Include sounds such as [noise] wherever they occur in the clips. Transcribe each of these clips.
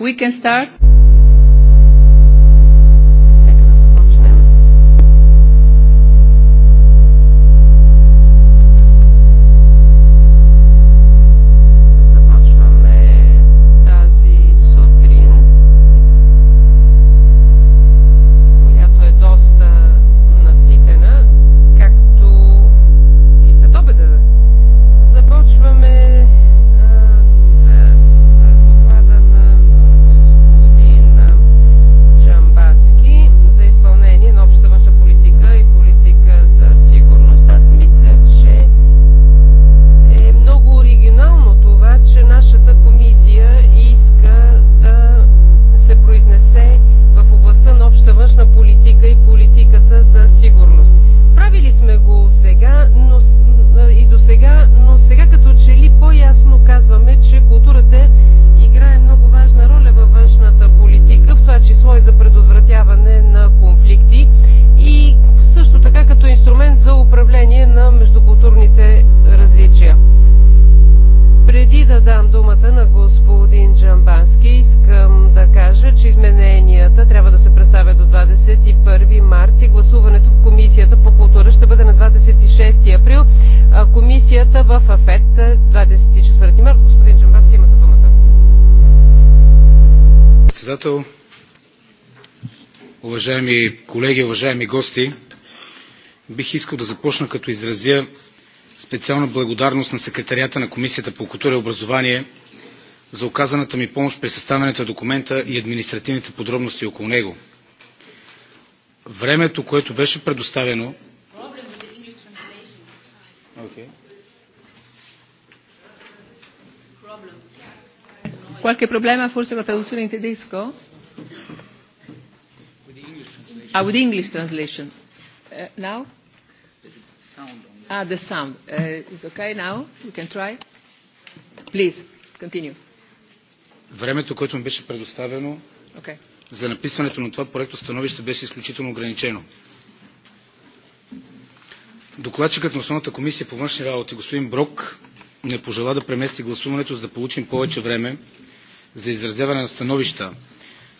We can start. with the уважаеми колеги, уважаеми гости! Бих искал да започна като изразя специална благодарност на секретарията на Комисията по култура и образование за оказаната ми помощ при съставянето на документа и административните подробности около него. Времето, което беше предоставено Qualche problema forse con la traduzione in tedesco? translation. Ah, with English translation. Uh, now? Sound ah, the sound. Uh, is okay now? You can try? Please, continue. Времето, което ми беше предоставено okay. за написването на това проекто становище беше изключително ограничено. Докладчикът на основната комисия по външни работи, господин Брок, не пожела да премести гласуването, за да получим повече време за изразяване на становища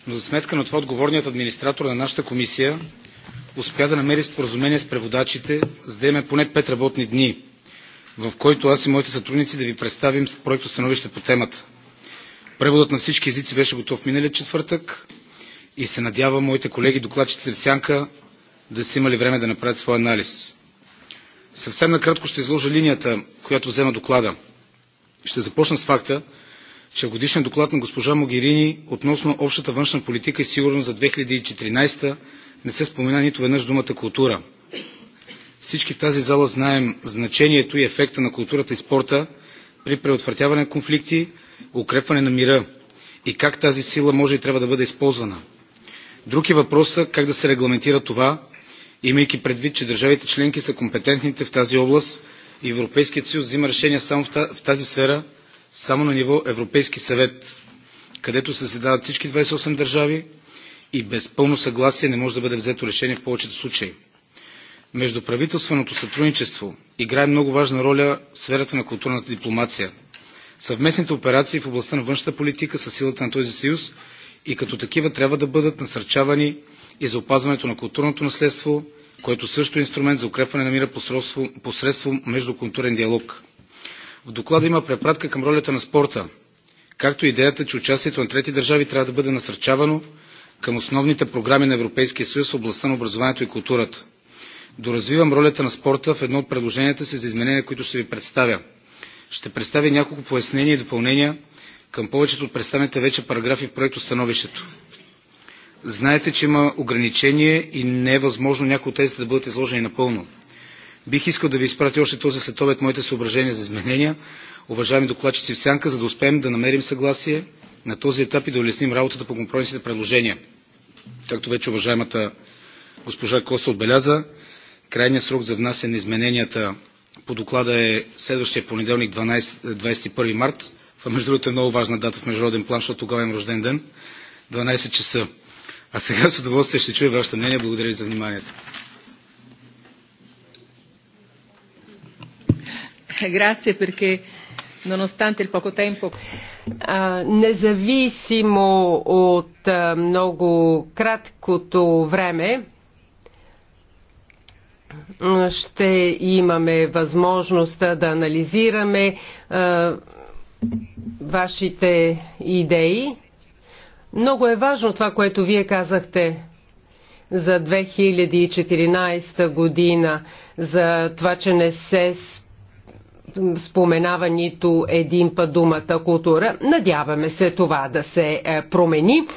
но за сметка на това отговорният администратор на нашата комисия успя да намери споразумение с преводачите, за да имаме поне 5 работни дни, в който аз и моите сътрудници да ви представим проекто становище по темата. Преводът на всички езици беше готов миналия четвъртък и се надявам моите колеги докладчите в сянка да са имали време да направят своя анализ. Съвсем накратко ще изложа линията, която взема доклада. Ще започна с факта, че годишният доклад на госпожа Могерини относно общата външна политика е и сигурност за 2014 не се спомена нито веднъж думата култура. Всички в тази зала знаем значението и ефекта на културата и спорта при предотвратяване на конфликти, укрепване на мира и как тази сила може и трябва да бъде използвана. Друг е въпросът как да се регламентира това, имайки предвид, че държавите членки са компетентните в тази област и Европейският съюз взима решения само в тази сфера само на ниво Европейски съвет, където се заседават всички 28 държави и без пълно съгласие не може да бъде взето решение в повечето случаи. Междуправителственото сътрудничество играе много важна роля в сферата на културната дипломация. Съвместните операции в областта на външната политика са силата на този съюз и като такива трябва да бъдат насърчавани и за опазването на културното наследство, което също е инструмент за укрепване на мира посредством междукултурен диалог. В доклада има препратка към ролята на спорта, както и идеята, че участието на трети държави трябва да бъде насърчавано към основните програми на Европейския съюз в областта на образованието и културата. Доразвивам ролята на спорта в едно от предложенията си за изменения, които ще ви представя. Ще представя няколко пояснения и допълнения към повечето от представените вече параграфи в проекто становището. Знаете, че има ограничение и не е възможно някои от тези да бъдат изложени напълно. Бих искал да ви изпратя още този следобед моите съображения за изменения, уважаеми докладчици в сянка, за да успеем да намерим съгласие на този етап и да улесним работата по компромисните предложения. Както вече уважаемата госпожа Коста отбеляза, крайният срок за внасяне на измененията по доклада е следващия понеделник, 12, 21 март. Това, между другото, е много важна дата в международен план, защото тогава им рожден ден. 12 часа. А сега с удоволствие ще чуя вашето мнение. Благодаря ви за вниманието. [laughs] Grazie perché nonostante il poco tempo. Независимо от много краткото време, ще имаме възможността да анализираме вашите идеи. Много е важно това, което вие казахте за 2014 година, за това, че не се споменава нито един път думата култура. Надяваме се това да се е, промени. Е,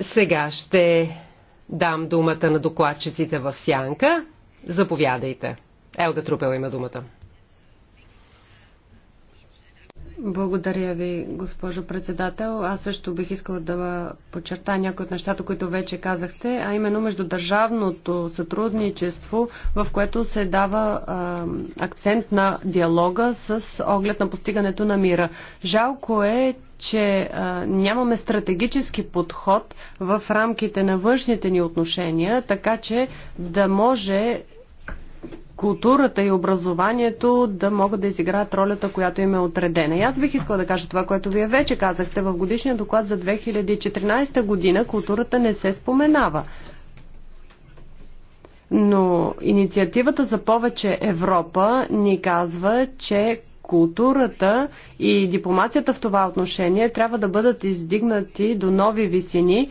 сега ще дам думата на докладчиците в сянка. Заповядайте. Елга Трупел има думата. Благодаря ви, госпожо председател. Аз също бих искала да подчертая някои от нещата, които вече казахте, а именно междудържавното сътрудничество, в което се дава а, акцент на диалога с оглед на постигането на мира. Жалко е, че а, нямаме стратегически подход в рамките на външните ни отношения, така че да може културата и образованието да могат да изиграят ролята, която им е отредена. И аз бих искала да кажа това, което вие вече казахте в годишния доклад за 2014 година. Културата не се споменава. Но инициативата за повече Европа ни казва, че културата и дипломацията в това отношение трябва да бъдат издигнати до нови висини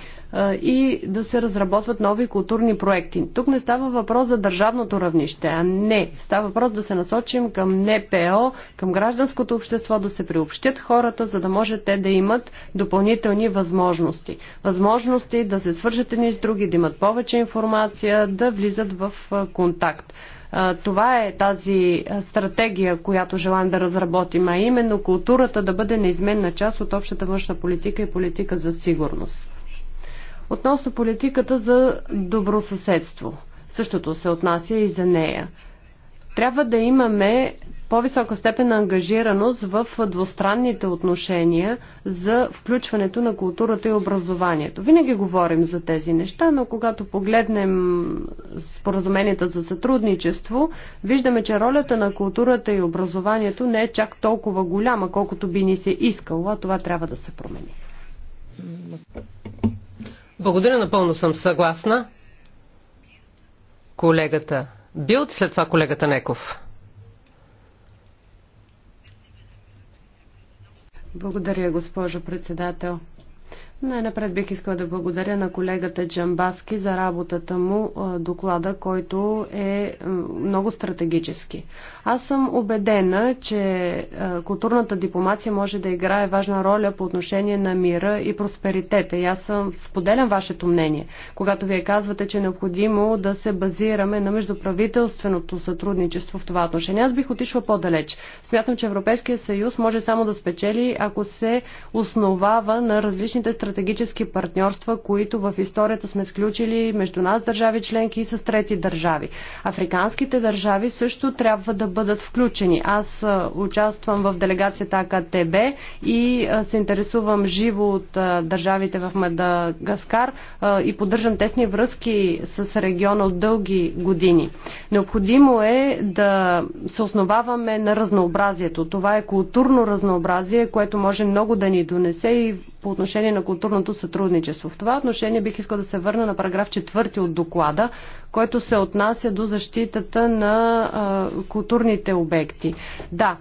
и да се разработват нови културни проекти. Тук не става въпрос за държавното равнище, а не. Става въпрос да се насочим към НПО, към гражданското общество, да се приобщят хората, за да може те да имат допълнителни възможности. Възможности да се свържат едни с други, да имат повече информация, да влизат в контакт. Това е тази стратегия, която желаем да разработим, а именно културата да бъде неизменна част от общата външна политика и политика за сигурност. Относно политиката за добросъседство. Същото се отнася и за нея. Трябва да имаме по-висока степен на ангажираност в двустранните отношения за включването на културата и образованието. Винаги говорим за тези неща, но когато погледнем споразуменията за сътрудничество, виждаме, че ролята на културата и образованието не е чак толкова голяма, колкото би ни се искало, а това трябва да се промени. Благодаря, напълно съм съгласна. Колегата Билт, след това колегата Неков. Благодаря, госпожо председател. Най-напред бих искала да благодаря на колегата Джамбаски за работата му, доклада, който е много стратегически. Аз съм убедена, че културната дипломация може да играе важна роля по отношение на мира и просперитета. И аз съм, споделям вашето мнение, когато вие казвате, че е необходимо да се базираме на междуправителственото сътрудничество в това отношение. Аз бих отишла по-далеч. Смятам, че Европейския съюз може само да спечели, ако се основава на различните стратегии стратегически партньорства, които в историята сме сключили между нас държави членки и с трети държави. Африканските държави също трябва да бъдат включени. Аз участвам в делегацията АКТБ и се интересувам живо от държавите в Мадагаскар и поддържам тесни връзки с региона от дълги години. Необходимо е да се основаваме на разнообразието. Това е културно разнообразие, което може много да ни донесе и по отношение на културното сътрудничество. В това отношение бих искал да се върна на параграф 4 от доклада, който се отнася до защитата на а, културните обекти. Да,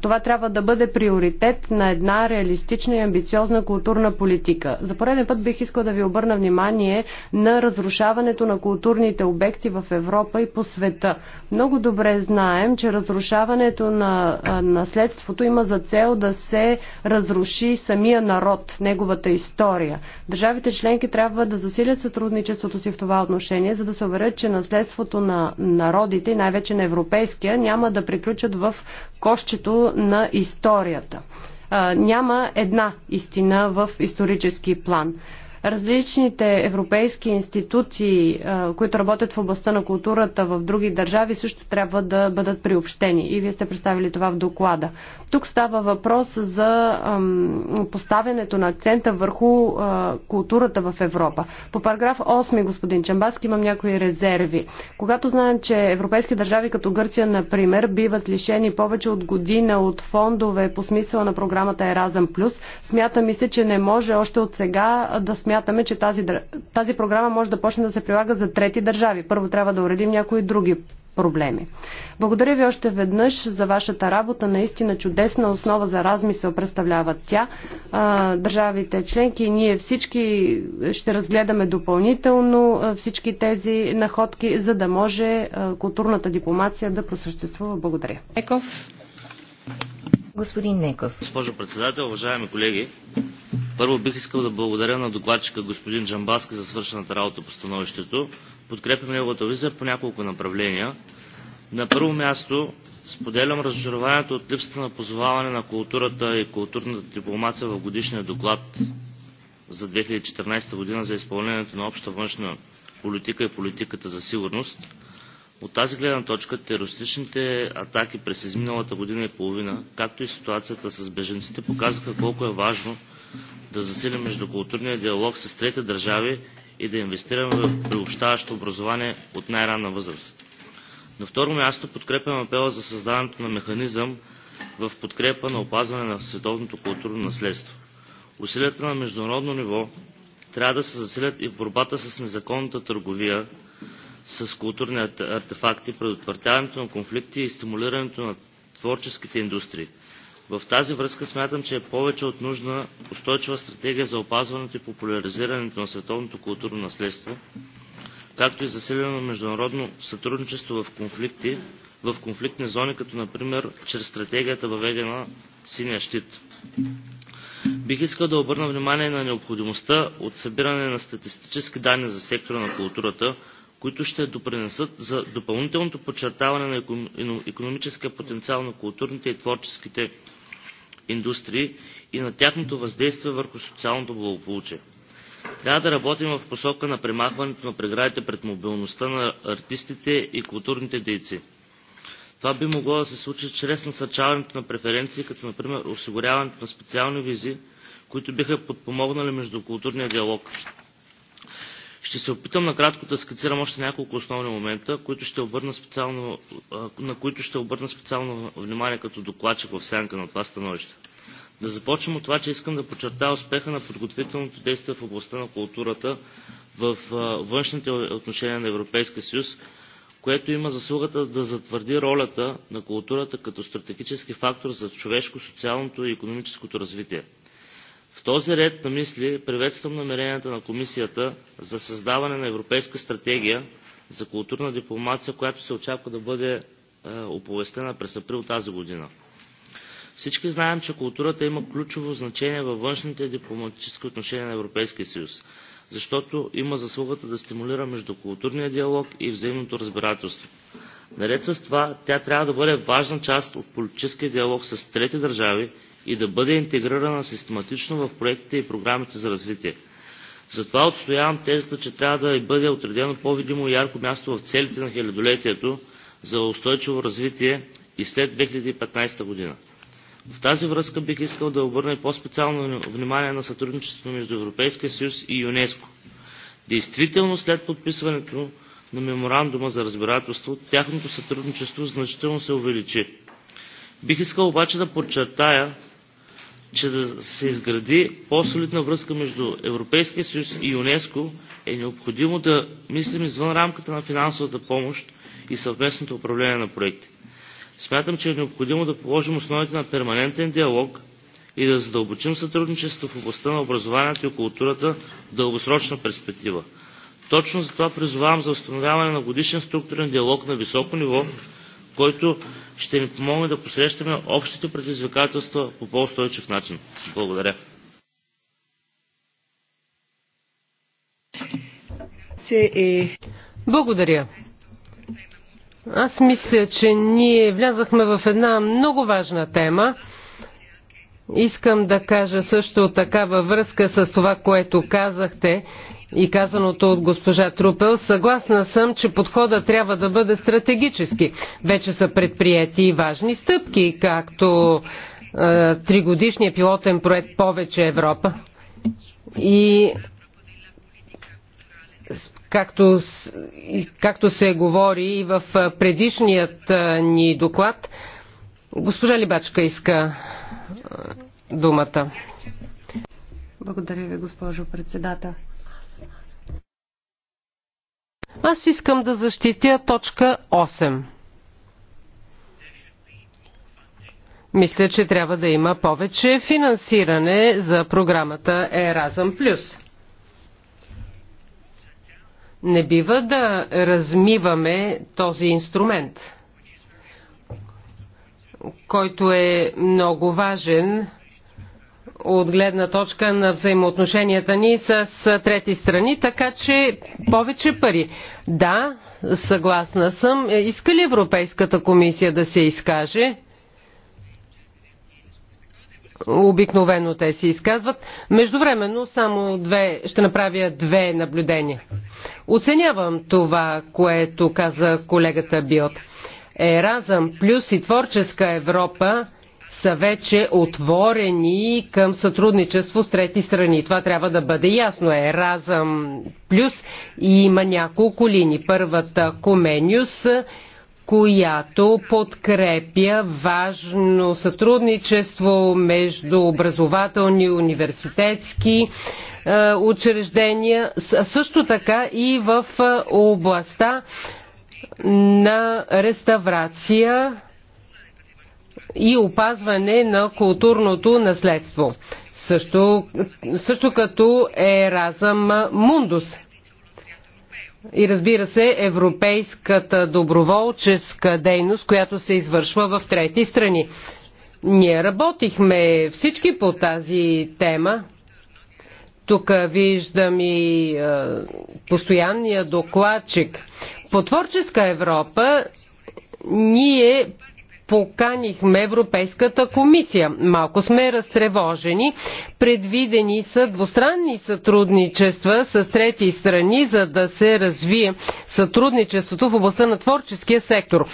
това трябва да бъде приоритет на една реалистична и амбициозна културна политика. За пореден път бих искал да ви обърна внимание на разрушаването на културните обекти в Европа и по света. Много добре знаем, че разрушаването на наследството има за цел да се разруши самия народ, неговата история. Държавите членки трябва да засилят сътрудничеството си в това отношение, за да се уверят, че наследството на народите, най-вече на европейския, няма да приключат в кош площчето на историята. Няма една истина в исторически план. Различните европейски институции, които работят в областта на културата в други държави, също трябва да бъдат приобщени. И вие сте представили това в доклада. Тук става въпрос за поставянето на акцента върху културата в Европа. По параграф 8, господин Чамбаски, имам някои резерви. Когато знаем, че европейски държави като Гърция, например, биват лишени повече от година от фондове по смисъла на програмата Еразъм Плюс, смятам и се, че не може още от сега да сме смятаме, че тази, тази програма може да почне да се прилага за трети държави. Първо трябва да уредим някои други проблеми. Благодаря ви още веднъж за вашата работа. Наистина чудесна основа за размисъл представляват тя. Държавите членки и ние всички ще разгледаме допълнително всички тези находки, за да може културната дипломация да просъществува. Благодаря. Еков. Господин Неков. Госпожо председател, уважаеми колеги, първо бих искал да благодаря на докладчика господин Джамбаски за свършената работа по становището. Подкрепям неговата визия по няколко направления. На първо място споделям разочарованието от липсата на позоваване на културата и културната дипломация в годишния доклад за 2014 година за изпълнението на обща външна политика и политиката за сигурност. От тази гледна точка терористичните атаки през изминалата година и половина, както и ситуацията с беженците, показаха колко е важно – да засилим междукултурния диалог с трети държави и да инвестираме в приобщаващо образование от най-ранна възраст. На второ място подкрепям апела за създаването на механизъм в подкрепа на опазване на световното културно наследство. Усилията на международно ниво трябва да се засилят и в борбата с незаконната търговия с културни артефакти, предотвратяването на конфликти и стимулирането на творческите индустрии. В тази връзка смятам, че е повече от нужна устойчива стратегия за опазването и популяризирането на световното културно наследство, както и засилено международно сътрудничество в конфликти, в конфликтни зони, като например чрез стратегията въведена синия щит. Бих искал да обърна внимание на необходимостта от събиране на статистически данни за сектора на културата, които ще допринесат за допълнителното подчертаване на економическия потенциал на културните и творческите индустрии и на тяхното въздействие върху социалното благополучие. Трябва да работим в посока на премахването на преградите пред мобилността на артистите и културните дейци. Това би могло да се случи чрез насърчаването на преференции, като например осигуряването на специални визи, които биха подпомогнали междукултурния диалог. Ще се опитам накратко да скицирам още няколко основни момента, които ще обърна специално, на които ще обърна специално внимание като докладчик в сянка на това становище. Да започнем от това, че искам да подчертая успеха на подготвителното действие в областта на културата в външните отношения на Европейския съюз, което има заслугата да затвърди ролята на културата като стратегически фактор за човешко, социалното и економическото развитие – в този ред на мисли приветствам намеренията на Комисията за създаване на Европейска стратегия за културна дипломация, която се очаква да бъде е, оповестена през април тази година. Всички знаем, че културата има ключово значение във външните дипломатически отношения на Европейския съюз, защото има заслугата да стимулира междукултурния диалог и взаимното разбирателство. Наред с това, тя трябва да бъде важна част от политическия диалог с трети държави и да бъде интегрирана систематично в проектите и програмите за развитие. Затова отстоявам тезата, че трябва да бъде отредено по-видимо и ярко място в целите на хилядолетието за устойчиво развитие и след 2015 година. В тази връзка бих искал да обърна и по-специално внимание на сътрудничеството между Европейския съюз и ЮНЕСКО. Действително след подписването на меморандума за разбирателство, тяхното сътрудничество значително се увеличи. Бих искал обаче да подчертая, че да се изгради по-солидна връзка между Европейския съюз и ЮНЕСКО, е необходимо да мислим извън рамката на финансовата помощ и съвместното управление на проекти. Смятам, че е необходимо да положим основите на перманентен диалог и да задълбочим сътрудничество в областта на образованието и културата в дългосрочна перспектива. Точно затова призовавам за установяване на годишен структурен диалог на високо ниво който ще ни помогне да посрещаме общите предизвикателства по по-устойчив начин. Благодаря. Благодаря. Аз мисля, че ние влязахме в една много важна тема. Искам да кажа също така във връзка с това, което казахте и казаното от госпожа Трупел. Съгласна съм, че подхода трябва да бъде стратегически. Вече са предприяти важни стъпки, както е, тригодишния пилотен проект Повече Европа и както, както се говори и в е, предишният е, ни доклад, госпожа Либачка иска е, думата. Благодаря ви, госпожо председател. Аз искам да защитя точка 8. Мисля, че трябва да има повече финансиране за програмата Еразъм Плюс. Не бива да размиваме този инструмент, който е много важен от гледна точка на взаимоотношенията ни с трети страни, така че повече пари. Да, съгласна съм. Е, иска ли Европейската комисия да се изкаже? Обикновено те се изказват. Междувременно само две, ще направя две наблюдения. Оценявам това, което каза колегата Биот. Еразъм плюс и творческа Европа – са вече отворени към сътрудничество с трети страни. Това трябва да бъде ясно. Е Разъм Плюс и има няколко линии. Първата Коменюс, която подкрепя важно сътрудничество между образователни университетски е, учреждения, също така и в е, областта на реставрация и опазване на културното наследство. Също, също като разъм Мундус. И разбира се, европейската доброволческа дейност, която се извършва в трети страни. Ние работихме всички по тази тема. Тук виждам и е, постоянния докладчик. По творческа Европа ние поканихме Европейската комисия. Малко сме разтревожени. Предвидени са двустранни сътрудничества с трети страни, за да се развие сътрудничеството в областта на творческия сектор.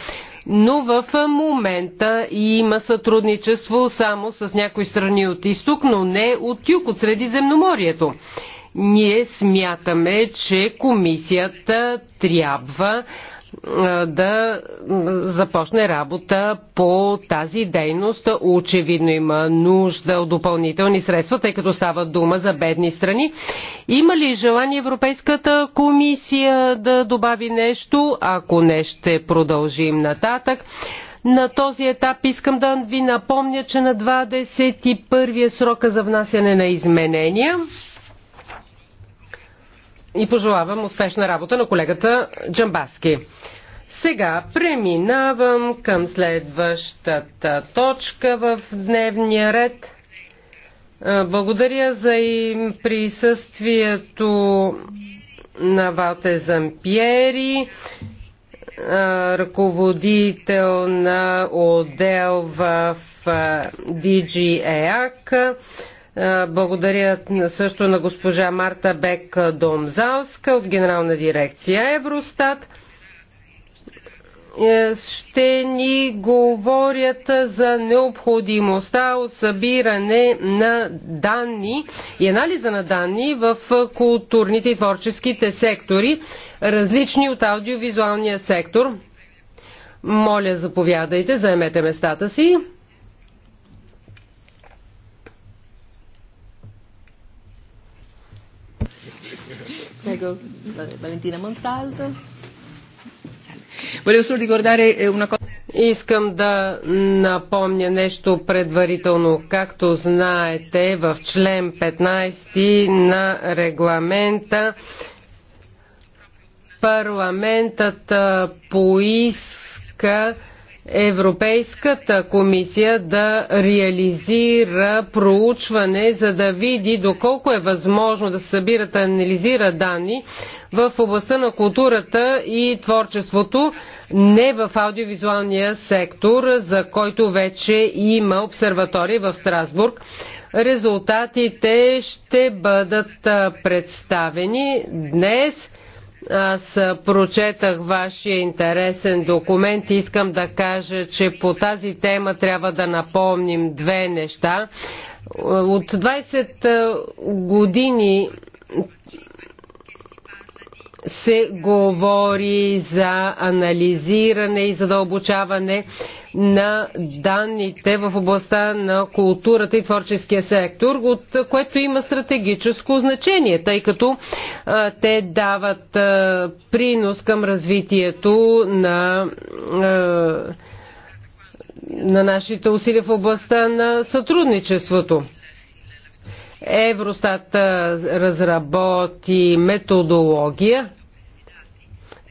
Но в момента има сътрудничество само с някои страни от изток, но не от юг, от Средиземноморието ние смятаме, че комисията трябва да започне работа по тази дейност. Очевидно има нужда от допълнителни средства, тъй като става дума за бедни страни. Има ли желание Европейската комисия да добави нещо? Ако не, ще продължим нататък. На този етап искам да ви напомня, че на 21 е срока за внасяне на изменения и пожелавам успешна работа на колегата Джамбаски. Сега преминавам към следващата точка в дневния ред. Благодаря за им присъствието на Валте Зампиери, ръководител на отдел в DG EAC. Благодаря също на госпожа Марта Бек Домзалска от Генерална дирекция Евростат. Е, ще ни говорят за необходимостта от събиране на данни и анализа на данни в културните и творческите сектори, различни от аудиовизуалния сектор. Моля, заповядайте, заемете местата си. Prego, Valentina Montalto. Eh, Искам да напомня нещо предварително. Както знаете, в член 15 на регламента парламентът поиска Европейската комисия да реализира проучване, за да види доколко е възможно да се събират и анализира данни в областта на културата и творчеството, не в аудиовизуалния сектор, за който вече има обсерватория в Страсбург. Резултатите ще бъдат представени днес – аз прочетах вашия интересен документ и искам да кажа, че по тази тема трябва да напомним две неща. От 20 години се говори за анализиране и задълбочаване да на данните в областта на културата и творческия сектор, от което има стратегическо значение, тъй като а, те дават а, принос към развитието на. А, на нашите усилия в областта на сътрудничеството. Евростат разработи методология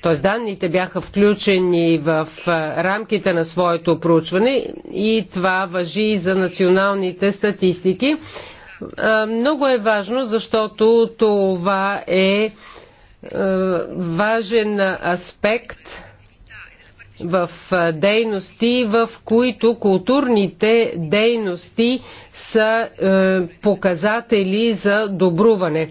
т.е. данните бяха включени в рамките на своето проучване и това въжи и за националните статистики. Много е важно, защото това е важен аспект в дейности, в които културните дейности са показатели за добруване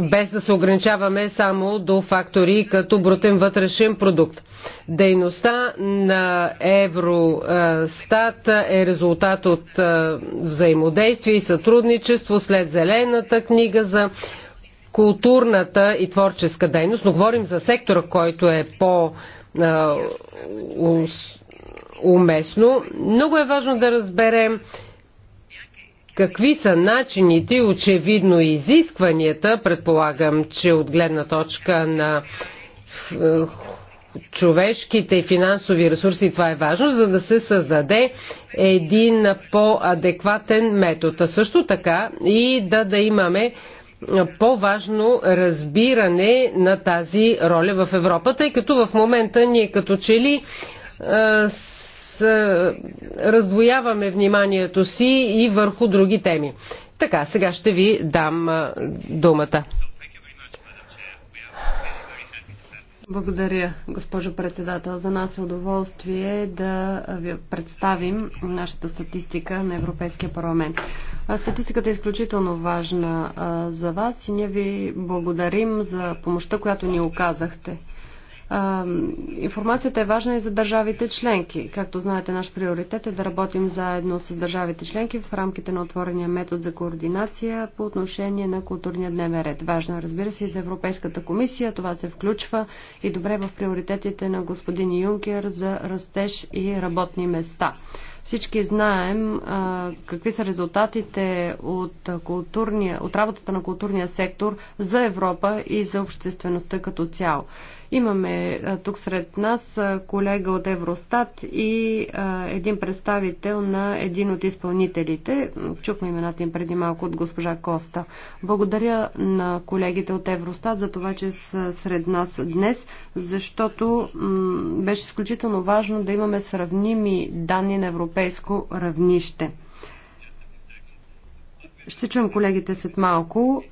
без да се ограничаваме само до фактори като брутен вътрешен продукт. Дейността на Евростат е резултат от е, взаимодействие и сътрудничество след зелената книга за културната и творческа дейност, но говорим за сектора, който е по е, уместно. Много е важно да разберем Какви са начините очевидно изискванията, предполагам, че от гледна точка на е, човешките и финансови ресурси, това е важно, за да се създаде един по-адекватен метод. А също така и да, да имаме по-важно разбиране на тази роля в Европа, тъй като в момента ние като че ли е, раздвояваме вниманието си и върху други теми. Така, сега ще ви дам думата. Благодаря, госпожо председател. За нас е удоволствие да ви представим нашата статистика на Европейския парламент. Статистиката е изключително важна за вас и ние ви благодарим за помощта, която ни оказахте информацията е важна и за държавите членки. Както знаете, наш приоритет е да работим заедно с държавите членки в рамките на отворения метод за координация по отношение на културния дневен ред. Важно, е, разбира се, и за Европейската комисия. Това се включва и добре в приоритетите на господин Юнкер за растеж и работни места. Всички знаем а, какви са резултатите от, културния, от работата на културния сектор за Европа и за обществеността като цяло. Имаме тук сред нас колега от Евростат и един представител на един от изпълнителите. Чухме имената им преди малко от госпожа Коста. Благодаря на колегите от Евростат за това, че са сред нас днес, защото беше изключително важно да имаме сравними данни на европейско равнище. Ще чуем колегите след малко.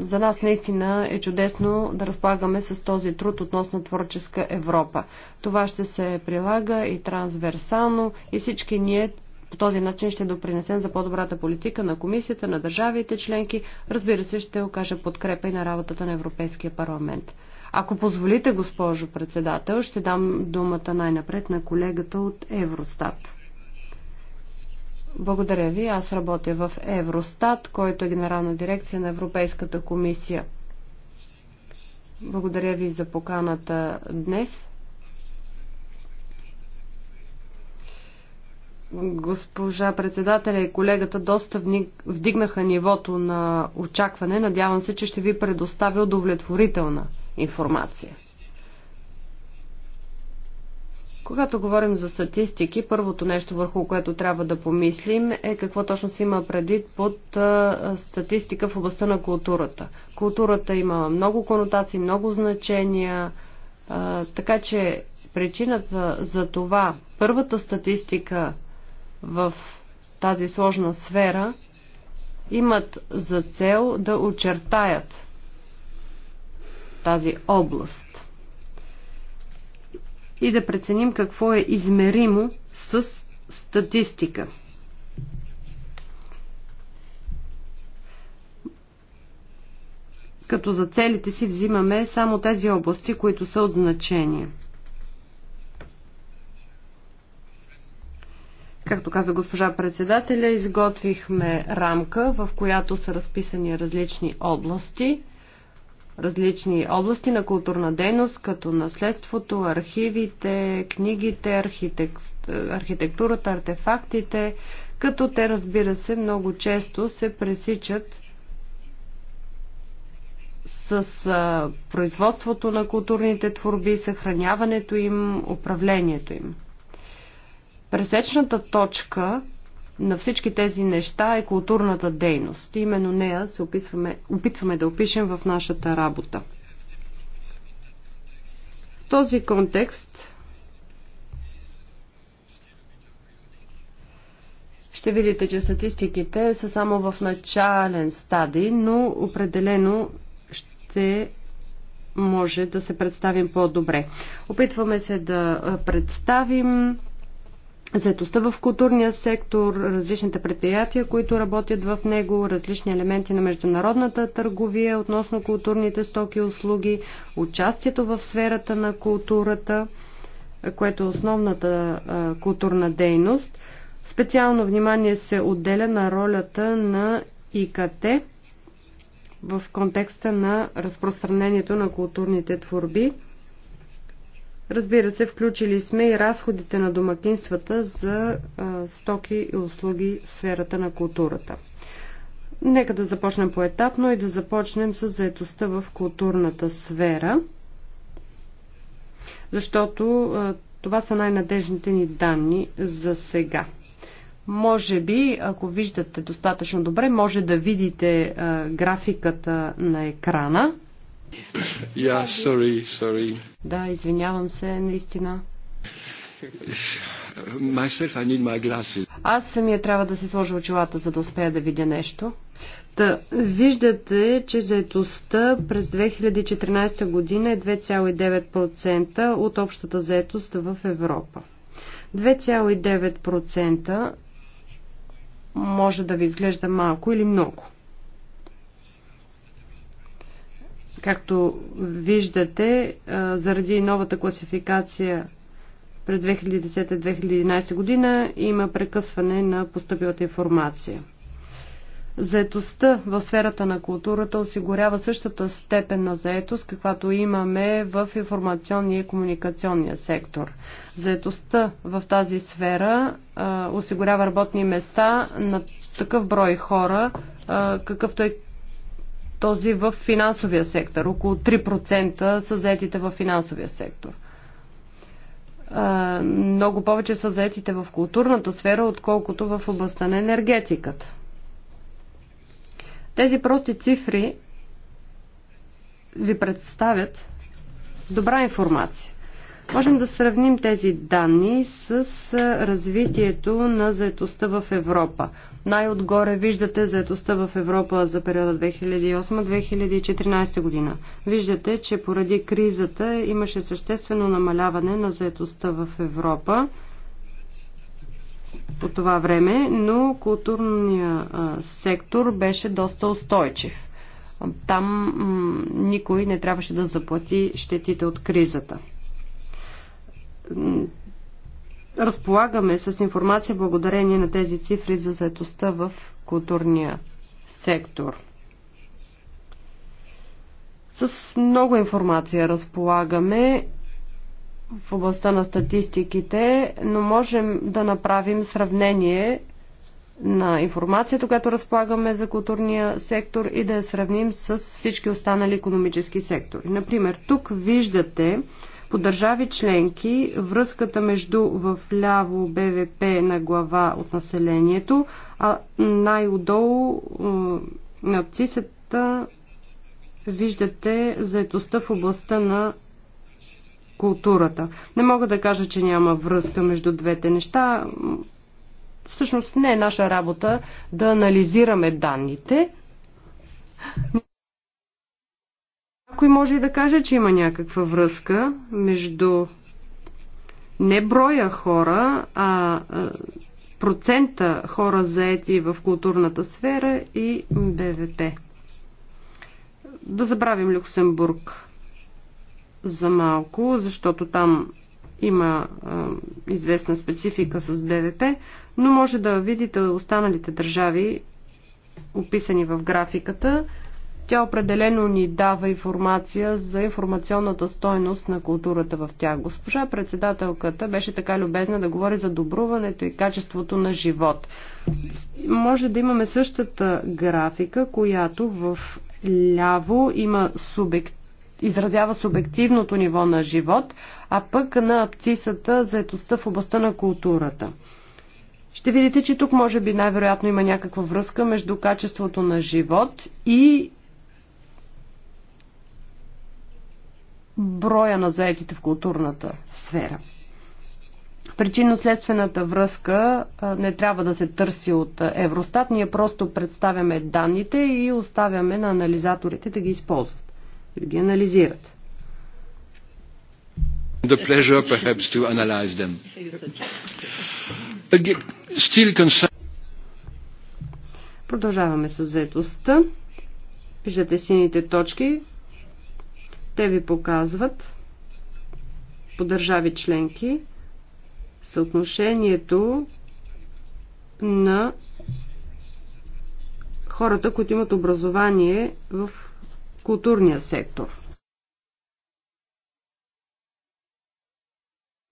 За нас наистина е чудесно да разполагаме с този труд относно творческа Европа. Това ще се прилага и трансверсално и всички ние по този начин ще допринесем за по-добрата политика на комисията, на държавите членки. Разбира се, ще окаже подкрепа и на работата на Европейския парламент. Ако позволите, госпожо председател, ще дам думата най-напред на колегата от Евростат. Благодаря ви. Аз работя в Евростат, който е генерална дирекция на Европейската комисия. Благодаря ви за поканата днес. Госпожа председателя и колегата доста вдигнаха нивото на очакване. Надявам се, че ще ви предоставя удовлетворителна информация. Когато говорим за статистики, първото нещо върху което трябва да помислим е какво точно се има предвид под статистика в областта на културата. Културата има много конотации, много значения, така че причината за това първата статистика в тази сложна сфера имат за цел да очертаят тази област и да преценим какво е измеримо с статистика. Като за целите си взимаме само тези области, които са от значение. Както каза госпожа председателя, изготвихме рамка, в която са разписани различни области – различни области на културна дейност, като наследството, архивите, книгите, архитектурата, артефактите, като те, разбира се, много често се пресичат с а, производството на културните творби, съхраняването им, управлението им. Пресечната точка на всички тези неща е културната дейност. именно нея се описваме, опитваме да опишем в нашата работа. В този контекст ще видите, че статистиките са само в начален стадий, но определено ще може да се представим по-добре. Опитваме се да представим заедостта в културния сектор, различните предприятия, които работят в него, различни елементи на международната търговия относно културните стоки и услуги, участието в сферата на културата, което е основната културна дейност. Специално внимание се отделя на ролята на ИКТ в контекста на разпространението на културните творби. Разбира се, включили сме и разходите на домакинствата за стоки и услуги в сферата на културата. Нека да започнем поетапно и да започнем с заетостта в културната сфера, защото това са най-надежните ни данни за сега. Може би, ако виждате достатъчно добре, може да видите графиката на екрана. Yeah, ами, sorry, sorry. Да, извинявам се, наистина. Myself, I need my glasses. Аз самия трябва да си сложа очилата, за да успея да видя нещо. Та, виждате, че заетостта през 2014 година е 2,9% от общата заетост в Европа. 2,9% може да ви изглежда малко или много. Както виждате, заради новата класификация през 2010-2011 година има прекъсване на поступилата информация. Заетостта в сферата на културата осигурява същата степен на заетост, каквато имаме в информационния и комуникационния сектор. Заетостта в тази сфера а, осигурява работни места на такъв брой хора, а, какъвто е този в финансовия сектор. Около 3% са заетите в финансовия сектор. Много повече са заетите в културната сфера, отколкото в областта на енергетиката. Тези прости цифри ви представят добра информация. Можем да сравним тези данни с развитието на заетостта в Европа. Най-отгоре виждате заетостта в Европа за периода 2008-2014 година. Виждате, че поради кризата имаше съществено намаляване на заетостта в Европа по това време, но културният сектор беше доста устойчив. Там никой не трябваше да заплати щетите от кризата разполагаме с информация благодарение на тези цифри за заетостта в културния сектор. С много информация разполагаме в областта на статистиките, но можем да направим сравнение на информацията, която разполагаме за културния сектор и да я сравним с всички останали економически сектори. Например, тук виждате по държави членки връзката между в ляво БВП на глава от населението, а най-отдолу е, на абцисата виждате заетостта в областта на културата. Не мога да кажа, че няма връзка между двете неща. Всъщност не е наша работа да анализираме данните някой може и да каже, че има някаква връзка между не броя хора, а процента хора заети в културната сфера и БВП. Да забравим Люксембург за малко, защото там има известна специфика с БВП, но може да видите останалите държави, описани в графиката, тя определено ни дава информация за информационната стойност на културата в тях. Госпожа председателката беше така любезна да говори за добруването и качеството на живот. Може да имаме същата графика, която в ляво има субект изразява субективното ниво на живот, а пък на абцисата заетостта в областта на културата. Ще видите, че тук може би най-вероятно има някаква връзка между качеството на живот и броя на заетите в културната сфера. Причинно-следствената връзка не трябва да се търси от Евростат. Ние просто представяме данните и оставяме на анализаторите да ги използват да ги анализират. The pleasure perhaps to analyze them. Still concern... Продължаваме с заедостта. Пишете сините точки. Те ви показват по държави членки съотношението на хората, които имат образование в културния сектор.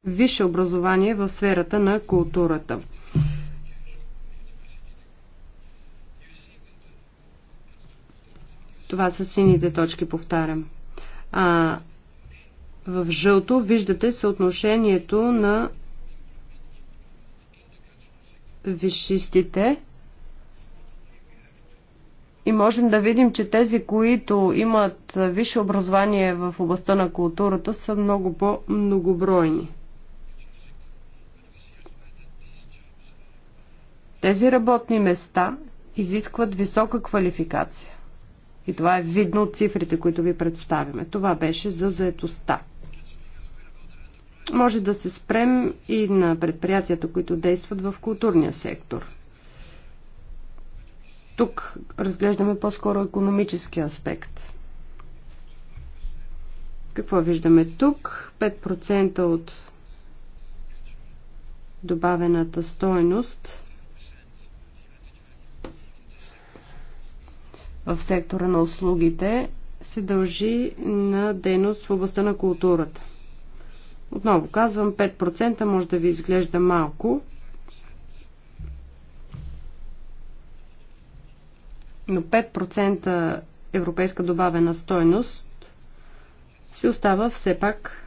Висше образование в сферата на културата. Това са сините точки, повтарям. А, в жълто виждате съотношението на вишистите. И можем да видим, че тези, които имат висше образование в областта на културата, са много по-многобройни. Тези работни места изискват висока квалификация. И това е видно от цифрите, които ви представяме. Това беше за заетостта. Може да се спрем и на предприятията, които действат в културния сектор. Тук разглеждаме по-скоро економически аспект. Какво виждаме тук? 5% от добавената стойност – в сектора на услугите се дължи на дейност в областта на културата. Отново казвам, 5% може да ви изглежда малко, но 5% европейска добавена стойност си остава все пак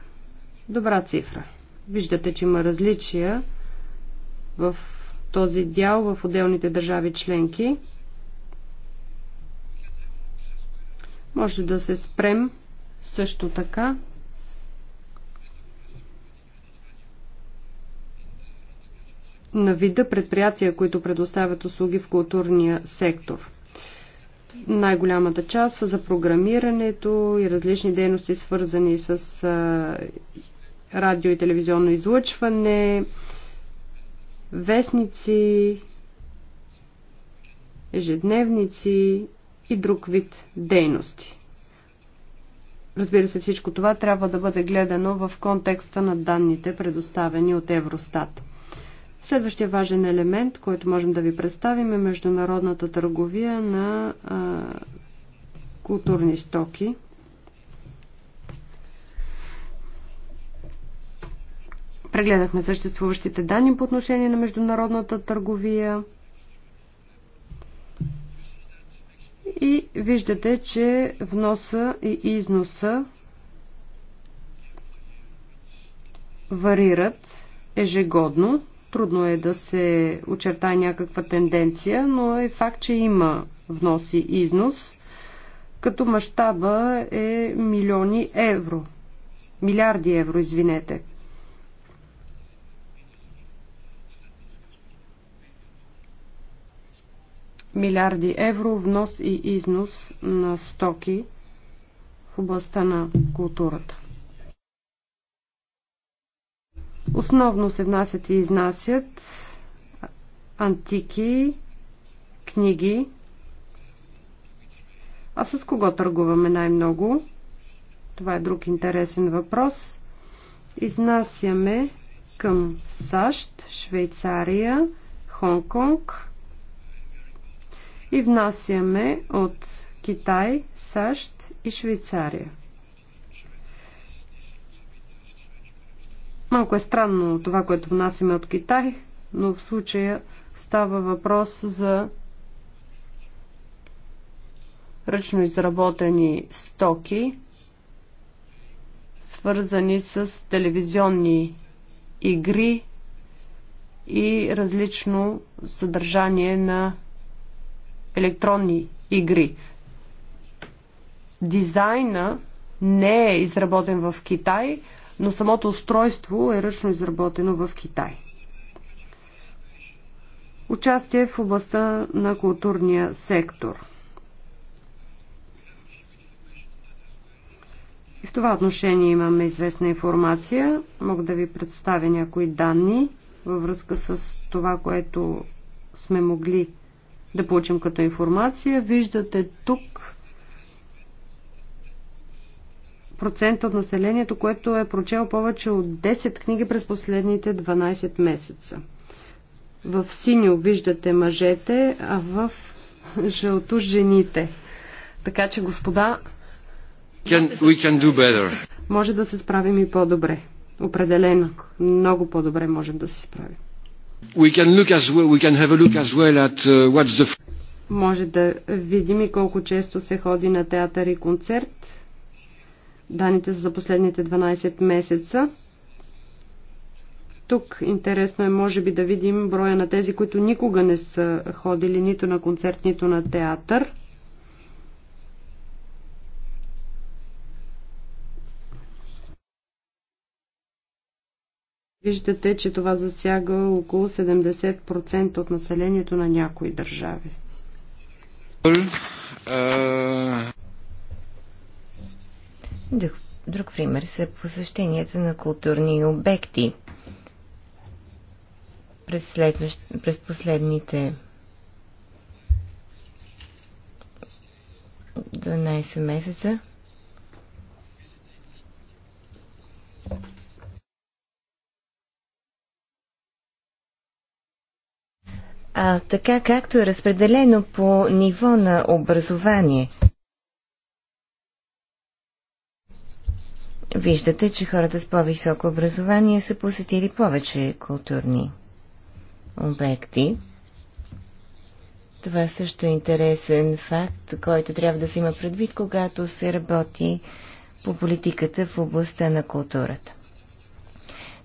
добра цифра. Виждате, че има различия в този дял в отделните държави членки. Може да се спрем също така на вида предприятия, които предоставят услуги в културния сектор. Най-голямата част са за програмирането и различни дейности, свързани с радио и телевизионно излъчване, вестници, ежедневници и друг вид дейности. Разбира се, всичко това трябва да бъде гледано в контекста на данните, предоставени от Евростат. Следващия важен елемент, който можем да ви представим е международната търговия на а, културни стоки. Прегледахме съществуващите данни по отношение на международната търговия. И виждате, че вноса и износа варират ежегодно. Трудно е да се очертае някаква тенденция, но е факт, че има внос и износ, като мащаба е милиони евро. Милиарди евро, извинете. милиарди евро внос и износ на стоки в областта на културата. Основно се внасят и изнасят антики, книги. А с кого търгуваме най-много? Това е друг интересен въпрос. Изнасяме към САЩ, Швейцария, Хонг-Конг, и внасяме от Китай, САЩ и Швейцария. Малко е странно това, което внасяме от Китай, но в случая става въпрос за ръчно изработени стоки, свързани с телевизионни игри и различно съдържание на електронни игри. Дизайна не е изработен в Китай, но самото устройство е ръчно изработено в Китай. Участие в областта на културния сектор. И в това отношение имаме известна информация. Мога да ви представя някои данни във връзка с това, което сме могли да получим като информация. Виждате тук процента от населението, което е прочел повече от 10 книги през последните 12 месеца. В синьо виждате мъжете, а в жълто жените. Така че, господа, can, we can do better. може да се справим и по-добре. Определено, много по-добре можем да се справим. Uh, може да видим и колко често се ходи на театър и концерт. Даните са за последните 12 месеца. Тук интересно е, може би, да видим броя на тези, които никога не са ходили нито на концерт, нито на театър. Виждате, че това засяга около 70% от населението на някои държави. Друг, друг пример са посещенията на културни обекти. През, следващ, през последните 12 месеца а така както е разпределено по ниво на образование. Виждате, че хората с по-високо образование са посетили повече културни обекти. Това също е интересен факт, който трябва да се има предвид, когато се работи по политиката в областта на културата.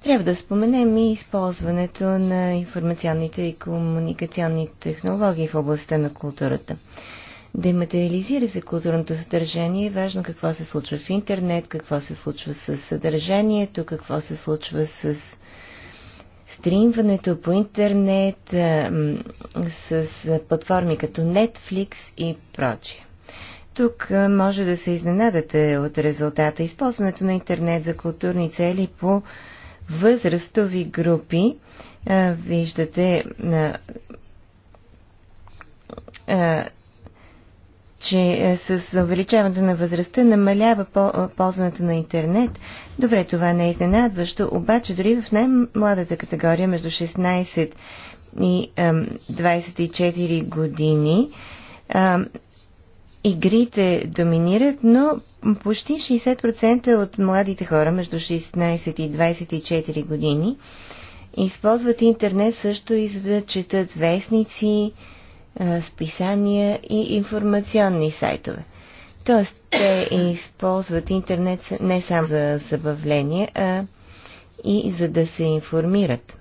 Трябва да споменем и използването на информационните и комуникационни технологии в областта на културата. материализира се културното съдържание. Е важно какво се случва в интернет, какво се случва с съдържанието, какво се случва с стримването по интернет, с платформи като Netflix и прочие. Тук може да се изненадате от резултата. Използването на интернет за културни цели по възрастови групи. Виждате, че с увеличаването на възрастта намалява ползването на интернет. Добре, това не е изненадващо, обаче дори в най-младата категория, между 16 и 24 години, игрите доминират, но почти 60% от младите хора между 16 и 24 години използват интернет също и за да четат вестници, списания и информационни сайтове. Тоест, те използват интернет не само за забавление, а и за да се информират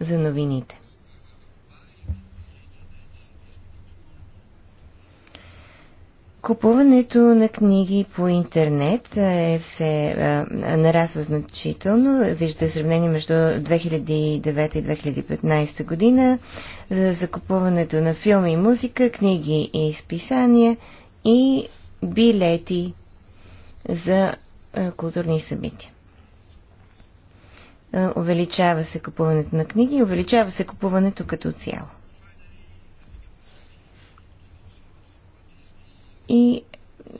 за новините. Купуването на книги по интернет е все а, нарасва значително. Виждате сравнение между 2009 и 2015 година за закупуването на филми и музика, книги и изписания и билети за а, културни събития. А, увеличава се купуването на книги, увеличава се купуването като цяло. И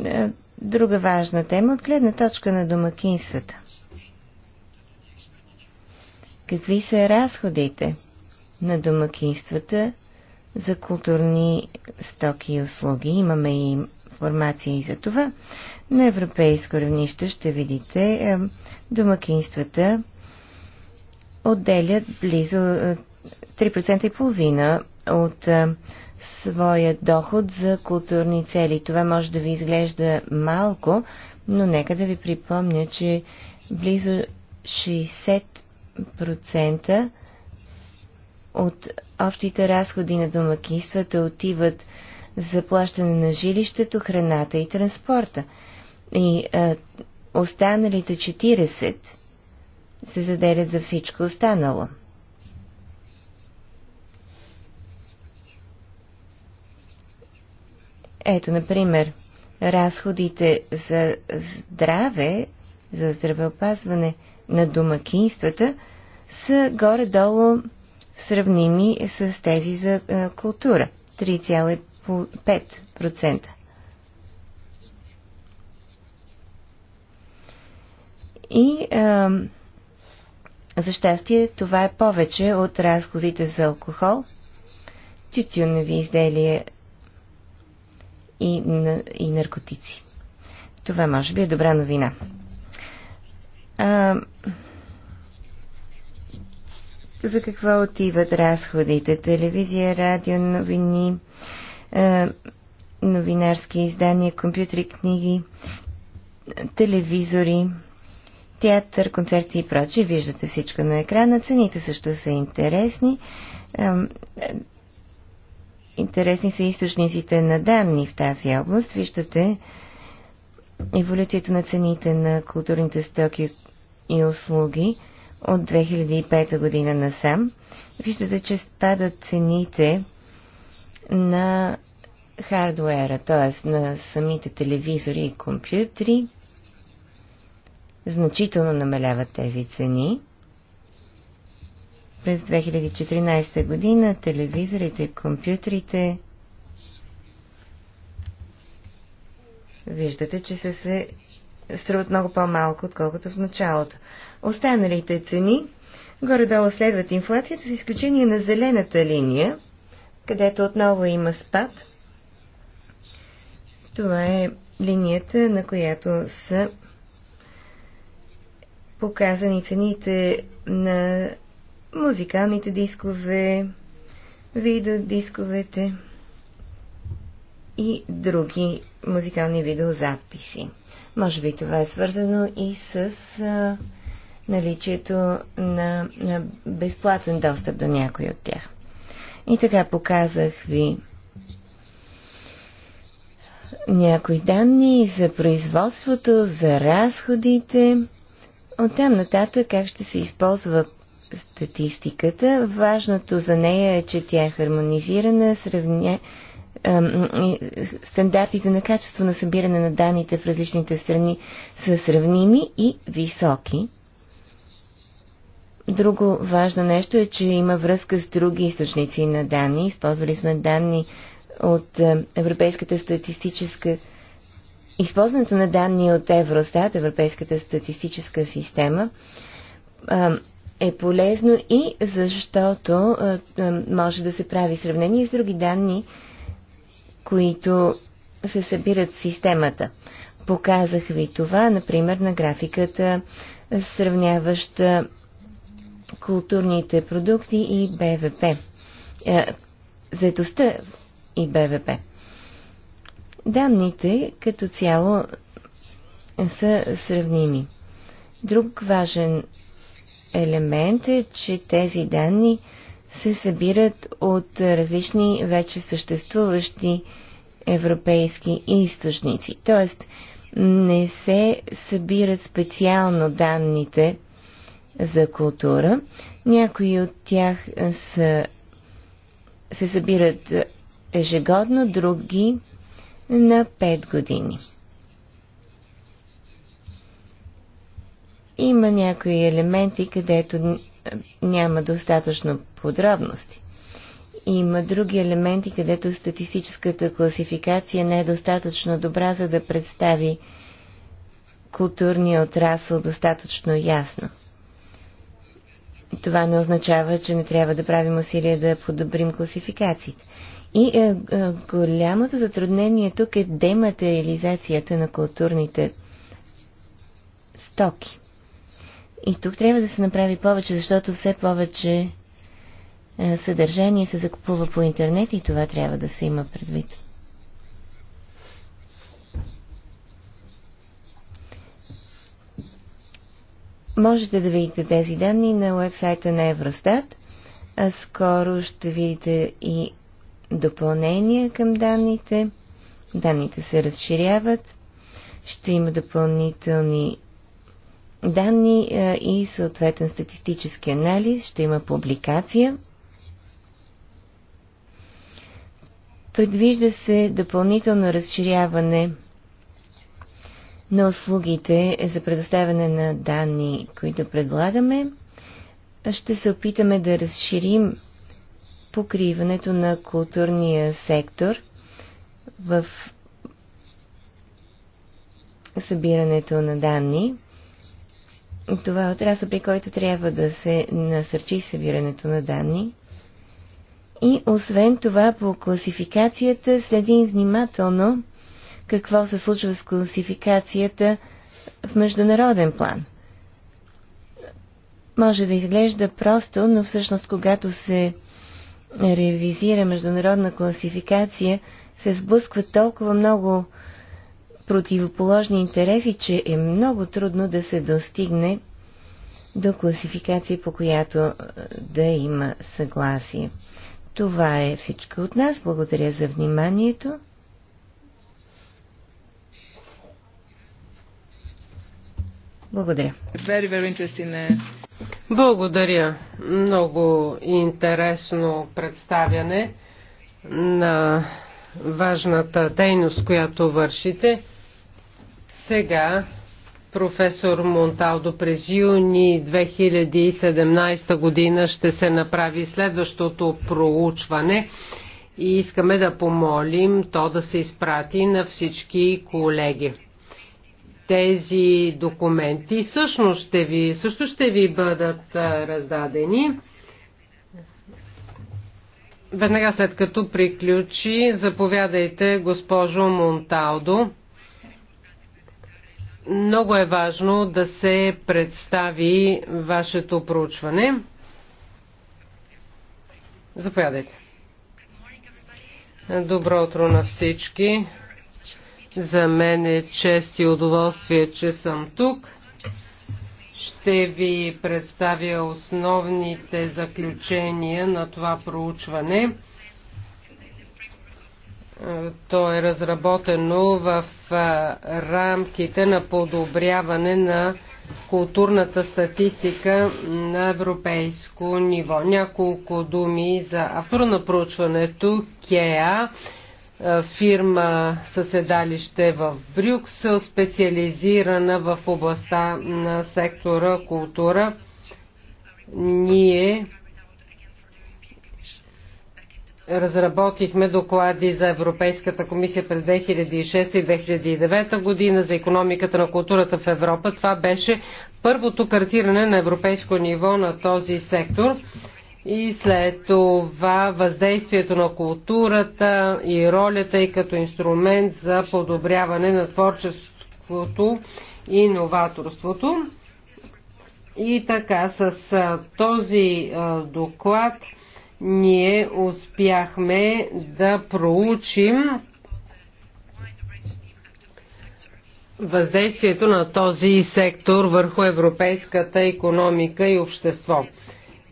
е, друга важна тема от гледна точка на домакинствата. Какви са разходите на домакинствата за културни стоки и услуги? Имаме и информация и за това. На европейско равнище ще видите е, домакинствата отделят близо 3,5% е, от своя доход за културни цели. Това може да ви изглежда малко, но нека да ви припомня, че близо 60% от общите разходи на домакинствата отиват за плащане на жилището, храната и транспорта. И а, останалите 40 се заделят за всичко останало. Ето, например, разходите за здраве, за здравеопазване на домакинствата са горе-долу сравними с тези за е, култура 3,5%. И а, е, за щастие това е повече от разходите за алкохол, тютюнови изделия и, и наркотици. Това може би е добра новина. А, за какво отиват разходите? Телевизия, радио, новини, а, новинарски издания, компютри, книги, телевизори, театър, концерти и прочие. Виждате всичко на екрана. Цените също са интересни. А, интересни са източниците на данни в тази област. Виждате еволюцията на цените на културните стоки и услуги от 2005 година насам. Виждате, че спадат цените на хардуера, т.е. на самите телевизори и компютри. Значително намаляват тези цени – през 2014 година телевизорите, компютрите виждате, че са се струват много по-малко, отколкото в началото. Останалите цени горе-долу следват инфлацията, с изключение на зелената линия, където отново има спад. Това е линията, на която са показани цените на музикалните дискове, видеодисковете и други музикални видеозаписи. Може би това е свързано и с а, наличието на, на безплатен достъп до някой от тях. И така показах ви някои данни за производството, за разходите. Оттам нататък как ще се използва статистиката. Важното за нея е, че тя е хармонизирана, сравня... стандартите на качество на събиране на данните в различните страни са сравними и високи. Друго важно нещо е, че има връзка с други източници на данни. Използвали сме данни от Европейската статистическа Използването на данни от Евростат, Европейската статистическа система, е полезно и защото може да се прави сравнение с други данни, които се събират в системата. Показах ви това, например, на графиката, сравняваща културните продукти и БВП. Заетостта и БВП. Данните като цяло са сравними. Друг важен елемент е, че тези данни се събират от различни вече съществуващи европейски източници. Тоест, не се събират специално данните за култура. Някои от тях са, се събират ежегодно, други на 5 години. Има някои елементи, където няма достатъчно подробности. Има други елементи, където статистическата класификация не е достатъчно добра, за да представи културния отрасъл достатъчно ясно. Това не означава, че не трябва да правим усилия да подобрим класификациите. И е, е, голямото затруднение тук е дематериализацията на културните стоки. И тук трябва да се направи повече, защото все повече е, съдържание се закупува по интернет и това трябва да се има предвид. Можете да видите тези данни на уебсайта на Евростат, а скоро ще видите и допълнения към данните. Данните се разширяват, ще има допълнителни данни е, и съответен статистически анализ. Ще има публикация. Предвижда се допълнително разширяване на услугите за предоставяне на данни, които предлагаме. Ще се опитаме да разширим покриването на културния сектор в събирането на данни. Това е отрасъл, при който трябва да се насърчи събирането на данни. И освен това, по класификацията следим внимателно какво се случва с класификацията в международен план. Може да изглежда просто, но всъщност когато се ревизира международна класификация, се сблъскват толкова много противоположни интереси, че е много трудно да се достигне до класификация, по която да има съгласие. Това е всичко от нас. Благодаря за вниманието. Благодаря. Very, very interesting. Uh, Благодаря. Много интересно представяне на важната дейност, която вършите. Сега професор Монталдо през юни 2017 година ще се направи следващото проучване и искаме да помолим то да се изпрати на всички колеги. Тези документи също ще ви, също ще ви бъдат раздадени. Веднага след като приключи, заповядайте госпожо Монталдо. Много е важно да се представи вашето проучване. Заповядайте. Добро утро на всички. За мен е чест и удоволствие, че съм тук. Ще ви представя основните заключения на това проучване. Е, то е разработено в е, рамките на подобряване на културната статистика на европейско ниво. Няколко думи за автора на проучването КЕА, е, фирма със седалище в Брюксел, специализирана в областта на сектора култура. Ние разработихме доклади за Европейската комисия през 2006 и 2009 година за економиката на културата в Европа. Това беше първото картиране на европейско ниво на този сектор. И след това въздействието на културата и ролята и като инструмент за подобряване на творчеството и новаторството. И така, с този доклад ние успяхме да проучим въздействието на този сектор върху европейската економика и общество.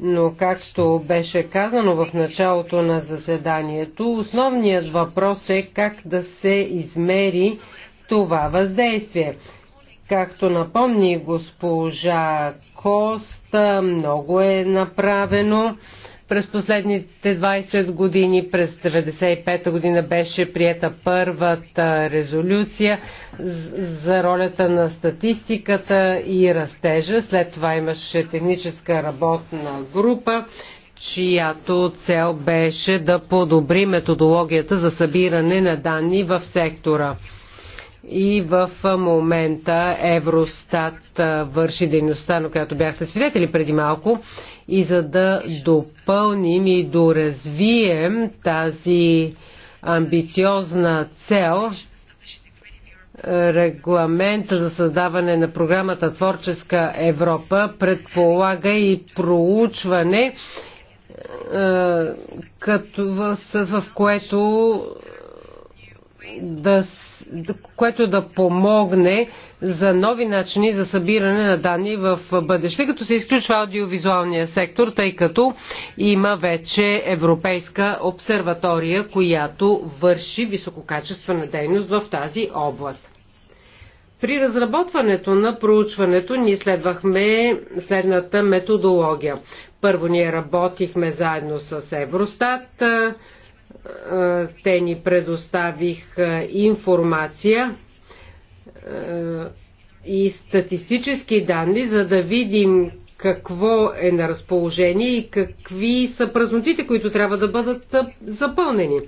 Но както беше казано в началото на заседанието, основният въпрос е как да се измери това въздействие. Както напомни госпожа Коста, много е направено през последните 20 години, през 1995 година беше приета първата резолюция за ролята на статистиката и растежа. След това имаше техническа работна група, чиято цел беше да подобри методологията за събиране на данни в сектора. И в момента Евростат върши дейността, на която бяхте свидетели преди малко и за да допълним и доразвием тази амбициозна цел, регламента за създаване на програмата Творческа Европа предполага и проучване, е, като в, в което да, което да помогне за нови начини за събиране на данни в бъдеще, като се изключва аудиовизуалния сектор, тъй като има вече Европейска обсерватория, която върши висококачествена дейност в тази област. При разработването на проучването ние следвахме следната методология. Първо ние работихме заедно с Евростат, е, те ни предоставих е, информация е, и статистически данни, за да видим какво е на разположение и какви са празнотите, които трябва да бъдат запълнени.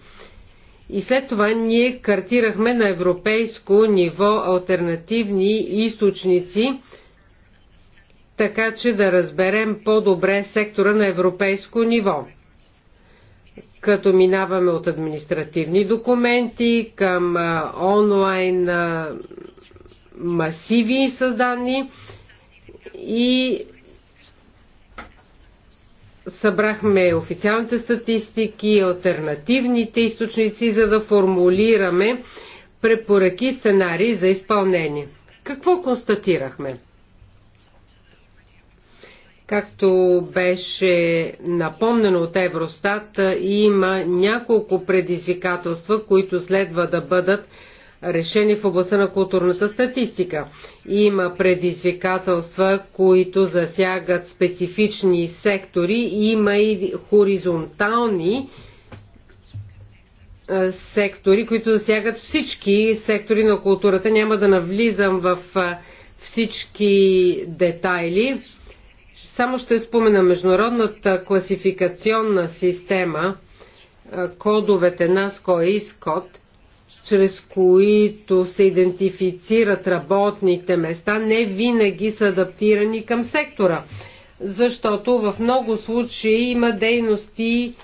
И след това ние картирахме на европейско ниво альтернативни източници, така че да разберем по-добре сектора на европейско ниво като минаваме от административни документи към онлайн масиви създани и събрахме официалните статистики, альтернативните източници, за да формулираме препоръки, сценарии за изпълнение. Какво констатирахме? Както беше напомнено от Евростат, има няколко предизвикателства, които следва да бъдат решени в областта на културната статистика. Има предизвикателства, които засягат специфични сектори, има и хоризонтални сектори, които засягат всички сектори на културата. Няма да навлизам в всички детайли. Само ще спомена международната класификационна система, кодовете НАСКО и СКОД, чрез които се идентифицират работните места, не винаги са адаптирани към сектора, защото в много случаи има дейности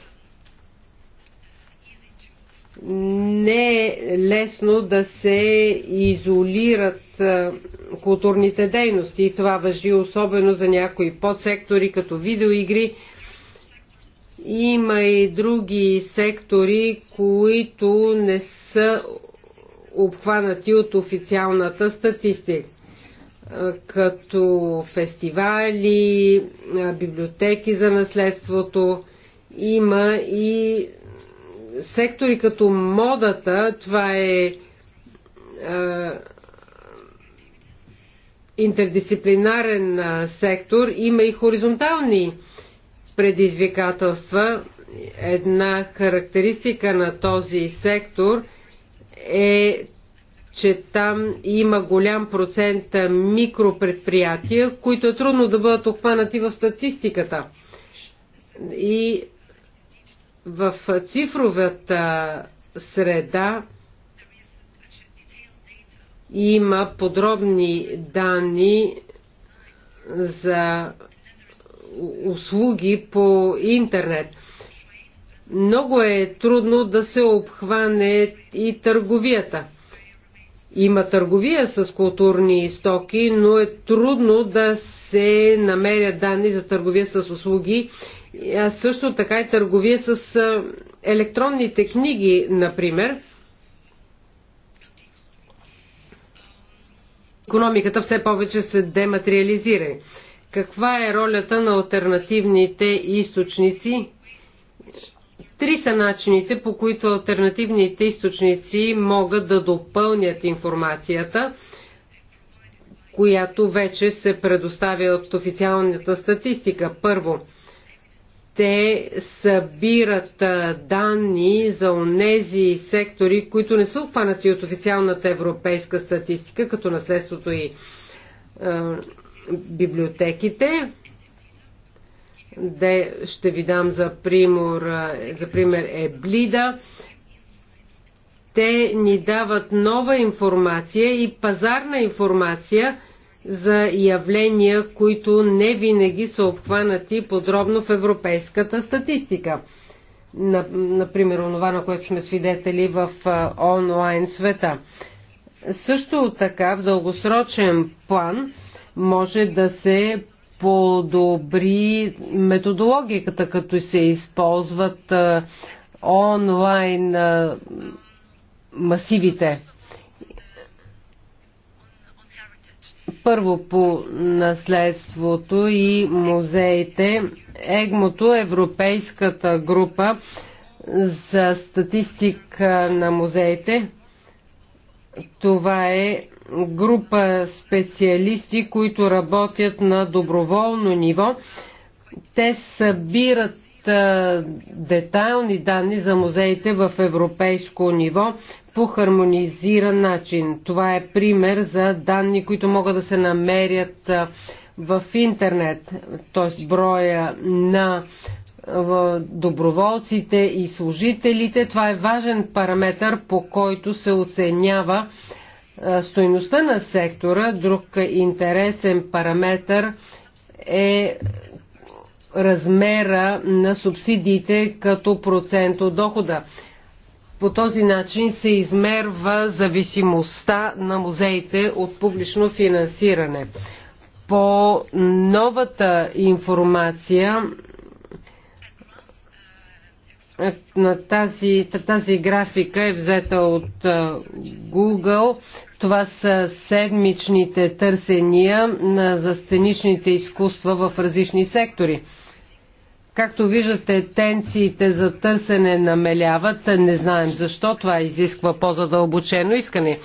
не е лесно да се изолират културните дейности. И това въжи особено за някои подсектори, като видеоигри. Има и други сектори, които не са обхванати от официалната статистика като фестивали, библиотеки за наследството. Има и сектори като модата, това е интердисциплинарен сектор, има и хоризонтални предизвикателства. Една характеристика на този сектор е, че там има голям процент микропредприятия, които е трудно да бъдат обхванати в статистиката. И в цифровата среда има подробни данни за услуги по интернет. Много е трудно да се обхване и търговията. Има търговия с културни стоки, но е трудно да се намерят данни за търговия с услуги, а също така и търговия с електронните книги, например. економиката все повече се дематериализира. Каква е ролята на альтернативните източници? Три са начините, по които альтернативните източници могат да допълнят информацията, която вече се предоставя от официалната статистика. Първо, те събират данни за онези сектори, които не са обхванати от официалната европейска статистика, като наследството и е, библиотеките. Де ще ви дам за, пример, за пример Еблида. Те ни дават нова информация и пазарна информация – за явления, които не винаги са обхванати подробно в европейската статистика. Например, онова, на което сме свидетели в онлайн света. Също така, в дългосрочен план може да се подобри методологиката, като се използват онлайн масивите. първо по наследството и музеите. ЕГМОТО, Европейската група за статистика на музеите. Това е група специалисти, които работят на доброволно ниво. Те събират детайлни данни за музеите в европейско ниво по хармонизиран начин. Това е пример за данни, които могат да се намерят в интернет, т.е. броя на доброволците и служителите. Това е важен параметр, по който се оценява стойността на сектора. Друг интересен параметр е размера на субсидиите като процент от дохода. По този начин се измерва зависимостта на музеите от публично финансиране. По новата информация на тази, тази графика е взета от Google. Това са седмичните търсения за сценичните изкуства в различни сектори. Както виждате, тенциите за търсене намеляват. Не знаем защо. Това изисква по-задълбочено искане.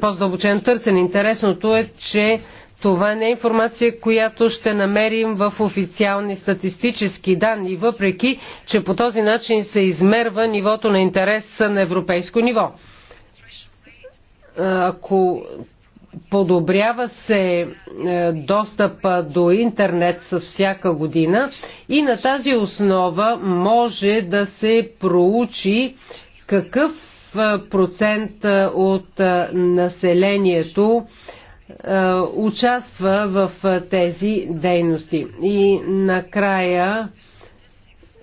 По-задълбочено търсене. Интересното е, че това не е информация, която ще намерим в официални статистически данни, въпреки, че по този начин се измерва нивото на интерес на европейско ниво. Ако Подобрява се е, достъпа до интернет с всяка година и на тази основа може да се проучи какъв е, процент е, от населението участва в тези дейности. И накрая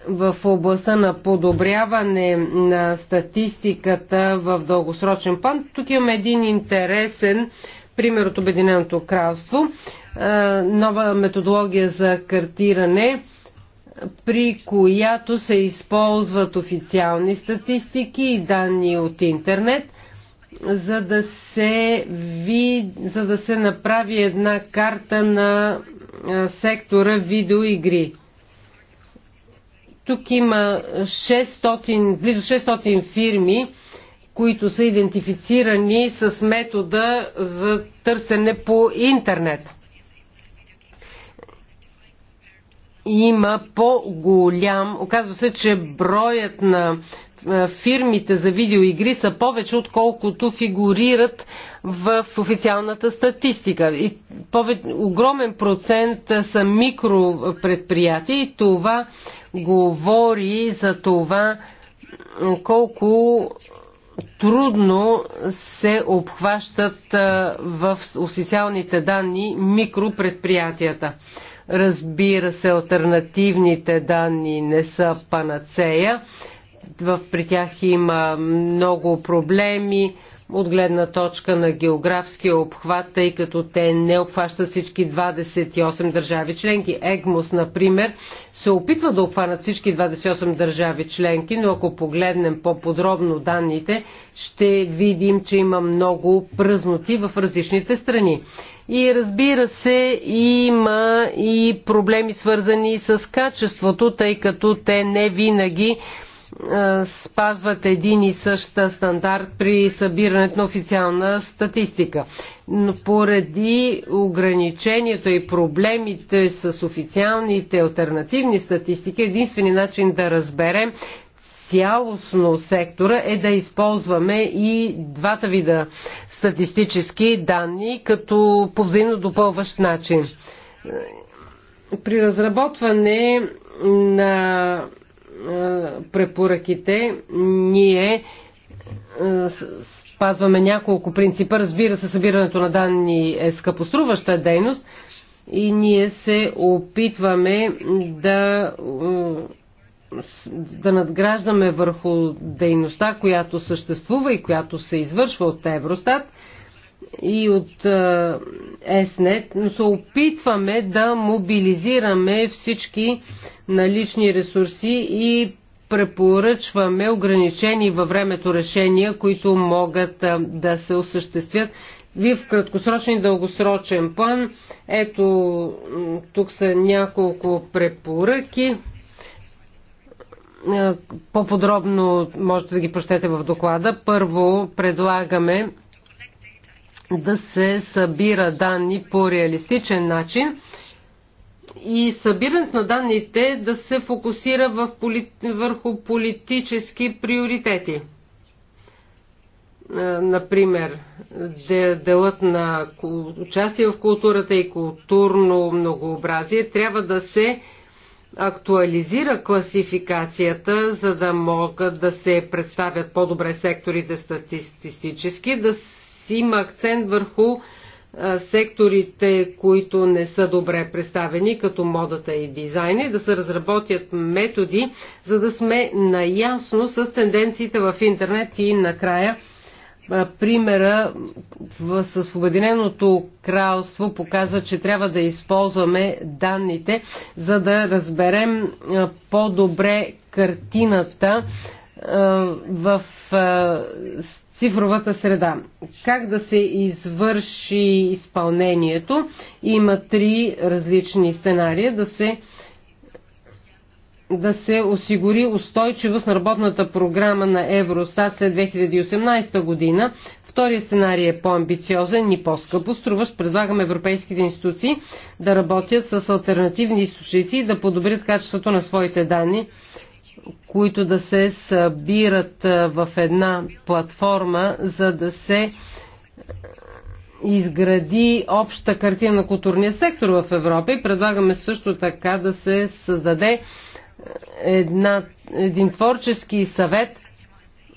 в областта на подобряване на статистиката в дългосрочен план. Тук имаме един интересен пример от Обединеното кралство, нова методология за картиране, при която се използват официални статистики и данни от интернет, за да се, ви, за да се направи една карта на сектора видеоигри. Тук има 600, близо 600 фирми, които са идентифицирани с метода за търсене по интернет. Има по-голям, оказва се, че броят на фирмите за видеоигри са повече, отколкото фигурират в официалната статистика. И повече, огромен процент са микропредприятия и това говори за това колко трудно се обхващат в официалните данни микропредприятията. Разбира се, альтернативните данни не са панацея. при тях има много проблеми от гледна точка на географския обхват, тъй като те не обхващат всички 28 държави членки. ЕГМОС, например, се опитва да обхванат всички 28 държави членки, но ако погледнем по-подробно данните, ще видим, че има много пръзноти в различните страни. И разбира се, има и проблеми свързани с качеството, тъй като те не винаги е, спазват един и същ стандарт при събирането на официална статистика. Но поради ограничението и проблемите с официалните альтернативни статистики, единствени начин да разберем цялостно сектора е да използваме и двата вида статистически данни като по взаимно допълващ начин. При разработване на препоръките, ние спазваме няколко принципа. Разбира се, събирането на данни е скъпоструваща дейност и ние се опитваме да, да надграждаме върху дейността, която съществува и която се извършва от Евростат – и от ЕСНЕТ, но се опитваме да мобилизираме всички налични ресурси и препоръчваме ограничени във времето решения, които могат да се осъществят и в краткосрочен и дългосрочен план. Ето, тук са няколко препоръки. По-подробно можете да ги прочетете в доклада. Първо предлагаме да се събира данни по реалистичен начин и събирането на данните да се фокусира в поли... върху политически приоритети. Е, например, делът на участие в културата и културно многообразие трябва да се актуализира класификацията, за да могат да се представят по-добре секторите статистически, да се има акцент върху секторите, които не са добре представени, като модата и дизайна, и да се разработят методи, за да сме наясно с тенденциите в интернет и накрая примера с Обединеното кралство показа, че трябва да използваме данните, за да разберем по-добре картината в цифровата среда. Как да се извърши изпълнението? Има три различни сценария да се да се осигури устойчивост на работната програма на Евростат след 2018 година. Втория сценарий е по-амбициозен и по-скъпо струващ. предлагаме европейските институции да работят с альтернативни източници и да подобрят качеството на своите данни които да се събират в една платформа, за да се изгради обща картина на културния сектор в Европа и предлагаме също така да се създаде една, един творчески съвет,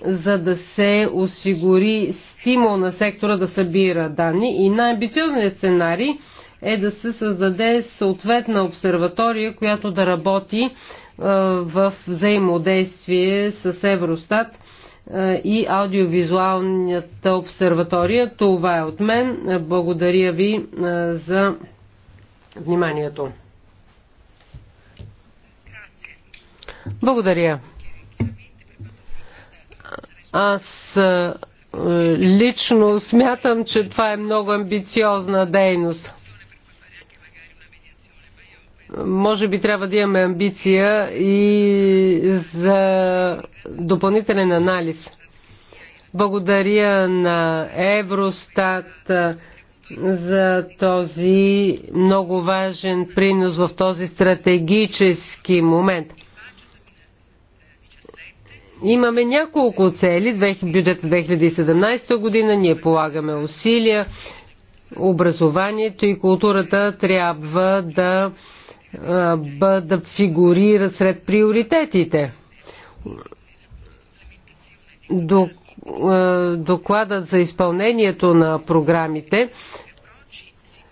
за да се осигури стимул на сектора да събира данни и най-амбициозният сценарий е да се създаде съответна обсерватория, която да работи в взаимодействие с Евростат и аудиовизуалната обсерватория. Това е от мен. Благодаря ви за вниманието. Благодаря. Аз лично смятам, че това е много амбициозна дейност може би трябва да имаме амбиция и за допълнителен анализ. Благодаря на Евростат за този много важен принос в този стратегически момент. Имаме няколко цели. бюджета 2017 година ние полагаме усилия. Образованието и културата трябва да да фигурира сред приоритетите. Докладът за изпълнението на програмите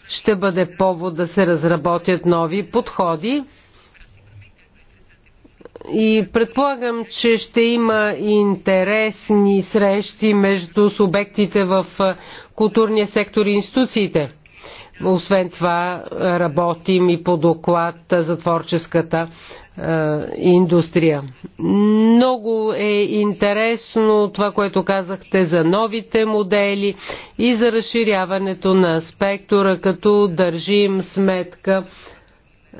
ще бъде повод да се разработят нови подходи и предполагам, че ще има интересни срещи между субектите в културния сектор и институциите. Освен това работим и по доклад за творческата е, индустрия. Много е интересно това, което казахте за новите модели и за разширяването на спектъра, като държим сметка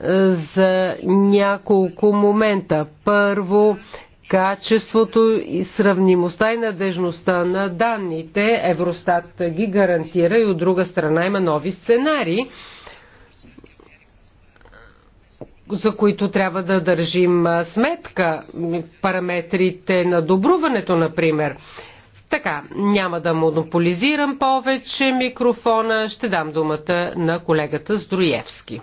е, за няколко момента. Първо, качеството и сравнимостта и надежността на данните. Евростат ги гарантира и от друга страна има нови сценарии, за които трябва да държим сметка. Параметрите на добруването, например. Така, няма да монополизирам повече микрофона. Ще дам думата на колегата Здроевски.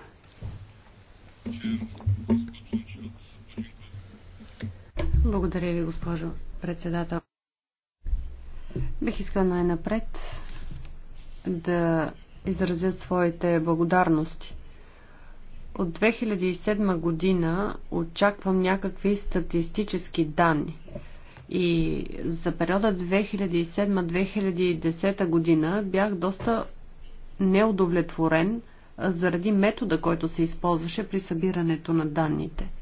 Благодаря ви, госпожо председател. Бих искал най-напред да изразя своите благодарности. От 2007 година очаквам някакви статистически данни. И за периода 2007-2010 година бях доста неудовлетворен заради метода, който се използваше при събирането на данните –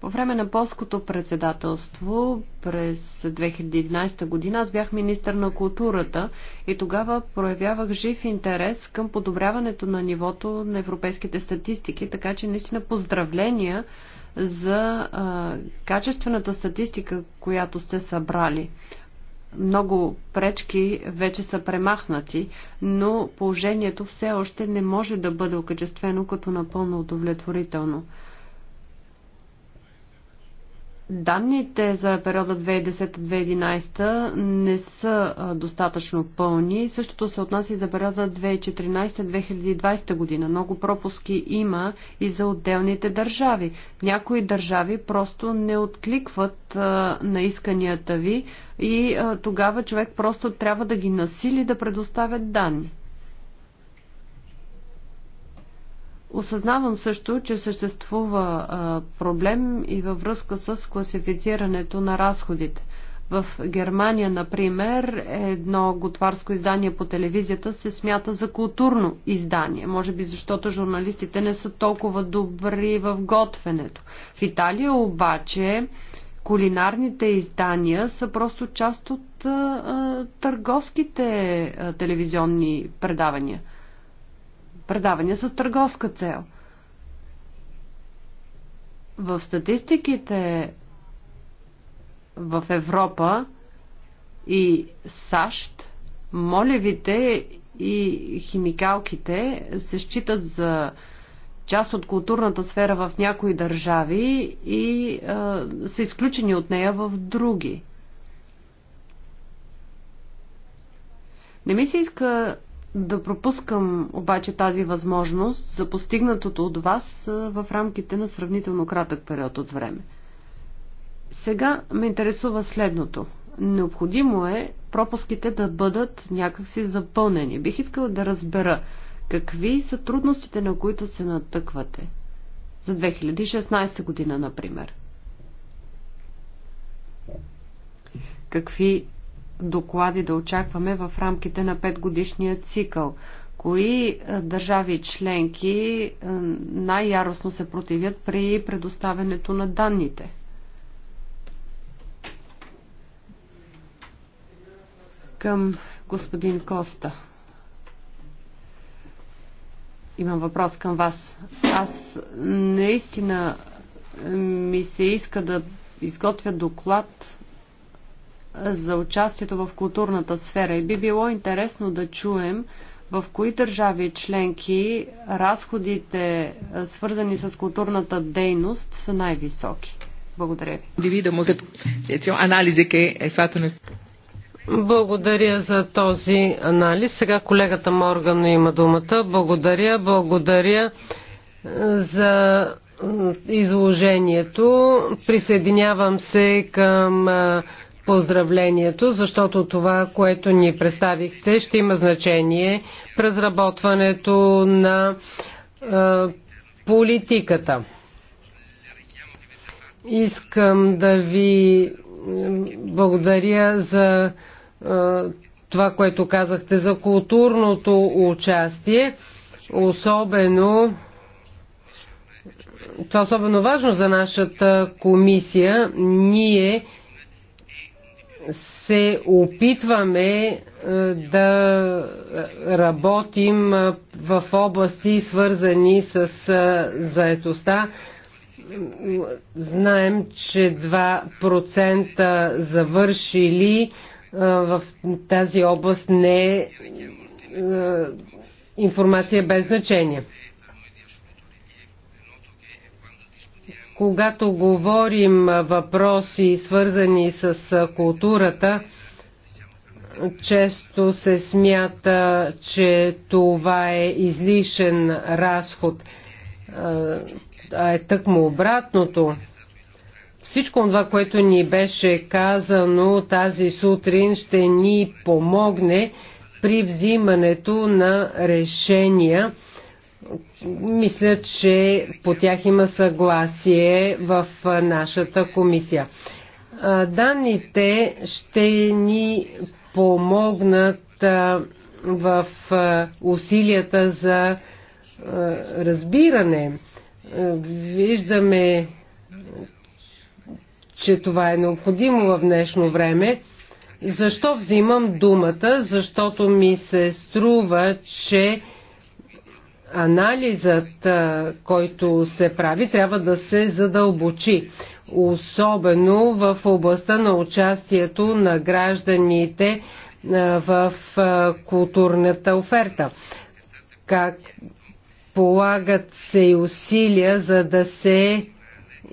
по време на полското председателство през 2011 година аз бях министър на културата и тогава проявявах жив интерес към подобряването на нивото на европейските статистики, така че наистина поздравления за а, качествената статистика, която сте събрали. Много пречки вече са премахнати, но положението все още не може да бъде окачествено като напълно удовлетворително. Данните за периода 2010-2011 не са достатъчно пълни. Същото се отнася и за периода 2014-2020 година. Много пропуски има и за отделните държави. Някои държави просто не откликват на исканията ви и тогава човек просто трябва да ги насили да предоставят данни. Осъзнавам също, че съществува а, проблем и във връзка с класифицирането на разходите. В Германия, например, едно готварско издание по телевизията се смята за културно издание. Може би защото журналистите не са толкова добри в готвенето. В Италия обаче кулинарните издания са просто част от а, търговските а, телевизионни предавания предавания с търговска цел. В статистиките в Европа и САЩ молевите и химикалките се считат за част от културната сфера в някои държави и а, е, са изключени от нея в други. Не ми се иска да пропускам обаче тази възможност за постигнатото от вас в рамките на сравнително кратък период от време. Сега ме интересува следното. Необходимо е пропуските да бъдат някакси запълнени. Бих искала да разбера какви са трудностите, на които се натъквате. За 2016 година, например. Какви доклади да очакваме в рамките на 5 годишния цикъл? Кои е, държави членки е, най-яростно се противят при предоставянето на данните? Към господин Коста. Имам въпрос към вас. Аз наистина ми се иска да изготвя доклад за участието в културната сфера и би било интересно да чуем в кои държави членки разходите, свързани с културната дейност, са най-високи. Благодаря ви. Благодаря за този анализ. Сега колегата Морган има думата. Благодаря, благодаря за изложението. Присъединявам се към поздравлението, защото това, което ни представихте, ще има значение в разработването на е, политиката. Искам да ви благодаря за е, това, което казахте за културното участие, особено това е особено важно за нашата комисия. Ние се опитваме е, да работим е, в области, свързани с е, заетостта. Знаем, че 2% завършили в тази област не е информация без значение. когато говорим въпроси свързани с културата, често се смята, че това е излишен разход. А е тъкмо обратното. Всичко това, което ни беше казано тази сутрин, ще ни помогне при взимането на решения мисля, че по тях има съгласие в нашата комисия. Данните ще ни помогнат в усилията за разбиране. Виждаме, че това е необходимо в днешно време. Защо взимам думата? Защото ми се струва, че анализът, който се прави, трябва да се задълбочи, особено в областта на участието на гражданите в културната оферта. Как полагат се и усилия, за да се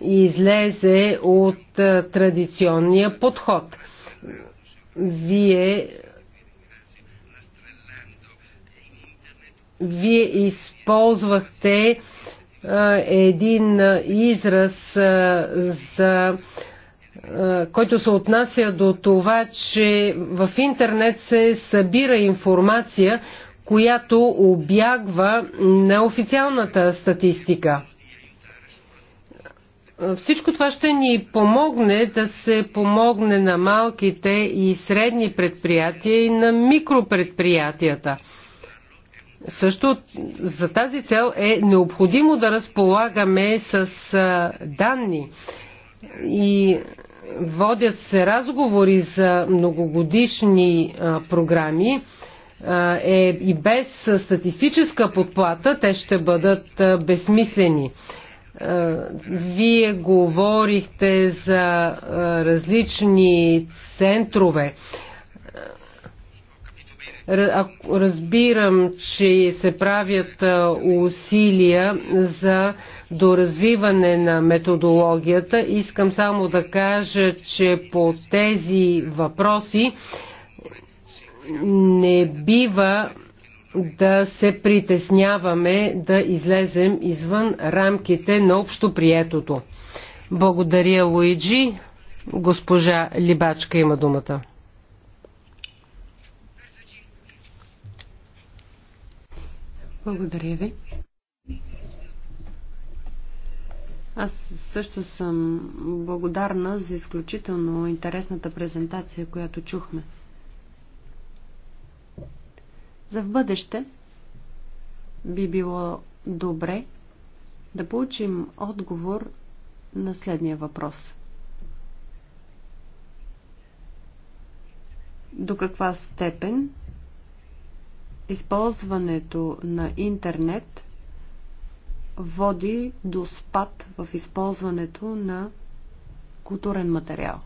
излезе от традиционния подход. Вие Вие използвахте един израз за който се отнася до това, че в интернет се събира информация, която обягва неофициалната статистика. Всичко това ще ни помогне да се помогне на малките и средни предприятия и на микропредприятията. Също за тази цел е необходимо да разполагаме с данни и водят се разговори за многогодишни програми е, и без статистическа подплата те ще бъдат безсмислени. Вие говорихте за различни центрове. Разбирам, че се правят усилия за доразвиване на методологията. Искам само да кажа, че по тези въпроси не бива да се притесняваме да излезем извън рамките на общоприетото. Благодаря, Луиджи. Госпожа Либачка има думата. Благодаря ви. Аз също съм благодарна за изключително интересната презентация, която чухме. За в бъдеще би било добре да получим отговор на следния въпрос. До каква степен използването на интернет води до спад в използването на културен материал.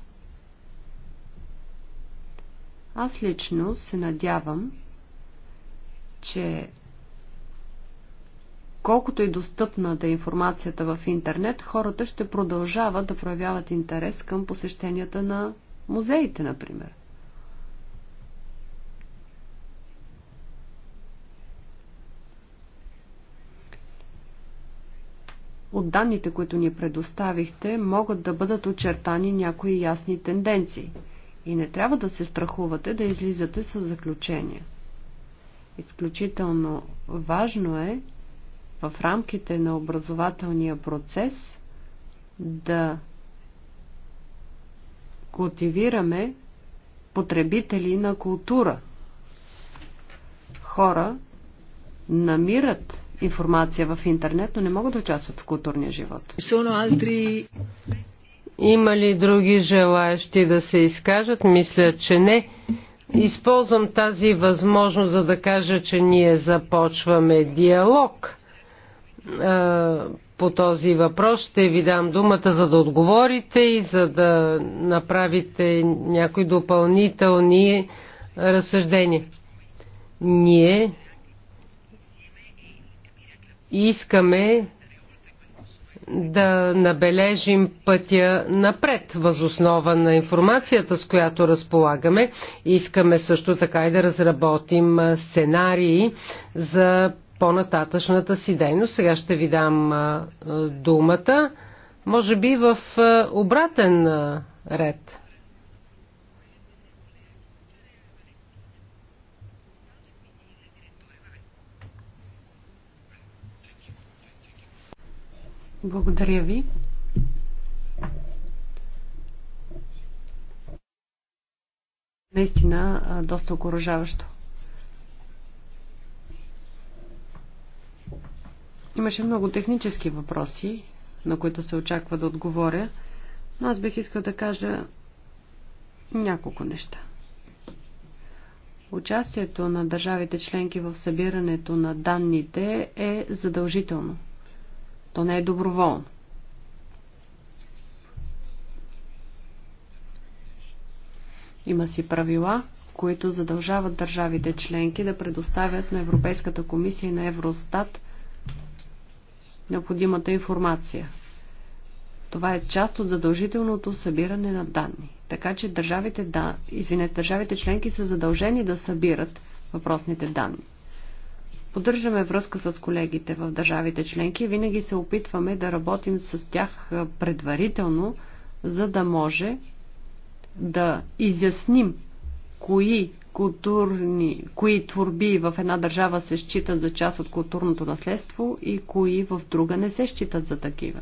Аз лично се надявам, че колкото и достъпна да е информацията в интернет, хората ще продължават да проявяват интерес към посещенията на музеите, например. От данните, които ни предоставихте, могат да бъдат очертани някои ясни тенденции и не трябва да се страхувате да излизате с заключения. Изключително важно е в рамките на образователния процес да култивираме потребители на култура. Хора намират информация в интернет, но не могат да участват в културния живот. Има ли други желаящи да се изкажат? Мисля, че не. Използвам тази възможност, за да кажа, че ние започваме диалог по този въпрос. Ще ви дам думата, за да отговорите и за да направите някои допълнителни разсъждения. Ние искаме да набележим пътя напред, възоснова на информацията, с която разполагаме. Искаме също така и да разработим сценарии за по-нататъчната си дейност. Сега ще ви дам думата, може би в обратен ред. Благодаря ви. Наистина, доста окоръжаващо. Имаше много технически въпроси, на които се очаква да отговоря, но аз бих искал да кажа няколко неща. Участието на държавите членки в събирането на данните е задължително. То не е доброволно. Има си правила, които задължават държавите членки да предоставят на Европейската комисия и на Евростат необходимата информация. Това е част от задължителното събиране на данни. Така че държавите, да, извинете, държавите членки са задължени да събират въпросните данни. Поддържаме връзка с колегите в държавите членки. Винаги се опитваме да работим с тях предварително, за да може да изясним кои културни, кои творби в една държава се считат за част от културното наследство и кои в друга не се считат за такива.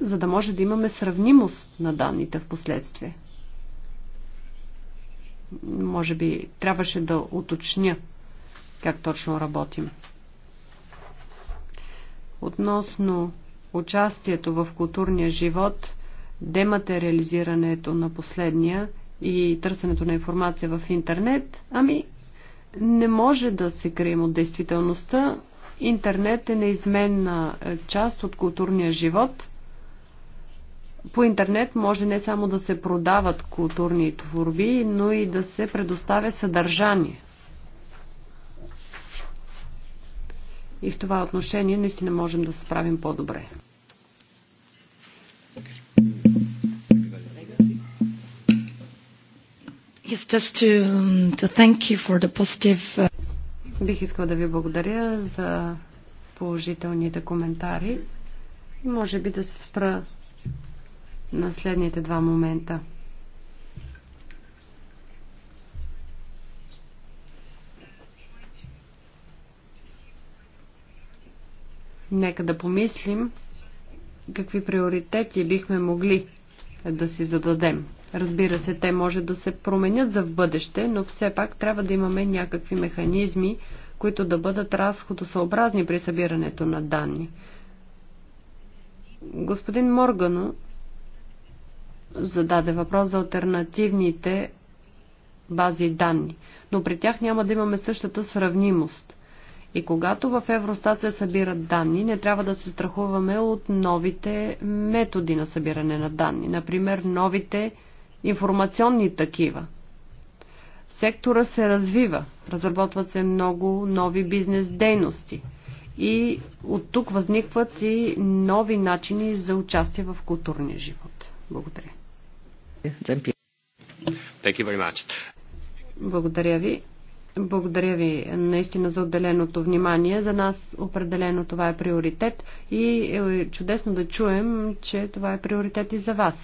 За да може да имаме сравнимост на данните в последствие. Може би трябваше да уточня как точно работим. Относно участието в културния живот, дематериализирането на последния и търсенето на информация в интернет, ами не може да се крием от действителността. Интернет е неизменна е, част от културния живот. По интернет може не само да се продават културни творби, но и да се предоставя съдържание – И в това отношение наистина можем да се справим по-добре. Uh, Бих искала да ви благодаря за положителните коментари и може би да се спра на следните два момента. Нека да помислим какви приоритети бихме могли да си зададем. Разбира се, те може да се променят за в бъдеще, но все пак трябва да имаме някакви механизми, които да бъдат разходосъобразни при събирането на данни. Господин Моргано зададе въпрос за альтернативните бази данни, но при тях няма да имаме същата сравнимост. И когато в Евростат се събират данни, не трябва да се страхуваме от новите методи на събиране на данни, например новите информационни такива. Сектора се развива, разработват се много нови бизнес дейности и от тук възникват и нови начини за участие в културния живот. Благодаря. Благодаря ви. Благодаря ви наистина за отделеното внимание. За нас определено това е приоритет и е чудесно да чуем, че това е приоритет и за вас.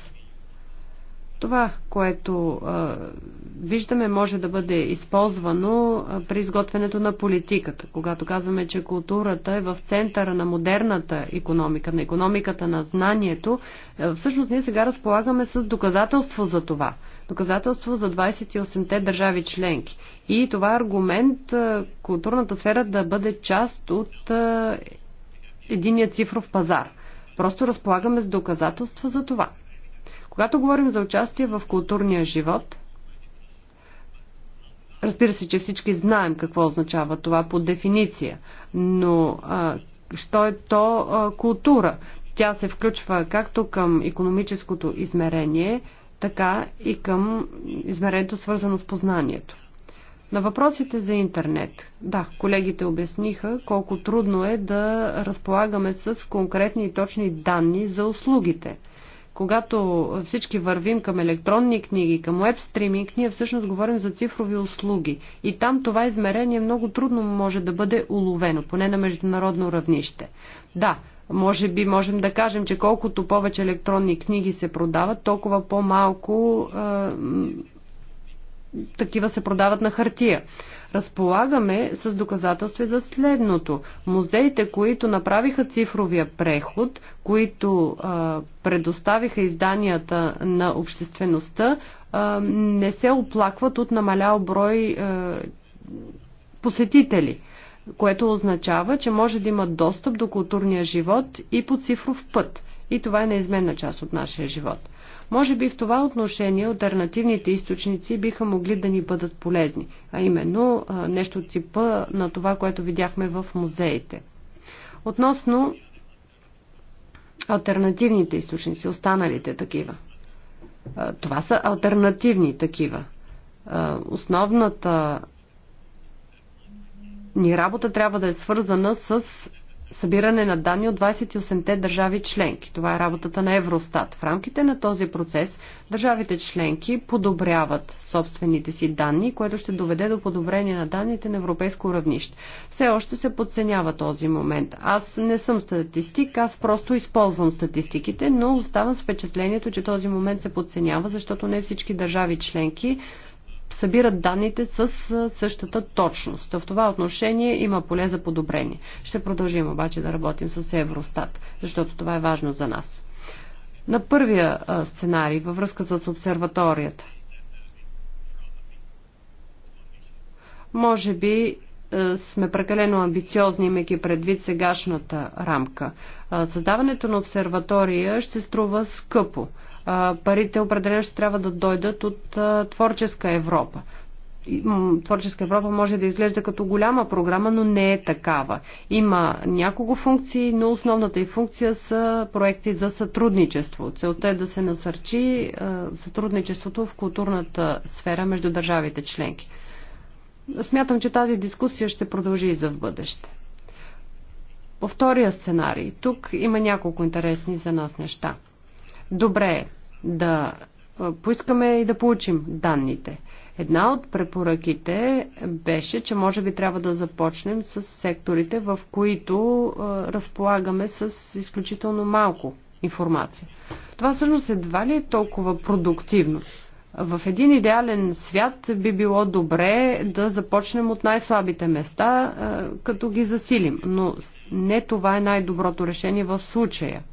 Това, което а, виждаме, може да бъде използвано а, при изготвянето на политиката. Когато казваме, че културата е в центъра на модерната економика, на економиката на знанието, а, всъщност ние сега разполагаме с доказателство за това доказателство за 28-те държави членки. И това е аргумент е, културната сфера да бъде част от е, единия цифров пазар. Просто разполагаме с доказателства за това. Когато говорим за участие в културния живот, разбира се, че всички знаем какво означава това по дефиниция, но а, що е то а, култура? Тя се включва както към економическото измерение, така и към измерението свързано с познанието. На въпросите за интернет. Да, колегите обясниха колко трудно е да разполагаме с конкретни и точни данни за услугите. Когато всички вървим към електронни книги, към веб стриминг, ние всъщност говорим за цифрови услуги. И там това измерение много трудно може да бъде уловено, поне на международно равнище. Да, може би можем да кажем, че колкото повече електронни книги се продават, толкова по-малко такива се продават на хартия. Разполагаме с доказателство за следното. Музеите, които направиха цифровия преход, които е, предоставиха изданията на обществеността, е, не се оплакват от намалял брой е, посетители което означава, че може да имат достъп до културния живот и по цифров път. И това е неизменна част от нашия живот. Може би в това отношение альтернативните източници биха могли да ни бъдат полезни, а именно нещо типа на това, което видяхме в музеите. Относно альтернативните източници, останалите такива. Това са альтернативни такива. Основната ни работа трябва да е свързана с събиране на данни от 28-те държави членки. Това е работата на Евростат. В рамките на този процес държавите членки подобряват собствените си данни, което ще доведе до подобрение на данните на европейско равнище. Все още се подценява този момент. Аз не съм статистик, аз просто използвам статистиките, но оставам с впечатлението, че този момент се подценява, защото не всички държави членки събират данните с същата точност. В това отношение има поле за подобрение. Ще продължим обаче да работим с Евростат, защото това е важно за нас. На първия сценарий във връзка с обсерваторията. Може би сме прекалено амбициозни, имайки предвид сегашната рамка. Създаването на обсерватория ще струва скъпо парите определено ще трябва да дойдат от творческа Европа. Творческа Европа може да изглежда като голяма програма, но не е такава. Има няколко функции, но основната и функция са проекти за сътрудничество. Целта е да се насърчи сътрудничеството в културната сфера между държавите членки. Смятам, че тази дискусия ще продължи и за в бъдеще. По втория сценарий, тук има няколко интересни за нас неща – Добре е да поискаме и да получим данните. Една от препоръките беше, че може би трябва да започнем с секторите, в които разполагаме с изключително малко информация. Това всъщност едва ли е толкова продуктивно. В един идеален свят би било добре да започнем от най-слабите места, като ги засилим, но не това е най-доброто решение в случая –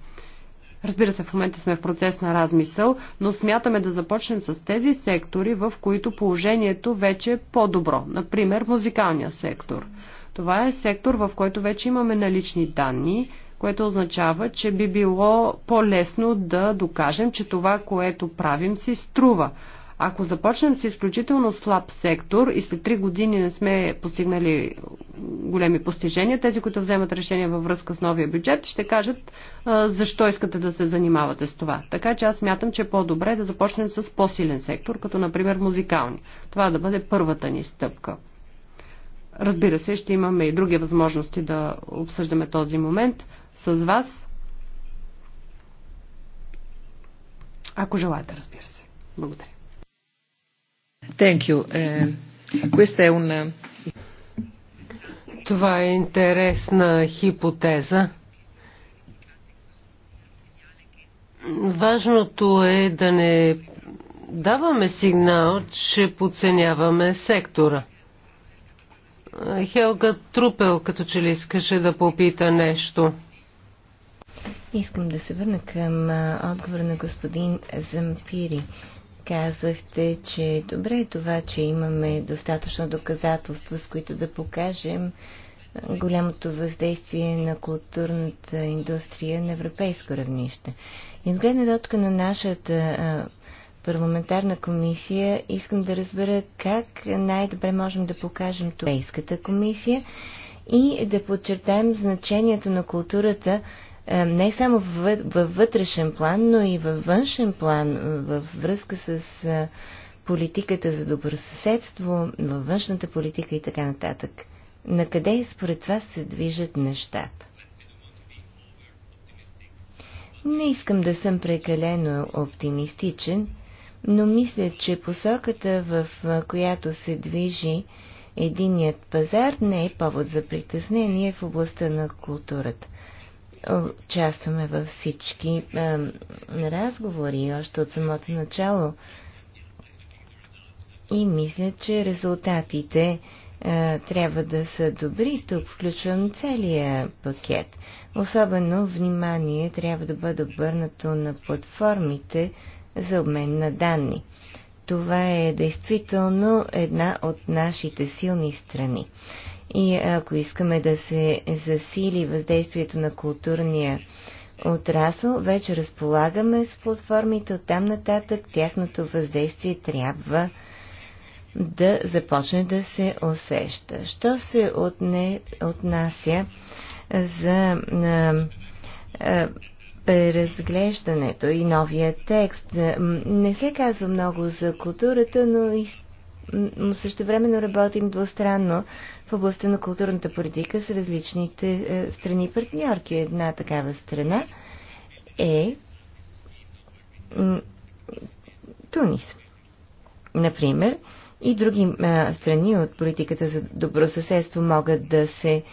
Разбира се, в момента сме в процес на размисъл, но смятаме да започнем с тези сектори, в които положението вече е по-добро. Например, музикалния сектор. Това е сектор, в който вече имаме налични данни, което означава, че би било по-лесно да докажем, че това, което правим, си струва. Ако започнем с изключително слаб сектор и след 3 години не сме постигнали големи постижения, тези, които вземат решение във връзка с новия бюджет, ще кажат защо искате да се занимавате с това. Така че аз мятам, че е по-добре да започнем с по-силен сектор, като например музикални. Това да бъде първата ни стъпка. Разбира се, ще имаме и други възможности да обсъждаме този момент с вас. Ако желаете, разбира се. Благодаря. Thank you. Uh, questa è una... Това е интересна хипотеза. Важното е да не даваме сигнал, че подценяваме сектора. Хелга Трупел като че ли искаше да попита нещо. Искам да се върна към отговора на господин Зампири. Казахте, че добре е добре това, че имаме достатъчно доказателства, с които да покажем голямото въздействие на културната индустрия на европейско равнище. И от гледна точка на нашата парламентарна комисия искам да разбера как най-добре можем да покажем Европейската комисия и да подчертаем значението на културата е, не само във вътрешен план, но и във външен план, във връзка с е, политиката за добросъседство, във външната политика и така нататък. На къде според вас се движат нещата? Не искам да съм прекалено оптимистичен, но мисля, че посоката, в която се движи единият пазар, не е повод за притеснение в областта на културата участваме във всички е, разговори още от самото начало. И мисля, че резултатите е, трябва да са добри. Тук включвам целия пакет. Особено внимание трябва да бъде обърнато на платформите за обмен на данни. Това е действително една от нашите силни страни. И ако искаме да се засили въздействието на културния отрасъл, вече разполагаме с платформите. от там нататък тяхното въздействие трябва да започне да се усеща. Що се отне, отнася за а, а, преразглеждането и новия текст? Не се казва много за културата, но и времено работим двустранно в областта на културната политика с различните е, страни партньорки. Една такава страна е Тунис, например, и други е, страни от политиката за добросъседство могат да се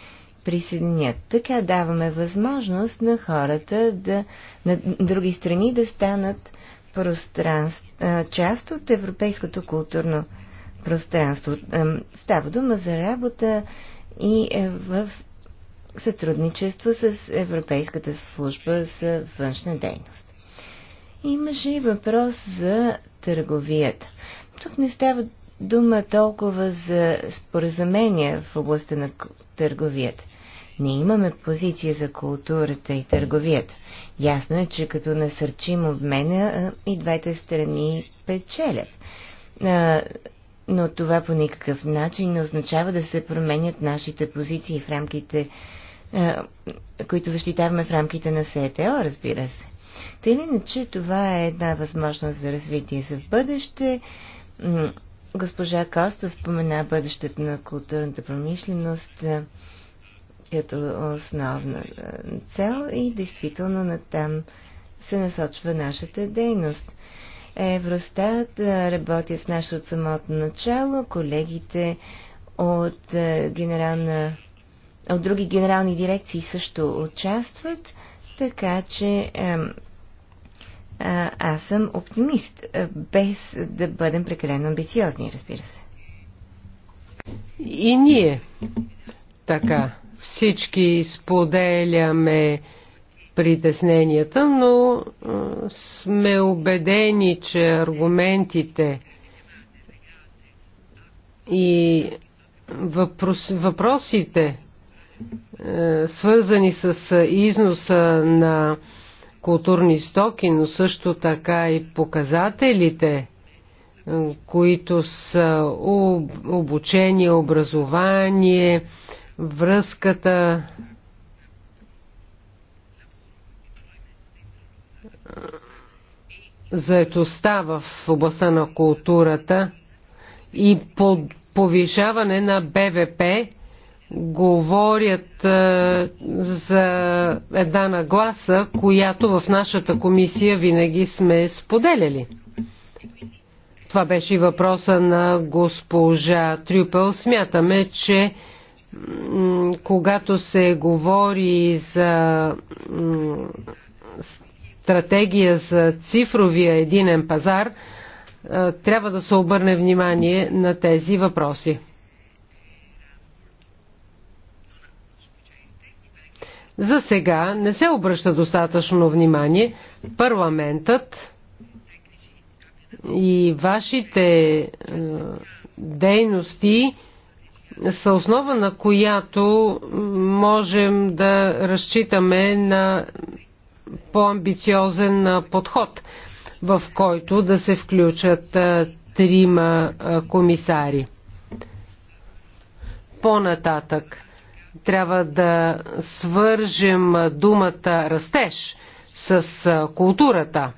присъединят. Така даваме възможност на хората да, на други страни да станат пространство, е, част от европейското културно пространство. Става дума за работа и е, в сътрудничество с Европейската служба за външна дейност. Имаше и въпрос за търговията. Тук не става дума толкова за споразумения в областта на търговията. Не имаме позиция за културата и търговията. Ясно е, че като насърчим обмена и двете страни печелят но това по никакъв начин не означава да се променят нашите позиции в рамките, които защитаваме в рамките на СЕТО, разбира се. Тъй или иначе, това е една възможност за развитие за в бъдеще. Госпожа Коста спомена бъдещето на културната промишленост като основна цел и действително натам се насочва нашата дейност. Евростат работят с наше от самото начало. Колегите от, генерална, от други генерални дирекции също участват, така че аз съм оптимист, без да бъдем прекалено амбициозни, разбира се. И ние. Така, всички споделяме притесненията, но сме убедени, че аргументите и въпрос, въпросите, свързани с износа на културни стоки, но също така и показателите, които са обучение, образование, връзката заетостта в областта на културата и под повишаване на БВП говорят а, е, за една нагласа, която в нашата комисия винаги сме споделяли. Това беше и въпроса на госпожа Трюпел. Смятаме, че когато се говори за стратегия за цифровия единен пазар, трябва да се обърне внимание на тези въпроси. За сега не се обръща достатъчно внимание. Парламентът и вашите е, дейности са основа, на която можем да разчитаме на по-амбициозен подход, в който да се включат трима комисари. По-нататък трябва да свържем думата растеж с културата.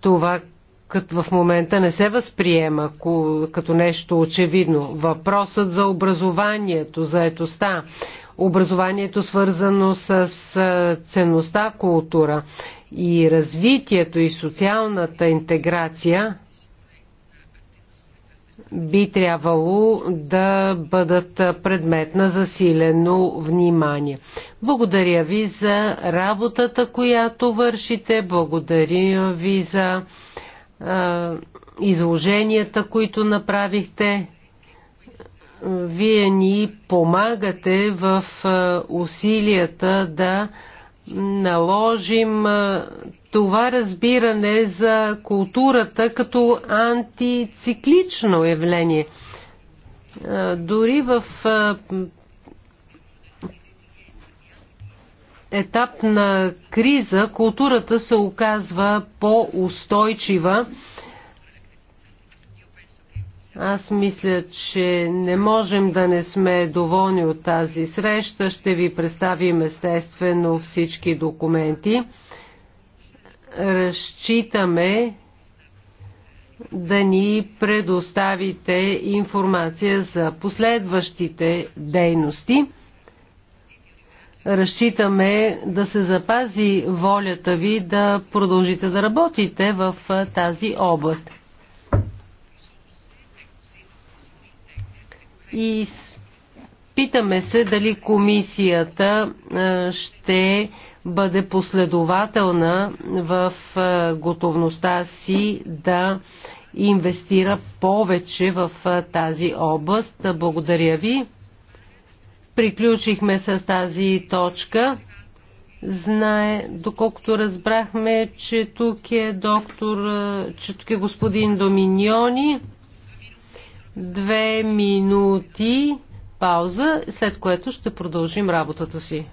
Това като в момента не се възприема като нещо очевидно. Въпросът за образованието, за етоста, образованието свързано с ценността, култура и развитието и социалната интеграция би трябвало да бъдат предмет на засилено внимание. Благодаря ви за работата, която вършите. Благодаря ви за а, изложенията, които направихте. Е, вие ни помагате в е, усилията да наложим е, това разбиране за културата като антициклично явление. Дори в етап на криза културата се оказва по-устойчива аз мисля, че не можем да не сме доволни от тази среща. Ще ви представим естествено всички документи. Разчитаме да ни предоставите информация за последващите дейности. Разчитаме да се запази волята ви да продължите да работите в тази област. и питаме се дали комисията е, ще бъде последователна в е, готовността си да инвестира повече в е, тази област. Благодаря ви. Приключихме с тази точка. Знае, доколкото разбрахме, че тук е доктор, че тук е господин Доминьони. Две минути пауза, след което ще продължим работата си.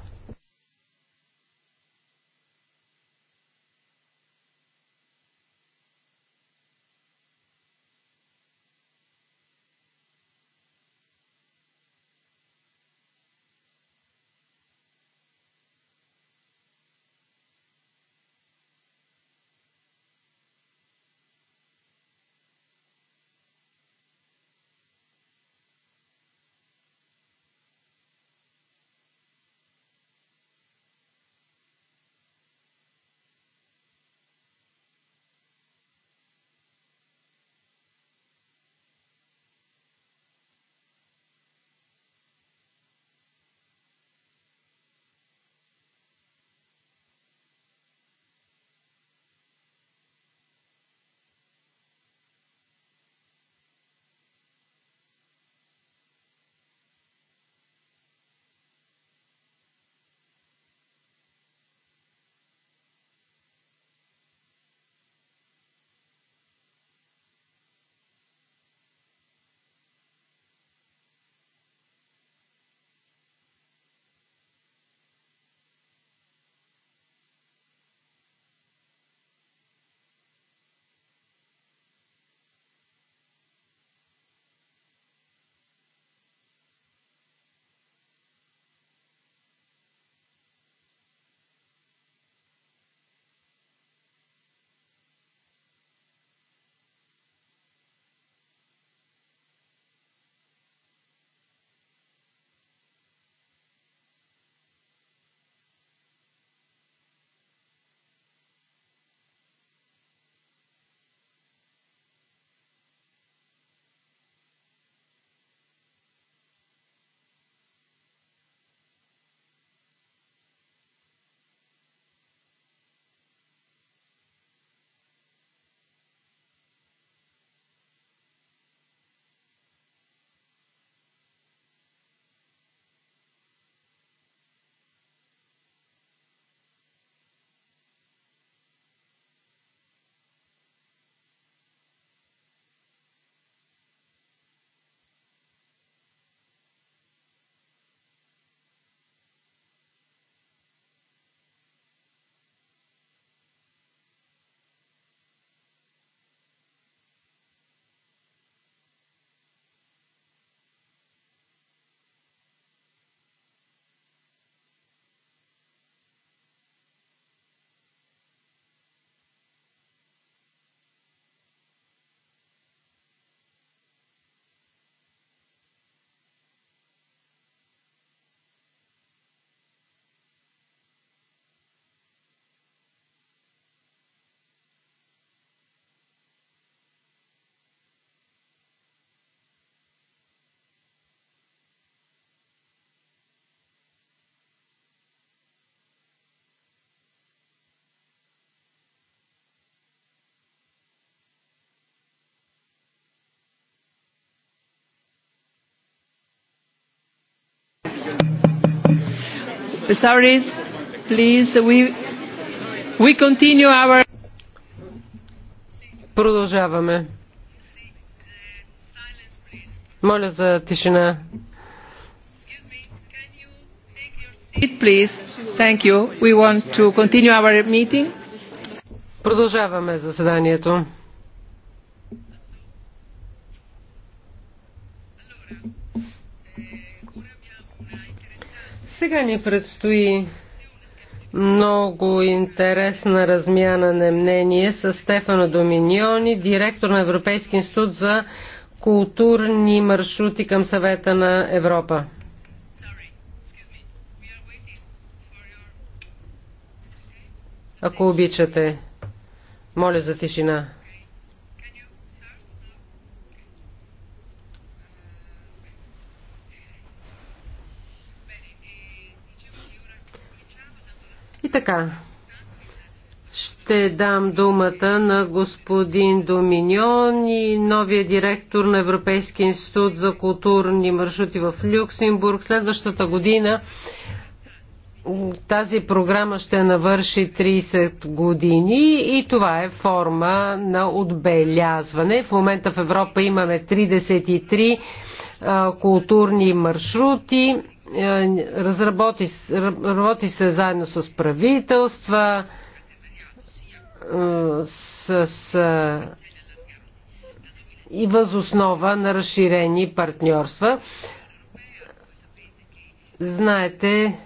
Sorry, please, we, we continue our... Продължаваме. Моля за тишина. Please, thank you. We want to continue our meeting. Продължаваме заседанието. Сега ни предстои много интересна размяна на мнение с Стефано Доминьони, директор на Европейски институт за културни маршрути към съвета на Европа. Ако обичате, моля за тишина. така, ще дам думата на господин Доминьон и новия директор на Европейския институт за културни маршрути в Люксембург. Следващата година тази програма ще навърши 30 години и това е форма на отбелязване. В момента в Европа имаме 33 културни маршрути е, разработи, работи се заедно с правителства, е, с е, и възоснова на разширени партньорства. Знаете,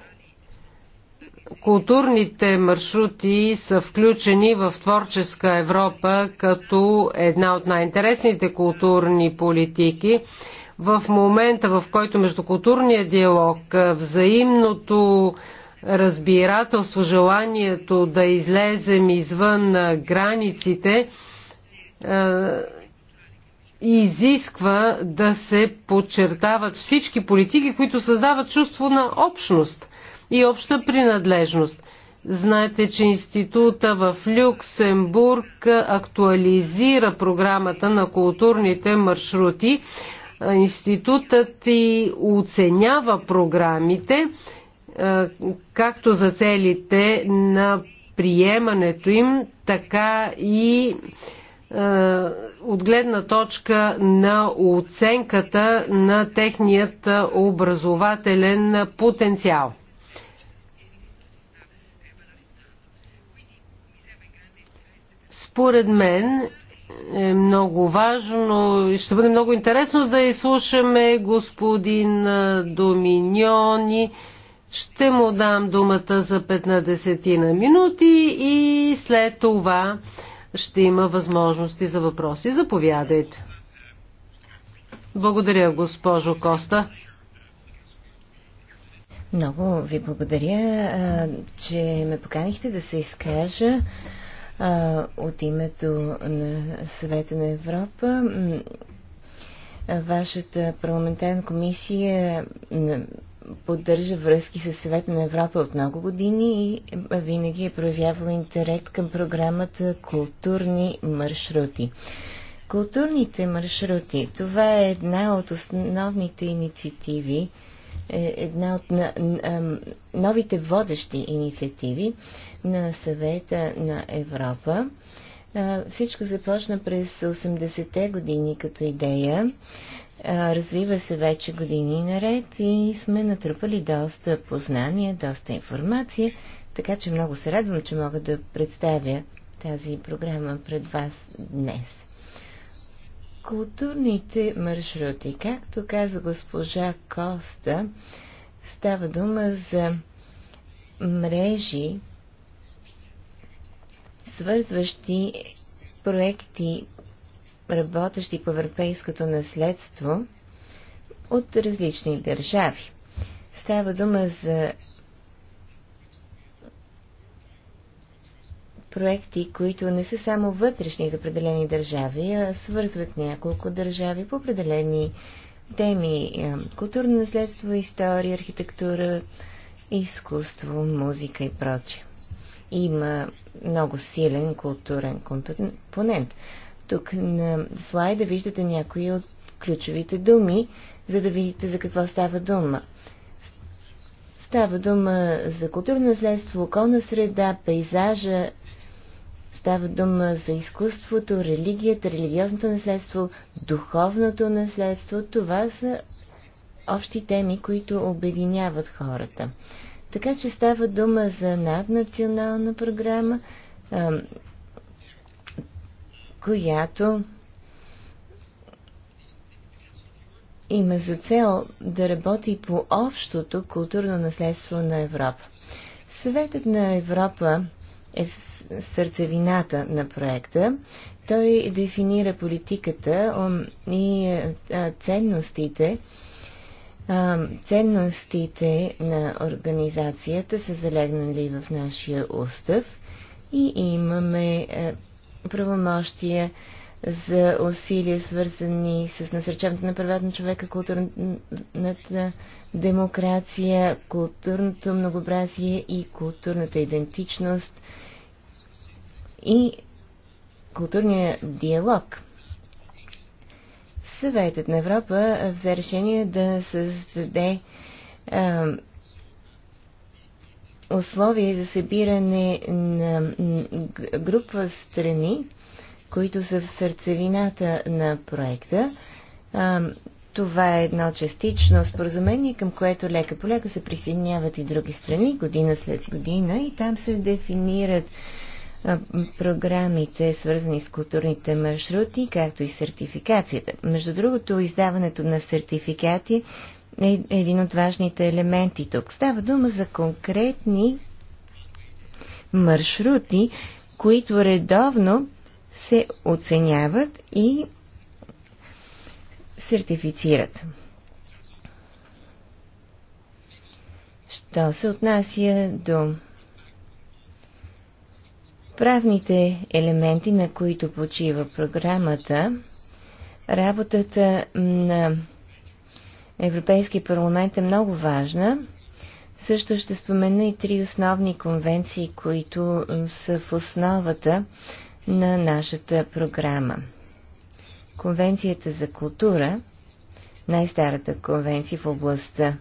културните маршрути са включени в Творческа Европа като една от най-интересните културни политики в момента, в който междукултурният диалог, е, взаимното разбирателство, желанието да излезем извън е, границите, е, изисква да се подчертават всички политики, които създават чувство на общност и обща принадлежност. Знаете, че института в Люксембург актуализира програмата на културните маршрути Институтът и оценява програмите, е, както за целите на приемането им, така и е, от гледна точка на оценката на техният образователен потенциал. Според мен е много важно и ще бъде много интересно да изслушаме господин Доминьони. Ще му дам думата за 15 на минути и след това ще има възможности за въпроси. Заповядайте. Благодаря, госпожо Коста. Много ви благодаря, че ме поканихте да се изкажа от името на Съвета на Европа. Вашата парламентарна комисия поддържа връзки с Съвета на Европа от много години и винаги е проявявала интерес към програмата Културни маршрути. Културните маршрути това е една от основните инициативи, е една от новите водещи инициативи, на съвета на Европа. Всичко започна през 80-те години като идея. Развива се вече години наред и сме натрупали доста познания, доста информация, така че много се радвам, че мога да представя тази програма пред вас днес. Културните маршрути, както каза госпожа Коста, става дума за мрежи свързващи проекти, работещи по европейското наследство от различни държави. Става дума за проекти, които не са само вътрешни за определени държави, а свързват няколко държави по определени теми културно наследство, история, архитектура, изкуство, музика и прочее има много силен културен компонент. Тук на слайда виждате някои от ключовите думи, за да видите за какво става дума. Става дума за културно наследство, околна среда, пейзажа, става дума за изкуството, религията, религиозното наследство, духовното наследство. Това са общи теми, които обединяват хората. Така че става дума за наднационална програма, която има за цел да работи по общото културно наследство на Европа. Съветът на Европа е в сърцевината на проекта. Той дефинира политиката и ценностите, ценностите на организацията са залегнали в нашия устав и имаме правомощия за усилия, свързани с насърчаването на правата на човека, културната демокрация, културното многообразие и културната идентичност и културния диалог. Съветът на Европа взе решение да създаде а, условия за събиране на група страни, които са в сърцевината на проекта. А, това е едно частично споразумение, към което лека по лека се присъединяват и други страни, година след година, и там се дефинират програмите, свързани с културните маршрути, както и сертификацията. Между другото, издаването на сертификати е един от важните елементи тук. Става дума за конкретни маршрути, които редовно се оценяват и сертифицират. Що се отнася до правните елементи, на които почива програмата, работата на Европейския парламент е много важна. Също ще спомена и три основни конвенции, които са в основата на нашата програма. Конвенцията за култура, най-старата конвенция в областта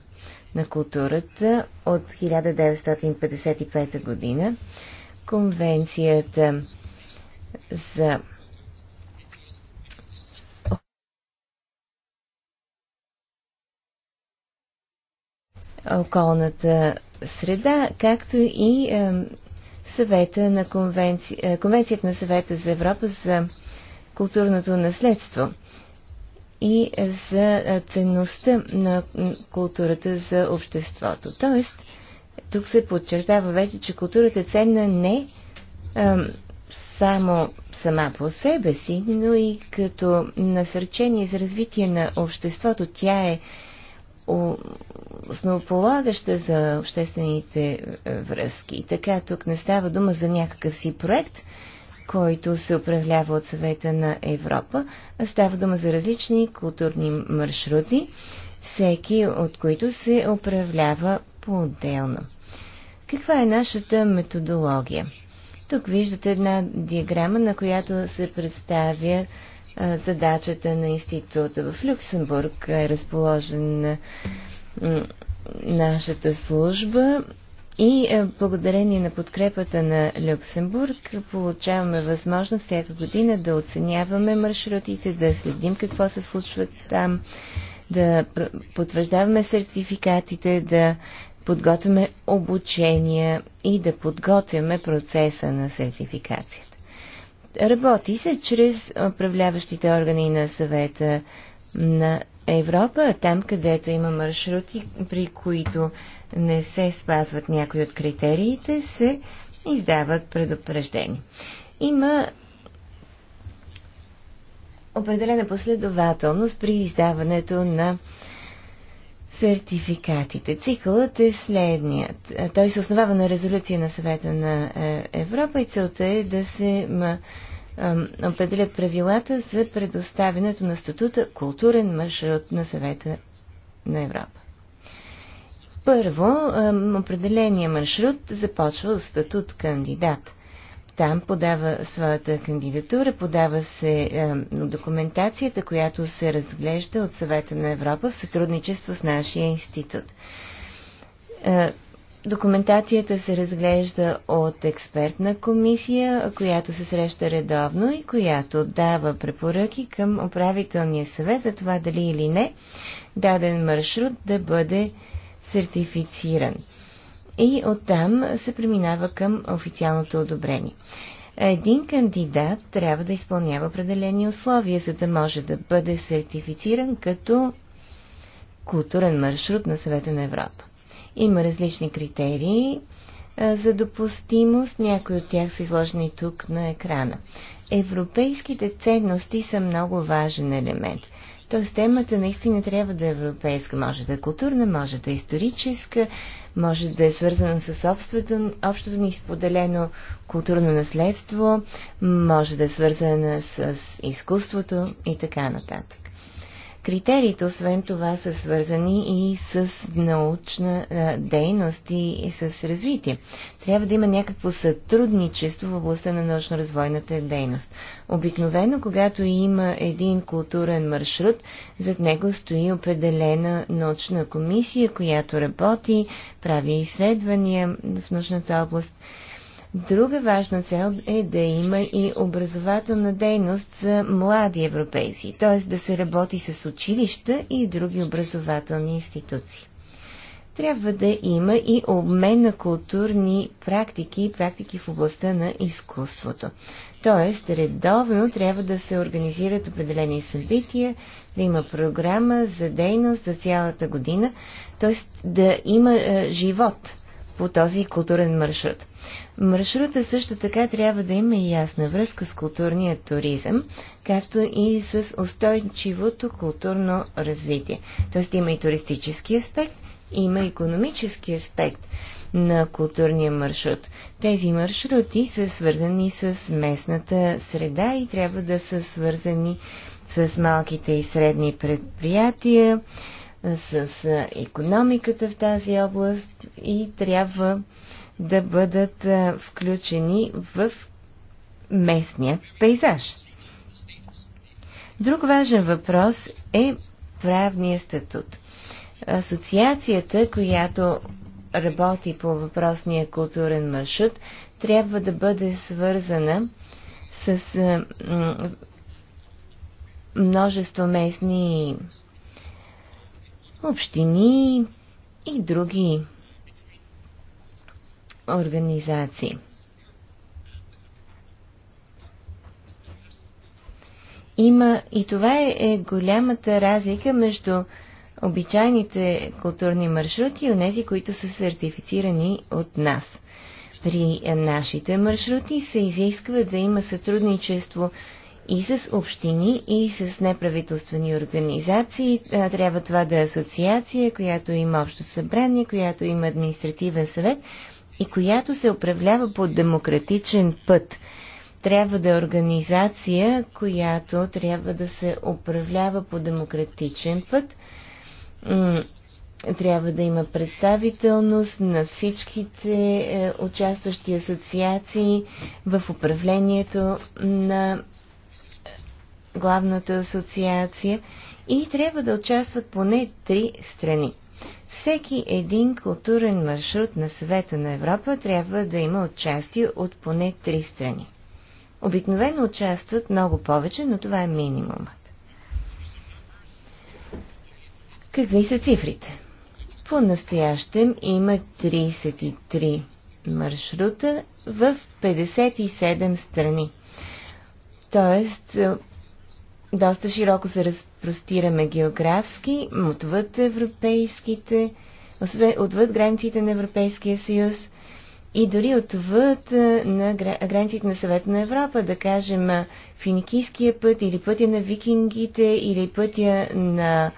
на културата от 1955 година, конвенцията за околната среда, както и съвета на конвенци... Е, конвенцията на съвета за Европа за културното наследство и за е, ценността на културата за обществото. Тоест, тук се подчертава вече, че културата е ценна не а, само сама по себе си, но и като насърчение за развитие на обществото. Тя е основополагаща за обществените е, връзки. Така, тук не става дума за някакъв си проект, който се управлява от съвета на Европа, а става дума за различни културни маршрути, всеки от които се управлява по-отделно. Каква е нашата методология? Тук виждате една диаграма, на която се представя задачата на института. В Люксембург е разположена нашата служба и е, благодарение на подкрепата на Люксембург получаваме възможност всяка година да оценяваме маршрутите, да следим какво се случва там, да потвърждаваме сертификатите, да подготвяме обучения и да подготвяме процеса на сертификацията. Работи се чрез управляващите органи на съвета на Европа, там където има маршрути, при които не се спазват някои от критериите, се издават предупреждения. Има определена последователност при издаването на сертификатите. Цикълът е следният. Той се основава на резолюция на съвета на е, Европа и целта е да се определят правилата за предоставянето на статута културен маршрут на съвета на Европа. Първо, определения маршрут започва от статут кандидат. Там подава своята кандидатура, подава се е, документацията, която се разглежда от съвета на Европа в сътрудничество с нашия институт. Е, документацията се разглежда от експертна комисия, която се среща редовно и която дава препоръки към управителния съвет за това дали или не даден маршрут да бъде сертифициран и оттам се преминава към официалното одобрение. Един кандидат трябва да изпълнява определени условия, за да може да бъде сертифициран като културен маршрут на Съвета на Европа. Има различни критерии за допустимост, някои от тях са изложени тук на екрана. Европейските ценности са много важен елемент – Тоест темата наистина трябва да е европейска. Може да е културна, може да е историческа, може да е свързана с общото, общото ни споделено културно наследство, може да е свързана с изкуството и така нататък. Критериите, освен това, са свързани и с научна дейност и с развитие. Трябва да има някакво сътрудничество в областта на научно-развойната дейност. Обикновено, когато има един културен маршрут, зад него стои определена научна комисия, която работи, прави изследвания в научната област Друга важна цел е да има и образователна дейност за млади европейци, т.е. да се работи с училища и други образователни институции. Трябва да има и обмен на културни практики и практики в областта на изкуството. Тоест, редовно трябва да се организират определени събития, да има програма за дейност за цялата година, т.е. да има е, живот по този културен маршрут. Маршрута е също така трябва да има и ясна връзка с културния туризъм, както и с устойчивото културно развитие. Тоест има и туристически аспект, има економически аспект на културния маршрут. Тези маршрути са свързани с местната среда и трябва да са свързани с малките и средни предприятия, с економиката в тази област и трябва да бъдат включени в местния пейзаж. Друг важен въпрос е правния статут. Асоциацията, която работи по въпросния културен маршрут, трябва да бъде свързана с множество местни общини и други организации. Има и това е, е голямата разлика между обичайните културни маршрути и тези, които са сертифицирани от нас. При нашите маршрути се изисква да има сътрудничество и с общини, и с неправителствени организации. Трябва това да е асоциация, която има общо събрание, която има административен съвет – и която се управлява по демократичен път. Трябва да е организация, която трябва да се управлява по демократичен път. Трябва да има представителност на всичките е, участващи асоциации в управлението на е, главната асоциация и трябва да участват поне три страни. Всеки един културен маршрут на съвета на Европа трябва да има участие от поне три страни. Обикновено участват много повече, но това е минимумът. Какви са цифрите? По-настоящем има 33 маршрута в 57 страни. Тоест, доста широко се разпростираме географски, отвъд европейските, отвъд границите на Европейския съюз и дори отвъд на границите на Съвет на Европа, да кажем Финикийския път или пътя на викингите или пътя на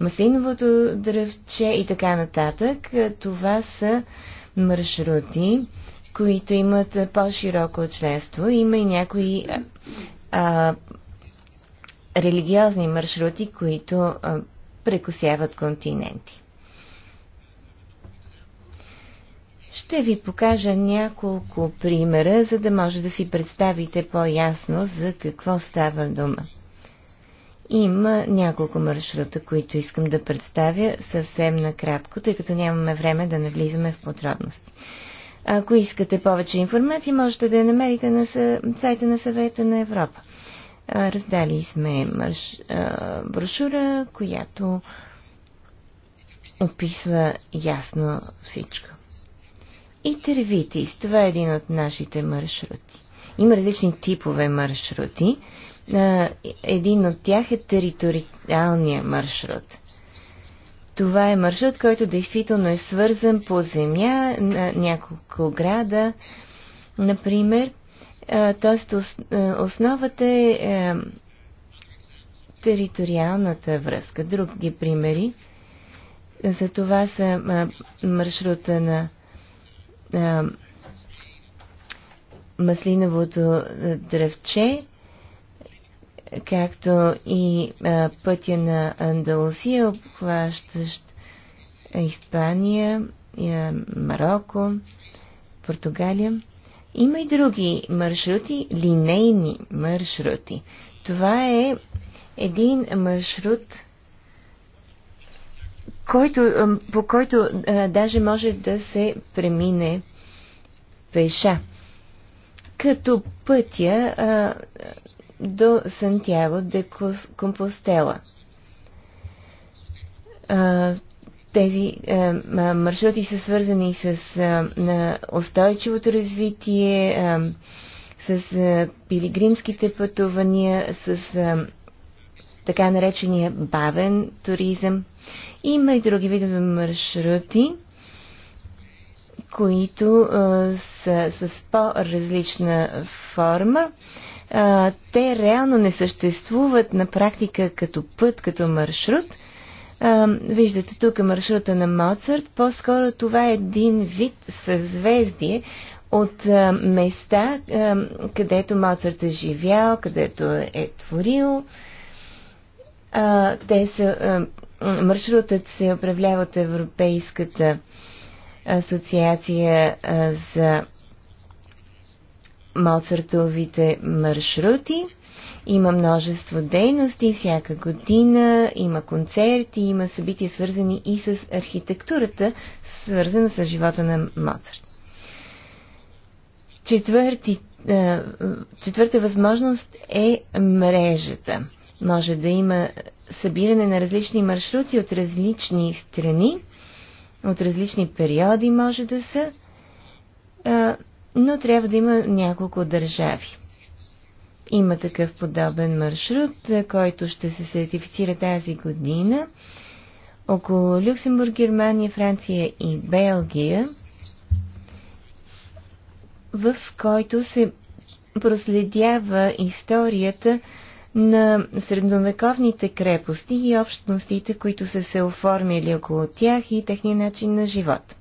масиновото дръвче и така нататък. Това са маршрути, които имат по-широко членство. Има и някои а, религиозни маршрути, които прекосяват континенти. Ще ви покажа няколко примера, за да може да си представите по-ясно за какво става дума. Има няколко маршрута, които искам да представя съвсем накратко, тъй като нямаме време да навлизаме в подробности. Ако искате повече информация, можете да я намерите на сайта на съвета на Европа. Раздали сме мъж, а, брошура, която описва ясно всичко. И Тервитис, това е един от нашите маршрути. Има различни типове маршрути. Един от тях е териториалния маршрут. Това е маршрут, който действително е свързан по земя на няколко града, например, т.е. Е, основата е, е териториалната връзка. Други примери за това са е, маршрута на маслиновото дръвче, както и пътя на Андалусия, обхващащ Испания, Марокко, Португалия. Има и други маршрути, линейни маршрути. Това е един маршрут, който, по който а, даже може да се премине пеша. Като пътя а, до Сантьяго де Компостела. А, тези е, е, маршрути са свързани с е, устойчивото развитие, е, с е, пилигримските пътувания, с е, така наречения бавен туризъм. Има и други видове маршрути, които е, са с по-различна форма а, е, те реално не съществуват на практика като път, като маршрут, Виждате тук маршрута на Моцарт. По-скоро това е един вид съзвездие от места, където Моцарт е живял, където е творил. Те са, маршрутът се управлява от Европейската асоциация за Моцартовите маршрути. Има множество дейности всяка година, има концерти, има събития свързани и с архитектурата, свързана с живота на Моцарт. Четвърти, е, четвърта възможност е мрежата. Може да има събиране на различни маршрути от различни страни, от различни периоди може да са, е, но трябва да има няколко държави. Има такъв подобен маршрут, който ще се сертифицира тази година. Около Люксембург, Германия, Франция и Белгия, в който се проследява историята на средновековните крепости и общностите, които са се оформили около тях и техния начин на живота.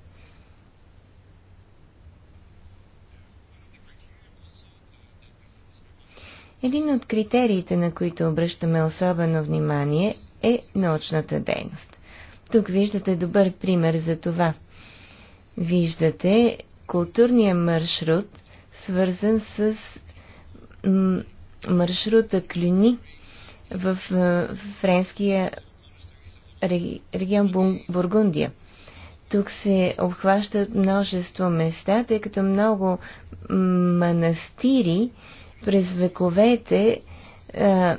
Един от критериите, на които обръщаме особено внимание, е научната дейност. Тук виждате добър пример за това. Виждате културния маршрут, свързан с маршрута Клюни в е, френския регион Бургундия. Тук се обхващат множество места, тъй като много манастири през вековете а,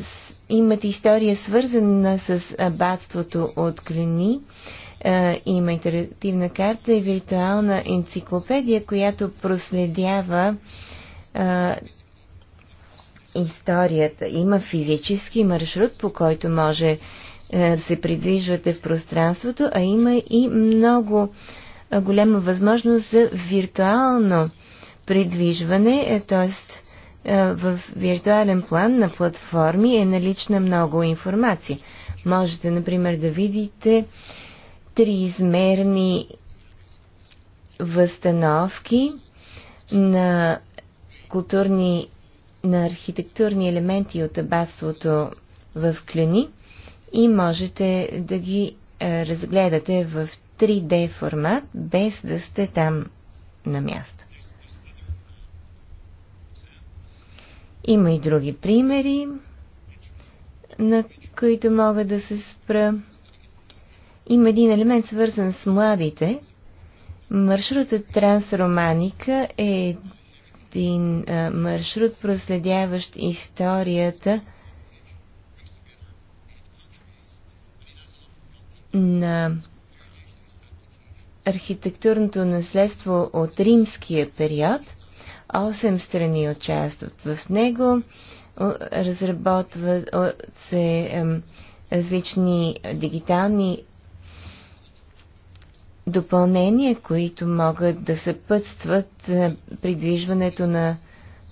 с, имат история свързана с абатството от Клюни. А, има интерактивна карта и виртуална енциклопедия, която проследява а, историята. Има физически маршрут, по който може да се придвижвате в пространството, а има и много голяма възможност за виртуално придвижване, т.е. Е, в виртуален план на платформи е налична много информация. Можете, например, да видите триизмерни възстановки на културни, на архитектурни елементи от абаството в Клюни и можете да ги е, разгледате в 3D формат, без да сте там на място. Има и други примери, на които мога да се спра. Има един елемент свързан с младите. Маршрутът Трансроманика е един а, маршрут, проследяващ историята на архитектурното наследство от римския период – 8 страни участват в него. Разработват се различни дигитални допълнения, които могат да съпътстват е, придвижването на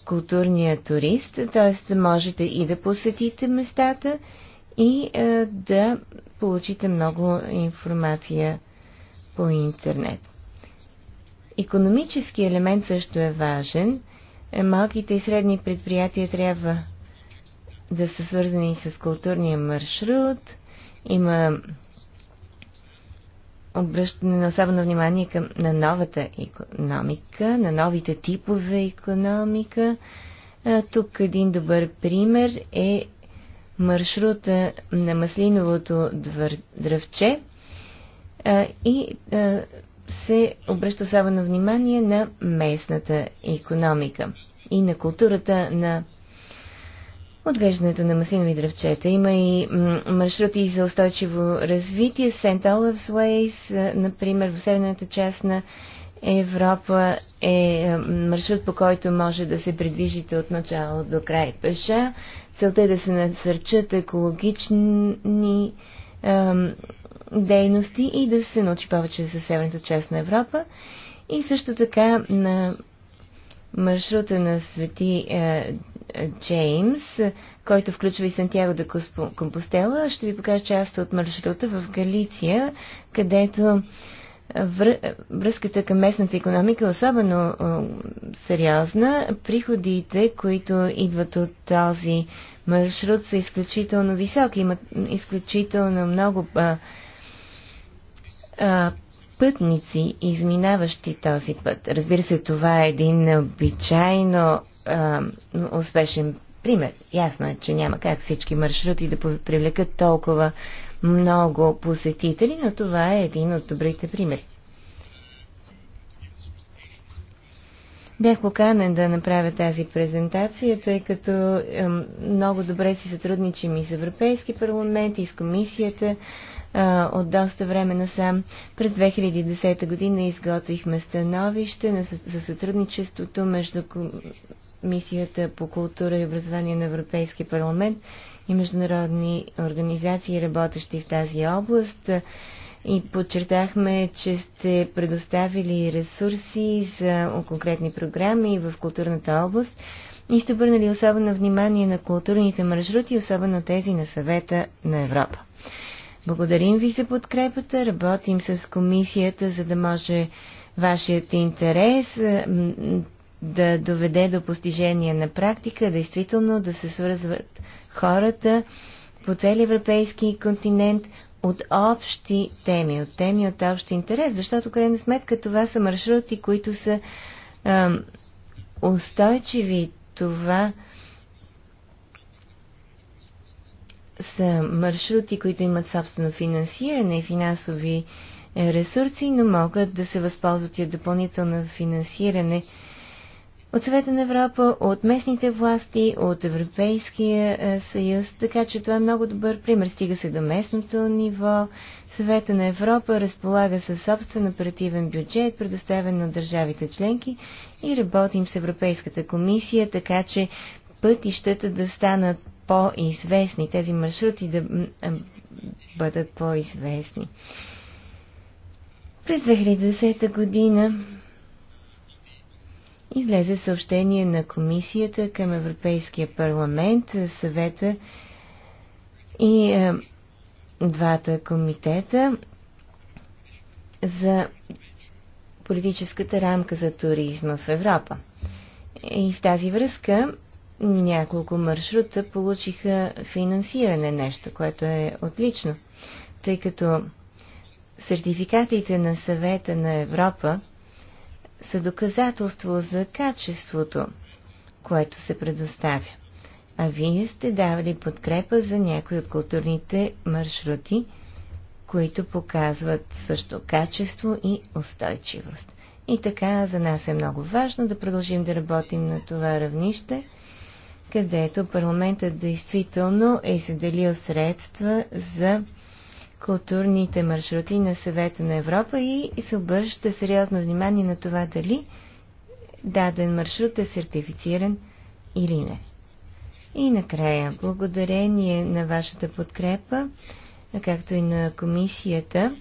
културния турист, т.е. можете и да посетите местата и е, да получите много информация по интернет. Економически елемент също е важен. Е, малките и средни предприятия трябва да са свързани с културния маршрут. Има обръщане на особено внимание към, на новата економика, на новите типове економика. А, е, тук един добър пример е маршрута на маслиновото дръвче а, е, и а, се обръща особено внимание на местната економика и на културата на отглеждането на масинови дръвчета. Има и маршрути за устойчиво развитие, Сент Олафс Уейс, например, в северната част на Европа е маршрут, по който може да се придвижите от начало до край пеша. Целта е да се насърчат екологични дейности и да се научи повече за северната част на Европа. И също така на маршрута на Свети е, е Джеймс, който включва и Сантьяго да Компостела, ще ви покажа част от маршрута в Галиция, където е, е, връзката към местната економика е особено сериозна. Приходите, които идват от този маршрут, са изключително високи. Имат изключително много а, пътници, изминаващи този път. Разбира се, това е един необичайно а, успешен пример. Ясно е, че няма как всички маршрути да привлекат толкова много посетители, но това е един от добрите примери. Бях поканен да направя тази презентация, тъй като много добре си сътрудничим и с Европейски парламент, и с комисията а, от доста време насам. През 2010 година изготвихме становище на, за сътрудничеството между Комисията по култура и образование на Европейския парламент и международни организации, работещи в тази област. И подчертахме, че сте предоставили ресурси за конкретни програми в културната област и сте обърнали особено внимание на културните маршрути, особено тези на съвета на Европа. Благодарим ви за подкрепата. Работим с комисията, за да може вашият интерес да доведе до постижение на практика, действително да се свързват хората по цели европейски континент от общи теми, от теми от общ интерес, защото крайна сметка това са маршрути, които са ам, устойчиви. Това са маршрути, които имат собствено финансиране и финансови е, ресурси, но могат да се възползват и от допълнително финансиране от Съвета на Европа, от местните власти, от Европейския е, съюз, така че това е много добър пример. Стига се до местното ниво. Съвета на Европа разполага със собствен оперативен бюджет, предоставен от държавите членки и работим с Европейската комисия, така че пътищата да станат по-известни, тези маршрути да бъдат по-известни. През 2010 година излезе съобщение на Комисията към Европейския парламент, съвета и е, двата комитета за политическата рамка за туризма в Европа. И в тази връзка няколко маршрута получиха финансиране, нещо, което е отлично, тъй като сертификатите на съвета на Европа са доказателство за качеството, което се предоставя. А вие сте давали подкрепа за някои от културните маршрути, които показват също качество и устойчивост. И така за нас е много важно да продължим да работим на това равнище – където парламентът действително е заделил средства за културните маршрути на съвета на Европа и се обръща сериозно внимание на това дали даден маршрут е сертифициран или не. И накрая, благодарение на вашата подкрепа, както и на комисията,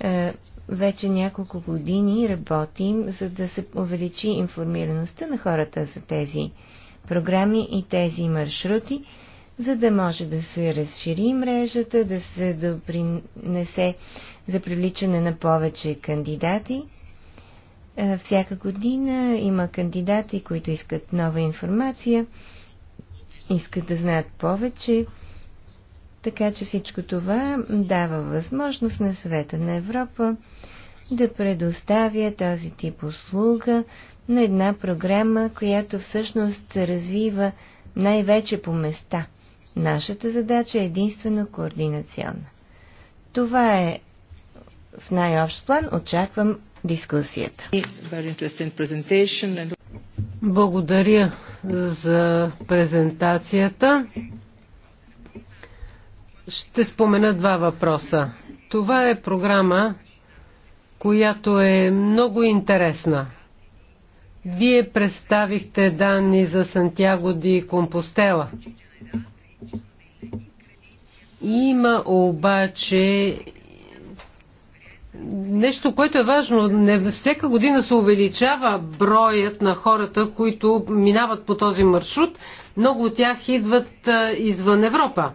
е, вече няколко години работим, за да се увеличи информираността на хората за тези програми и тези маршрути, за да може да се разшири мрежата, да се допринесе за привличане на повече кандидати. Е, всяка година има кандидати, които искат нова информация, искат да знаят повече. Така че всичко това дава възможност на света на Европа да предоставя този тип услуга на една програма, която всъщност се развива най-вече по места. Нашата задача е единствено координационна. Това е в най-общ план. Очаквам дискусията. Благодаря за презентацията. Ще спомена два въпроса. Това е програма, която е много интересна. Вие представихте данни за Сантьяго ди Компостела. Има обаче нещо, което е важно. Не всяка година се увеличава броят на хората, които минават по този маршрут. Много от тях идват извън Европа.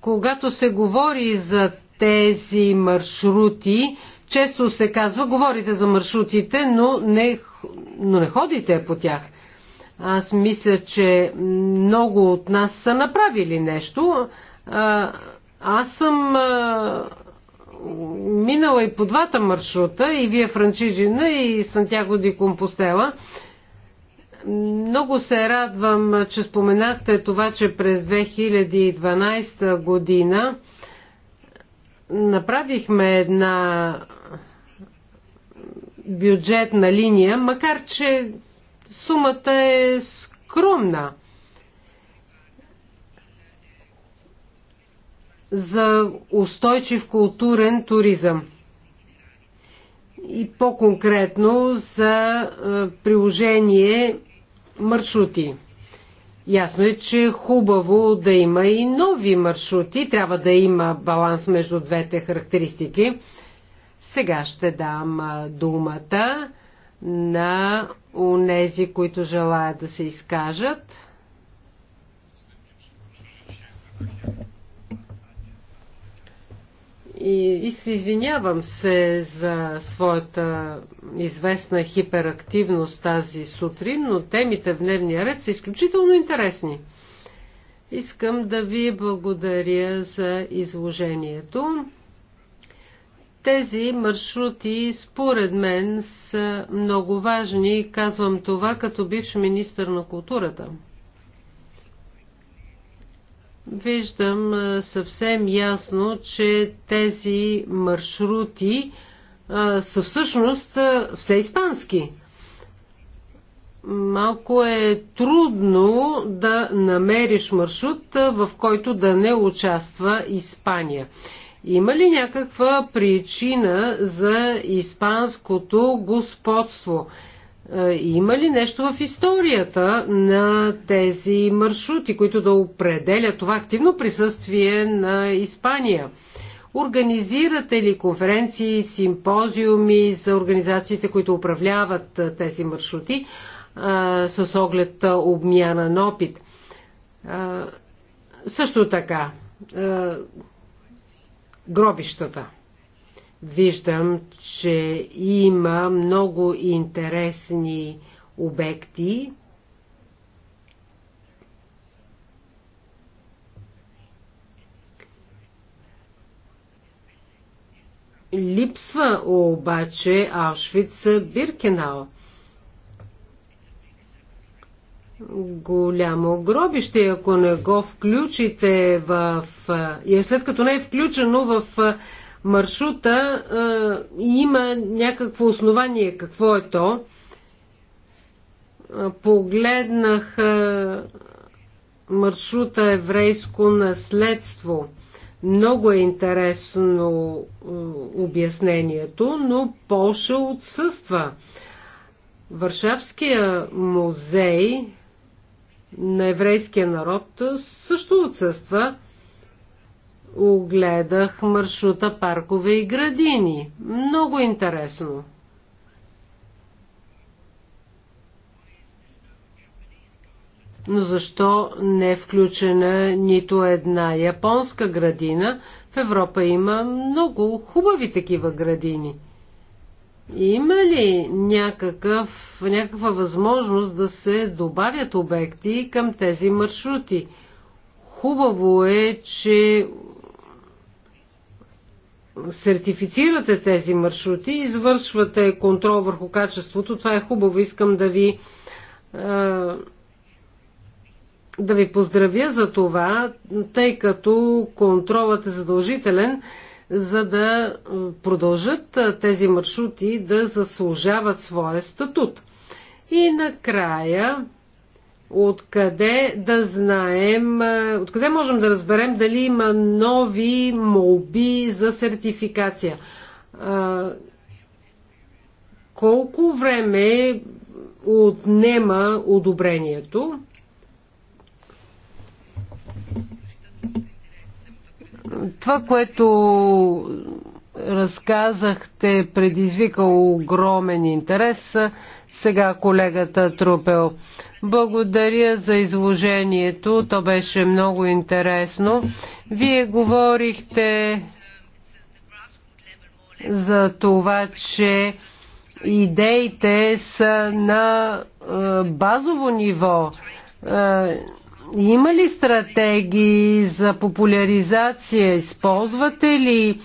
Когато се говори за тези маршрути, често се казва, говорите за маршрутите, но не, но не ходите по тях. Аз мисля, че много от нас са направили нещо. Аз съм минала и по двата маршрута, и вие Франчижина, и Сантяго ди Компостела. Много се радвам, че споменахте това, че през 2012 година направихме една бюджетна линия, макар че сумата е скромна. за устойчив културен туризъм и по-конкретно за е, приложение маршрути. Ясно е, че е хубаво да има и нови маршрути. Трябва да има баланс между двете характеристики. Сега ще дам думата на унези, които желаят да се изкажат. И, и се извинявам се за своята известна хиперактивност тази сутрин, но темите в дневния ред са изключително интересни. Искам да ви благодаря за изложението. Тези маршрути, според мен, са много важни казвам това като бивш министър на културата. Виждам съвсем ясно, че тези маршрути а, са всъщност а, все испански. Малко е трудно да намериш маршрут, в който да не участва Испания. Има ли някаква причина за испанското господство? Е, има ли нещо в историята на тези маршрути, които да определят това активно присъствие на Испания? Организирате ли конференции, симпозиуми за организациите, които управляват е, тези маршрути а, е, с оглед обмяна на опит? А, също така, гробищата. Виждам, че има много интересни обекти. Липсва обаче Аушвица Биркенау голямо гробище. Ако не го включите в... Е, и след като не е включено в е, маршрута, е, има някакво основание. Какво е то? Погледнах маршрута еврейско наследство. Много е интересно обяснението, но Полша отсъства. Варшавския музей на еврейския народ също отсъства. Огледах маршрута паркове и градини. Много интересно. Но защо не е включена нито една японска градина? В Европа има много хубави такива градини – има ли някакъв, някаква възможност да се добавят обекти към тези маршрути? Хубаво е, че сертифицирате тези маршрути, извършвате контрол върху качеството. Това е хубаво. Искам да ви, да ви поздравя за това, тъй като контролът е задължителен за да продължат тези маршрути да заслужават своя статут. И накрая, откъде да знаем, откъде можем да разберем дали има нови молби за сертификация? Колко време отнема одобрението? това, което разказахте, предизвика огромен интерес. Сега колегата Трупел. Благодаря за изложението. То беше много интересно. Вие говорихте за това, че идеите са на е, базово ниво е, има ли стратегии за популяризация? Използвате ли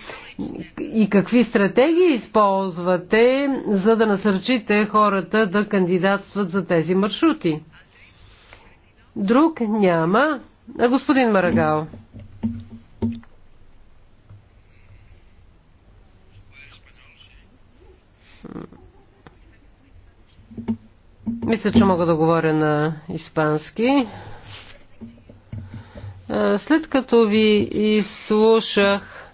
и какви стратегии използвате, за да насърчите хората да кандидатстват за тези маршрути? Друг няма. А господин Марагал. Мисля, че мога да говоря на испански. След като ви изслушах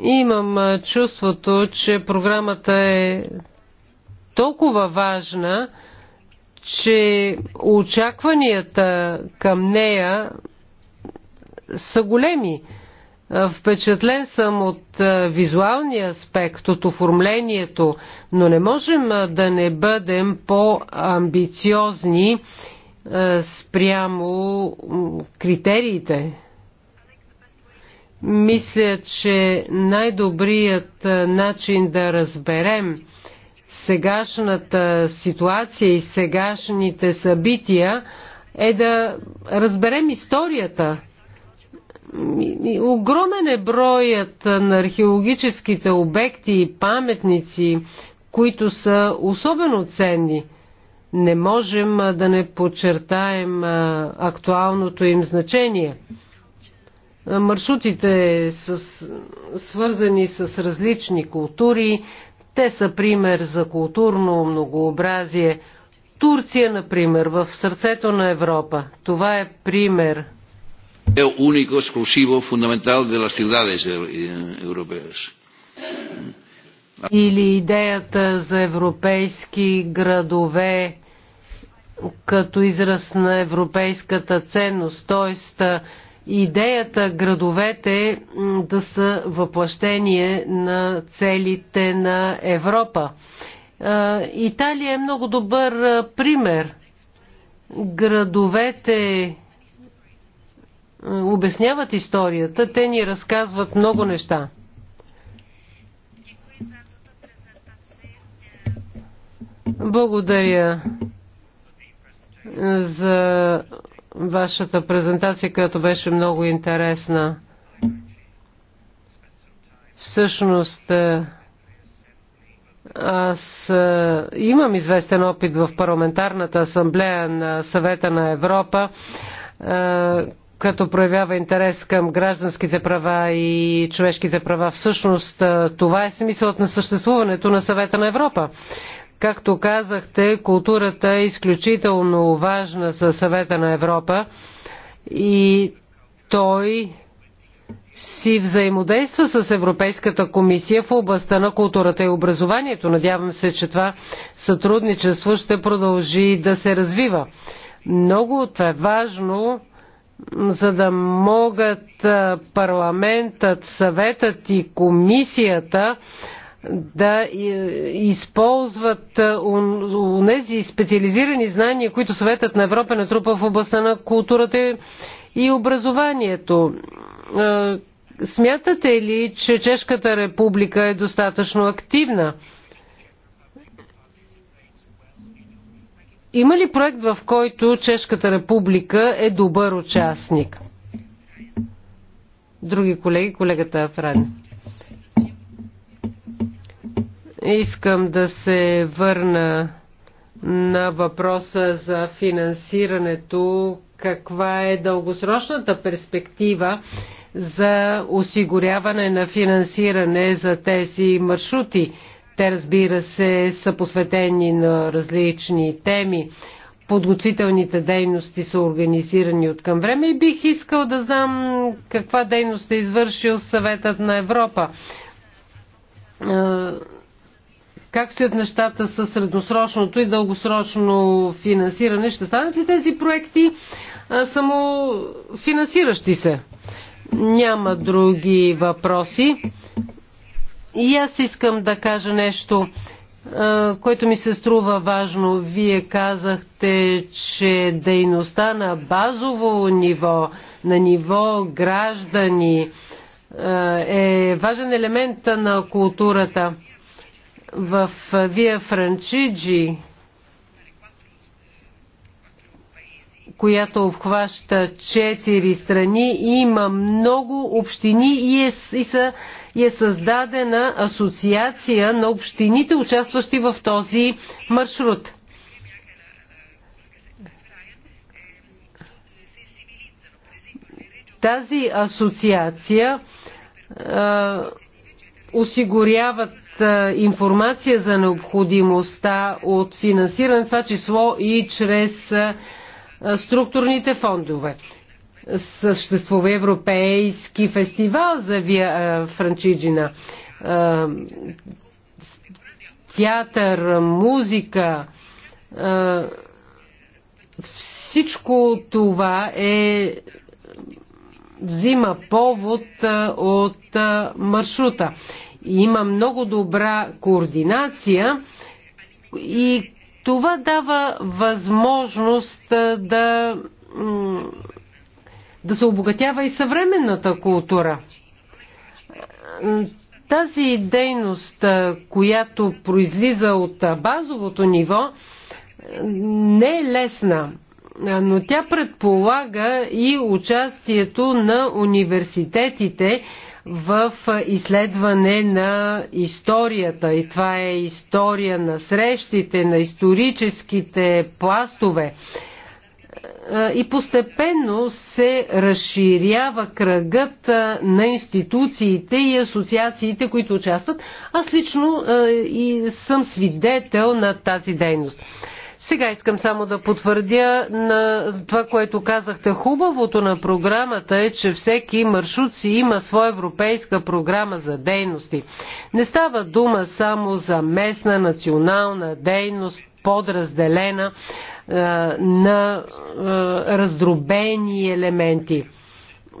имам чувството, че програмата е толкова важна, че очакванията към нея са големи. Е, впечатлен съм от е, визуалния аспект, от оформлението, но не можем е, да не бъдем по-амбициозни спрямо критериите. Мисля, че най-добрият начин да разберем сегашната ситуация и сегашните събития е да разберем историята Огромен е броят на археологическите обекти и паметници, които са особено ценни. Не можем да не подчертаем актуалното им значение. Маршрутите са свързани с различни култури. Те са пример за културно многообразие. Турция, например, в сърцето на Европа. Това е пример – único, exclusivo, fundamental de las ciudades eh, europeas. Или идеята за европейски градове като израз на европейската ценност, т.е. идеята градовете да са въплъщение на целите на Европа. Италия е много добър пример. Градовете е, обясняват историята, те ни разказват много неща. Благодаря е, за вашата презентация, която беше много интересна. Всъщност, е, аз имам известен опит в парламентарната асамблея на съвета на Европа, като проявява интерес към гражданските права и човешките права. Всъщност това е смисълът на съществуването на съвета на Европа. Както казахте, културата е изключително важна за съвета на Европа и той си взаимодейства с Европейската комисия в областта на културата и образованието. Надявам се, че това сътрудничество ще продължи да се развива. Много това е важно за да могат парламентът, съветът и комисията да използват тези специализирани знания, които съветът на Европа натрупа в областта на културата и образованието. Смятате ли, че Чешката република е достатъчно активна? Има ли проект, в който Чешката република е добър участник? Други колеги, колегата Фран. Искам да се върна на въпроса за финансирането. Каква е дългосрочната перспектива за осигуряване на финансиране за тези маршрути? Те, разбира се, са посветени на различни теми. Подготвителните дейности са организирани от към време и бих искал да знам каква дейност е извършил съветът на Европа. Как стоят нещата с средносрочното и дългосрочно финансиране? Ще станат ли тези проекти само финансиращи се? Няма други въпроси. И аз искам да кажа нещо, което ми се струва важно. Вие казахте, че дейността на базово ниво, на ниво граждани, е важен елемент на културата. В Вия Франчиджи, която обхваща четири страни, има много общини и, е, и са и е създадена асоциация на общините, участващи в този маршрут. Тази асоциация осигуряват информация за необходимостта от финансиране, това число и чрез структурните фондове съществува европейски фестивал за Вия Франчиджина. Театър, музика, всичко това е взима повод от маршрута. Има много добра координация и това дава възможност да да се обогатява и съвременната култура. Тази дейност, която произлиза от базовото ниво, не е лесна, но тя предполага и участието на университетите в изследване на историята. И това е история на срещите, на историческите пластове и постепенно се разширява кръгът на институциите и асоциациите, които участват. Аз лично и съм свидетел на тази дейност. Сега искам само да потвърдя на това, което казахте. Хубавото на програмата е, че всеки маршрут си има своя европейска програма за дейности. Не става дума само за местна национална дейност, подразделена е, на е, раздробени елементи.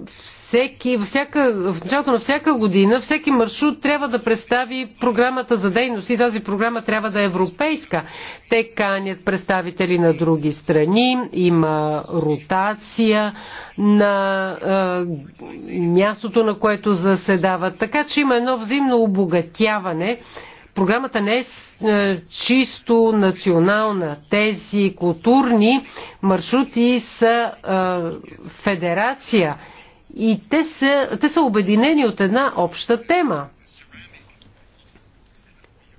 Всеки, всяка, в началото на всяка година всеки маршрут трябва да представи програмата за дейност и тази програма трябва да е европейска. Те канят представители на други страни, има ротация на е, мястото, на което заседават. Така че има едно взаимно обогатяване програмата не е, е чисто национална. Тези културни маршрути са е, федерация и те са, те са обединени от една обща тема.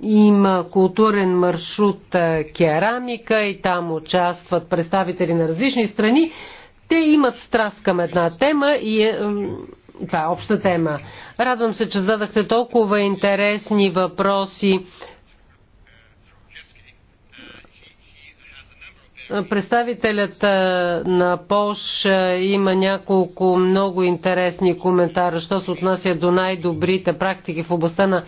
Има културен маршрут е, керамика и там участват представители на различни страни. Те имат страст към една тема и е, това е обща тема. Радвам се, че зададахте толкова интересни въпроси. Представителят на Пош има няколко много интересни коментара, що се отнася до най-добрите практики в областта на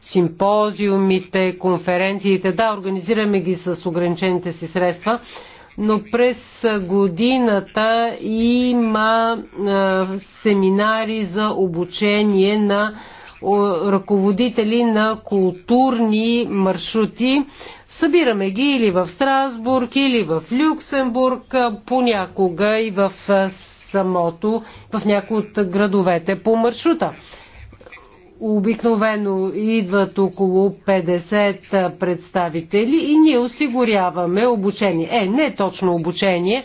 симпозиумите, конференциите. Да, организираме ги с ограничените си средства но през годината има семинари за обучение на ръководители на културни маршрути. Събираме ги или в Страсбург, или в Люксембург, понякога и в самото, в някои от градовете по маршрута. Обикновено идват около 50 представители и ние осигуряваме обучение. Е, не е точно обучение,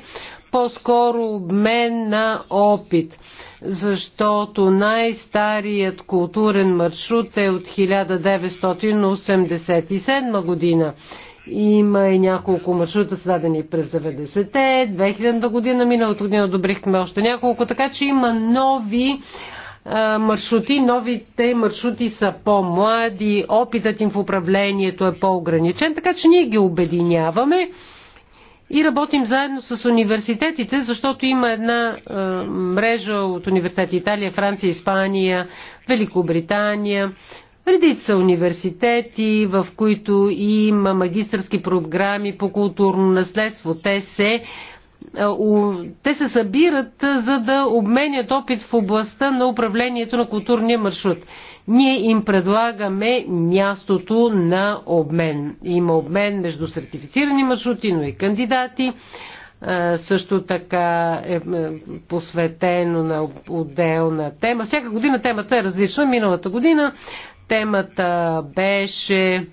по-скоро обмен на опит, защото най-старият културен маршрут е от 1987 година. Има и няколко маршрута създадени през 90-те, 2000 година, миналото година одобрихме още няколко, така че има нови маршрути. Новите маршрути са по-млади, опитът им в управлението е по-ограничен, така че ние ги обединяваме и работим заедно с университетите, защото има една е, мрежа от университети Италия, Франция, Испания, Великобритания, редица университети, в които има магистърски програми по културно наследство. Те се е, те се събират е, за да обменят опит в областта на управлението на културния маршрут. Ние им предлагаме мястото на обмен. Има обмен между сертифицирани маршрути, но и кандидати. Е, също така е посветено на отделна тема. Всяка година темата е различна. Миналата година темата беше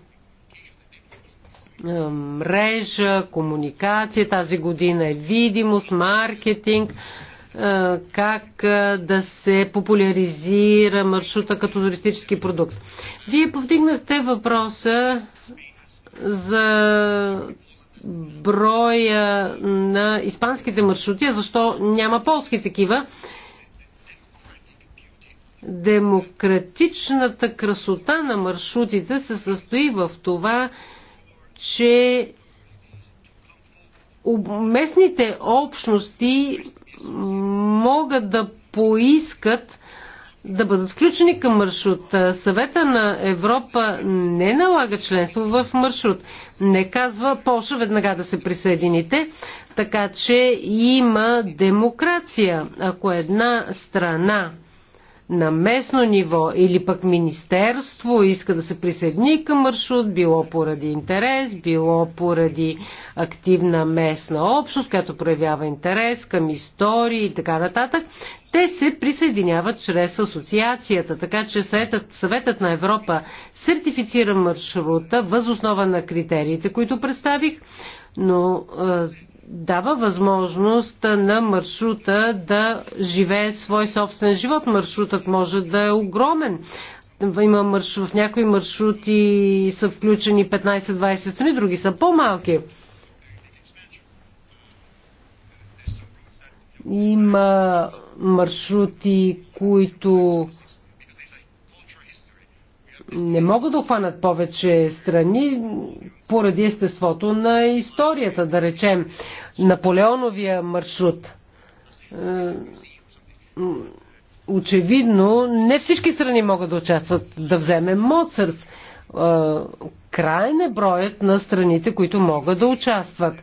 мрежа, комуникация. Тази година е видимост, маркетинг, как да се популяризира маршрута като туристически продукт. Вие повдигнахте въпроса за броя на испанските маршрути, защо няма полски такива. Демократичната красота на маршрутите се състои в това, че местните общности могат да поискат да бъдат включени към маршрут. Съвета на Европа не налага членство в маршрут. Не казва Польша веднага да се присъедините, така че има демокрация. Ако една страна на местно ниво или пък министерство иска да се присъедини към маршрут, било поради интерес, било поради активна местна общност, която проявява интерес към истории и така нататък, те се присъединяват чрез асоциацията, така че съветът, съветът на Европа сертифицира маршрута въз основа на критериите, които представих, но дава възможност на маршрута да живее свой собствен живот. Маршрутът може да е огромен. Има маршрут, в някои маршрути са включени 15-20 страни, други са по-малки. Има маршрути, които не могат да хванат повече страни поради естеството на историята, да речем Наполеоновия маршрут. Е, очевидно, не всички страни могат да участват. Да вземе Моцарт. Е, край е броят на страните, които могат да участват.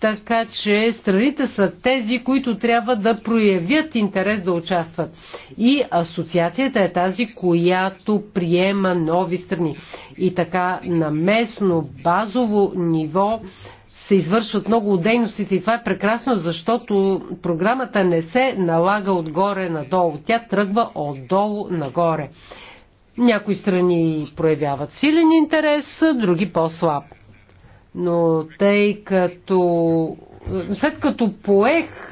Така че страните са тези, които трябва да проявят интерес да участват. И асоциацията е тази, която приема нови страни. И така на местно, базово ниво се извършват много от дейностите и това е прекрасно, защото програмата не се налага отгоре надолу. Тя тръгва отдолу нагоре. Някои страни проявяват силен интерес, други по-слаб но тъй като след като поех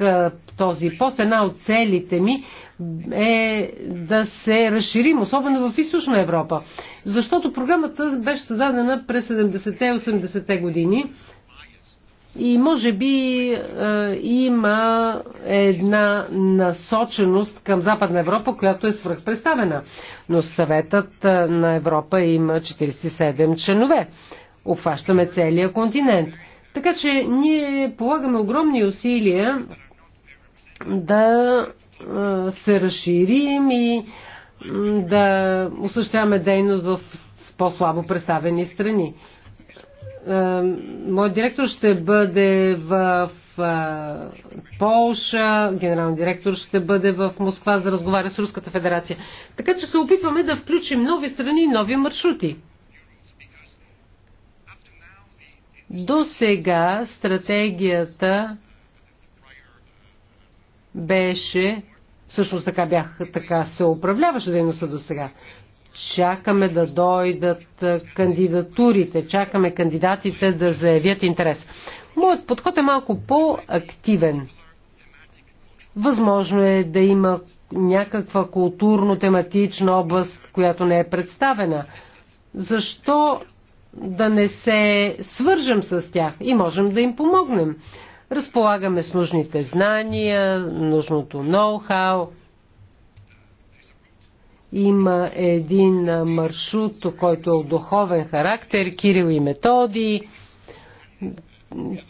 този пост, една от целите ми е да се разширим, особено в Източна Европа. Защото програмата беше създадена през 70-те и 80-те години и може би е, има една насоченост към Западна Европа, която е свръхпредставена. Но съветът на Европа има 47 членове обхващаме целия континент. Така че ние полагаме огромни усилия да се разширим и да осъществяваме дейност в по-слабо представени страни. Моят директор ще бъде в Полша, генерален директор ще бъде в Москва за да разговаря с Руската федерация. Така че се опитваме да включим нови страни и нови маршрути. До сега стратегията беше, всъщност така, бях, така се управляваше дейността до сега. Чакаме да дойдат кандидатурите, чакаме кандидатите да заявят интерес. Моят подход е малко по-активен. Възможно е да има някаква културно-тематична област, която не е представена. Защо да не се свържем с тях и можем да им помогнем. Разполагаме с нужните знания, нужното ноу-хау. Има един маршрут, който е от духовен характер, Кирил и Методи.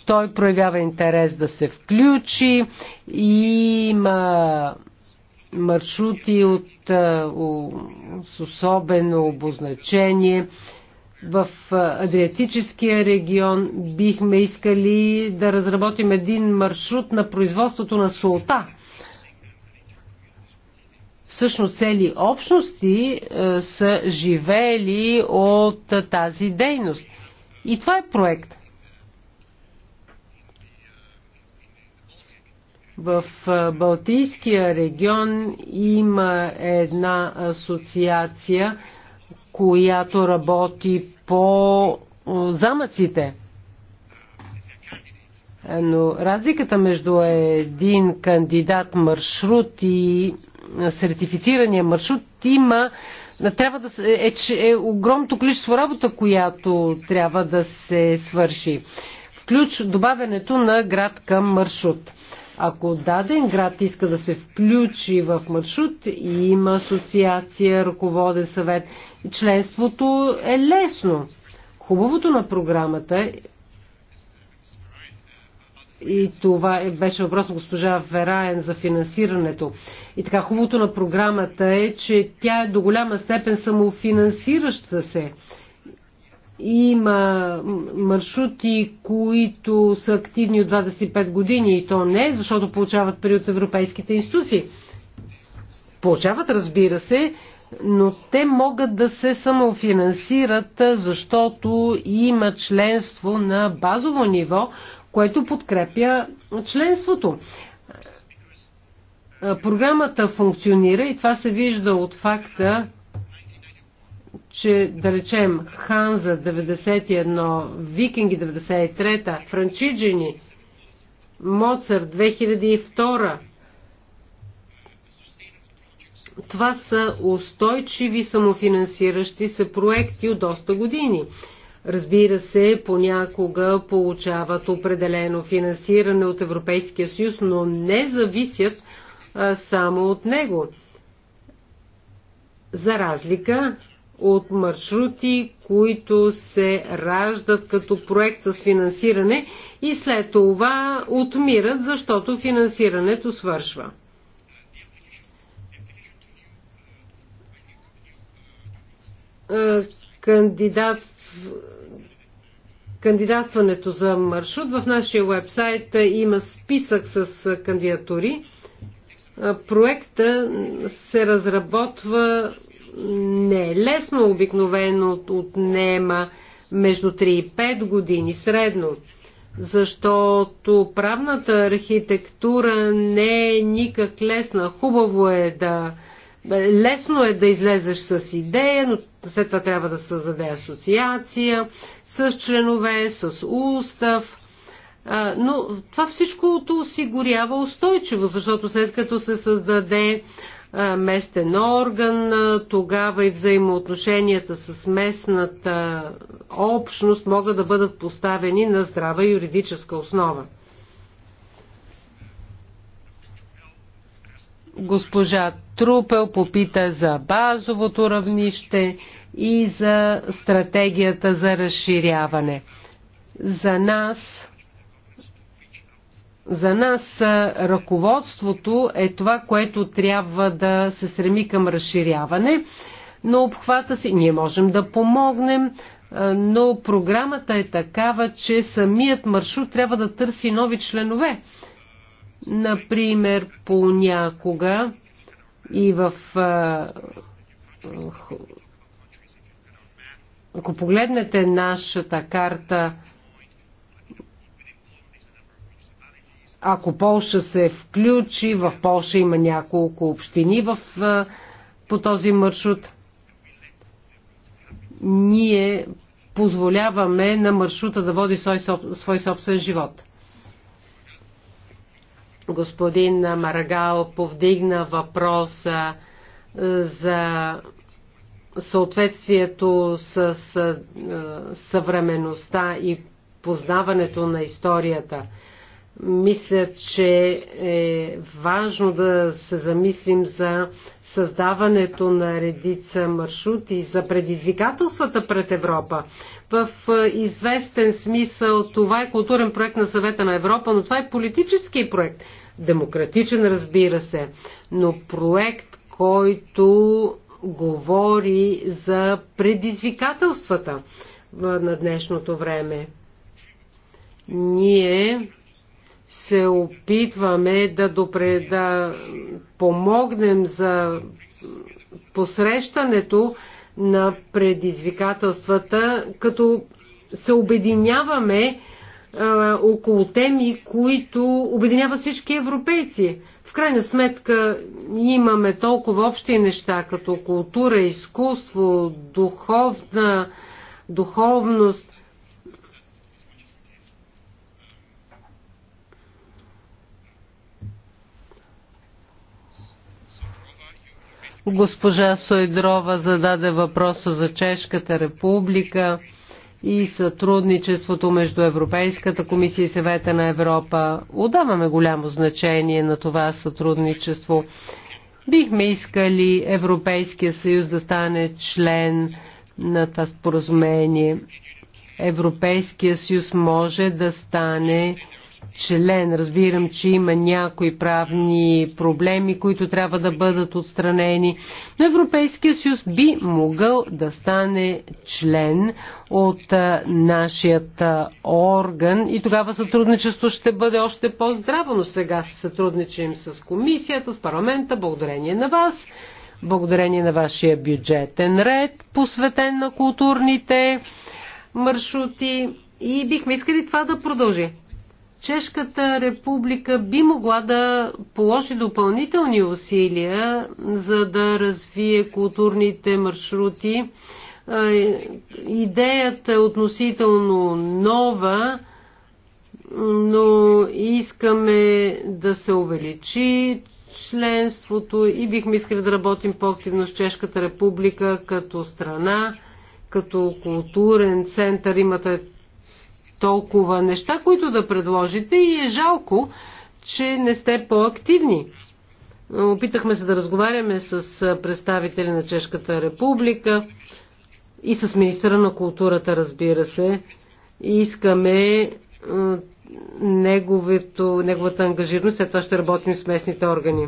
Той проявява интерес да се включи. Има маршрути от, е, с особено обозначение в Адриатическия регион бихме искали да разработим един маршрут на производството на солта. Всъщност цели общности е, са живеели от тази дейност. И това е проект. В Балтийския регион има една асоциация, която работи по замъците. Но разликата между един кандидат маршрут и сертифицирания маршрут има трябва да е, е, е огромното количество работа, която трябва да се свърши. Включ добавянето на град към маршрут. Ако даден град иска да се включи в маршрут и има асоциация, ръководен съвет, членството е лесно. Хубавото на програмата и това е, беше въпрос на госпожа Вераен за финансирането. И така, хубавото на програмата е, че тя е до голяма степен самофинансираща се. Има маршрути, които са активни от 25 години и то не, защото получават пари от европейските институции. Получават, разбира се, но те могат да се самофинансират, защото има членство на базово ниво, което подкрепя членството. Програмата функционира и това се вижда от факта, че да речем Ханза 91, Викинги 93, Франчиджини, Моцар 2002. Това са устойчиви самофинансиращи се проекти от доста години. Разбира се, понякога получават определено финансиране от Европейския съюз, но не зависят а, само от него. За разлика от маршрути, които се раждат като проект с финансиране и след това отмират, защото финансирането свършва. Кандидат... Кандидатстването за маршрут в нашия вебсайт има списък с кандидатури. Проекта се разработва не е лесно, обикновено отнема между 3 и 5 години средно, защото правната архитектура не е никак лесна. Хубаво е да. Лесно е да излезеш с идея, но след това трябва да създаде асоциация с членове, с устав. Но това всичкото осигурява устойчиво, защото след като се създаде местен орган, тогава и взаимоотношенията с местната общност могат да бъдат поставени на здрава юридическа основа. Госпожа Трупел попита за базовото равнище и за стратегията за разширяване. За нас за нас ръководството е това, което трябва да се стреми към разширяване на обхвата си. Ние можем да помогнем, но програмата е такава, че самият маршрут трябва да търси нови членове. Например, понякога и в. Ако погледнете нашата карта, ако Полша се включи, в Полша има няколко общини в, по този маршрут, ние позволяваме на маршрута да води свой, свой собствен живот. Господин Марагал повдигна въпроса за съответствието с съвременността и познаването на историята – мисля, че е важно да се замислим за създаването на редица маршрути, за предизвикателствата пред Европа. В е, известен смисъл това е културен проект на съвета на Европа, но това е политически проект. Демократичен, разбира се, но проект, който говори за предизвикателствата на днешното време. Ние се опитваме да, допре, да помогнем за посрещането на предизвикателствата, като се обединяваме а, около теми, които обединяват всички европейци. В крайна сметка имаме толкова общи неща, като култура, изкуство, духовна, духовност, Госпожа Сойдрова зададе въпроса за Чешката република и сътрудничеството между Европейската комисия и съвета на Европа. Отдаваме голямо значение на това сътрудничество. Бихме искали Европейския съюз да стане член на това споразумение. Европейския съюз може да стане член. Разбирам, че има някои правни проблеми, които трябва да бъдат отстранени, но Европейския съюз би могъл да стане член от нашият орган и тогава сътрудничество ще бъде още по-здраво, но сега се сътрудничим с комисията, с парламента, благодарение на вас благодарение на вашия бюджетен ред, посветен на културните маршрути и бихме искали това да продължи. Чешката република би могла да положи допълнителни усилия, за да развие културните маршрути. Идеята е относително нова, но искаме да се увеличи членството и бихме искали да работим по-активно с Чешката република като страна, като културен център. Имате толкова неща, които да предложите и е жалко, че не сте по-активни. Опитахме се да разговаряме с представители на Чешката република и с министра на културата, разбира се. И искаме е, неговето, неговата ангажираност, след това ще работим с местните органи.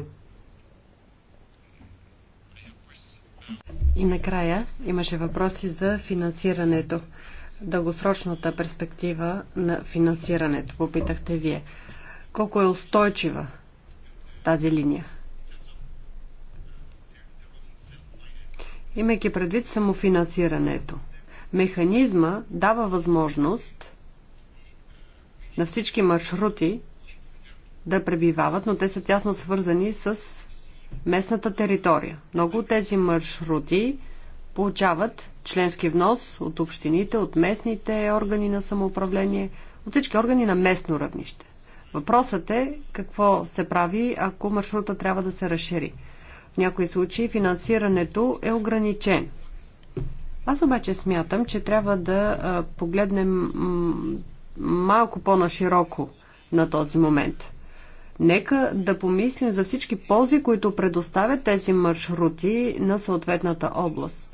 И накрая имаше въпроси за финансирането дългосрочната перспектива на финансирането? Попитахте вие. Колко е устойчива тази линия? Имайки предвид самофинансирането, механизма дава възможност на всички маршрути да пребивават, но те са тясно свързани с местната територия. Много от тези маршрути получават членски внос от общините, от местните органи на самоуправление, от всички органи на местно равнище. Въпросът е какво се прави, ако маршрута трябва да се разшири. В някои случаи финансирането е ограничен. Аз обаче смятам, че трябва да погледнем малко по-нашироко на този момент. Нека да помислим за всички ползи, които предоставят тези маршрути на съответната област.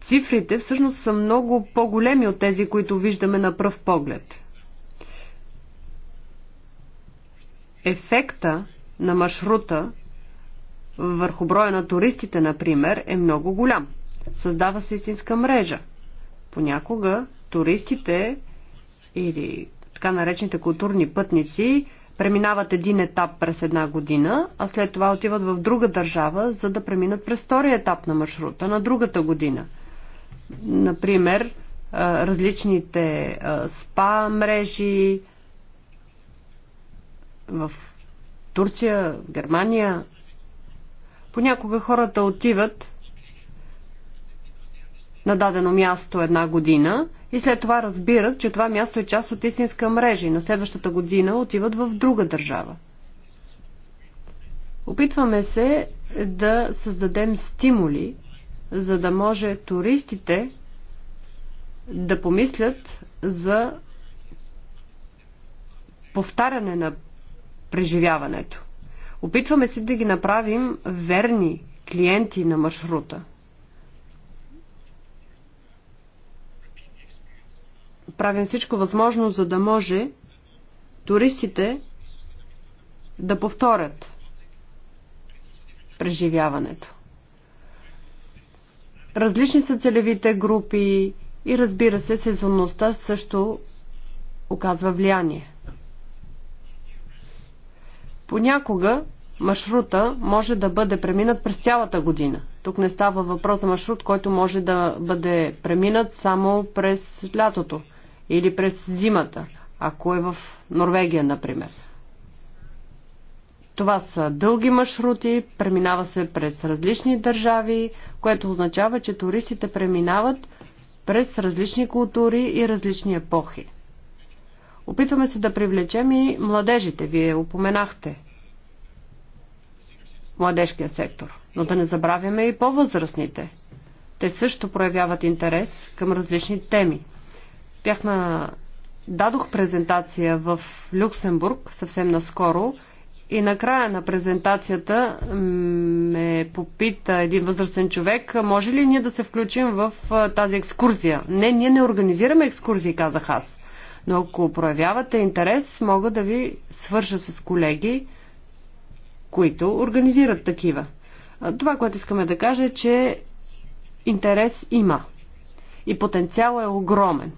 цифрите всъщност са много по-големи от тези, които виждаме на пръв поглед. Ефекта на маршрута върху броя на туристите, например, е много голям. Създава се истинска мрежа. Понякога туристите или така наречените културни пътници преминават един етап през една година, а след това отиват в друга държава, за да преминат през втория етап на маршрута на другата година – Например, различните спа мрежи в Турция, Германия. Понякога хората отиват на дадено място една година и след това разбират, че това място е част от истинска мрежа и на следващата година отиват в друга държава. Опитваме се да създадем стимули за да може туристите да помислят за повтаряне на преживяването. Опитваме се да ги направим верни клиенти на маршрута. Правим всичко възможно, за да може туристите да повторят преживяването. Различни са целевите групи и разбира се, сезонността също оказва влияние. Понякога маршрута може да бъде преминат през цялата година. Тук не става въпрос за маршрут, който може да бъде преминат само през лятото или през зимата, ако е в Норвегия, например. Това са дълги маршрути, преминава се през различни държави, което означава, че туристите преминават през различни култури и различни епохи. Опитваме се да привлечем и младежите, вие упоменахте младежкия сектор. Но да не забравяме и по-възрастните. Те също проявяват интерес към различни теми. Бях на... Дадох презентация в Люксембург съвсем наскоро и накрая на презентацията ме попита един възрастен човек, може ли ние да се включим в тази екскурзия? Не, ние не организираме екскурзии, казах аз. Но ако проявявате интерес, мога да ви свърша с колеги, които организират такива. Това, което искаме да кажа е, че интерес има. И потенциал е огромен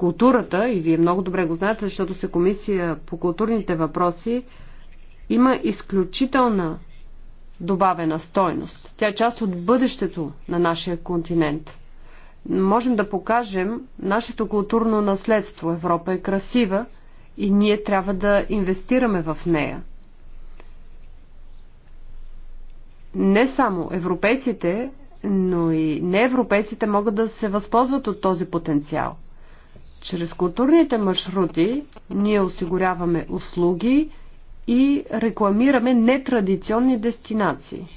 културата, и вие много добре го знаете, защото се комисия по културните въпроси, има изключителна добавена стойност. Тя е част от бъдещето на нашия континент. Можем да покажем нашето културно наследство. Европа е красива и ние трябва да инвестираме в нея. Не само европейците, но и неевропейците могат да се възползват от този потенциал – чрез културните маршрути ние осигуряваме услуги и рекламираме нетрадиционни дестинации.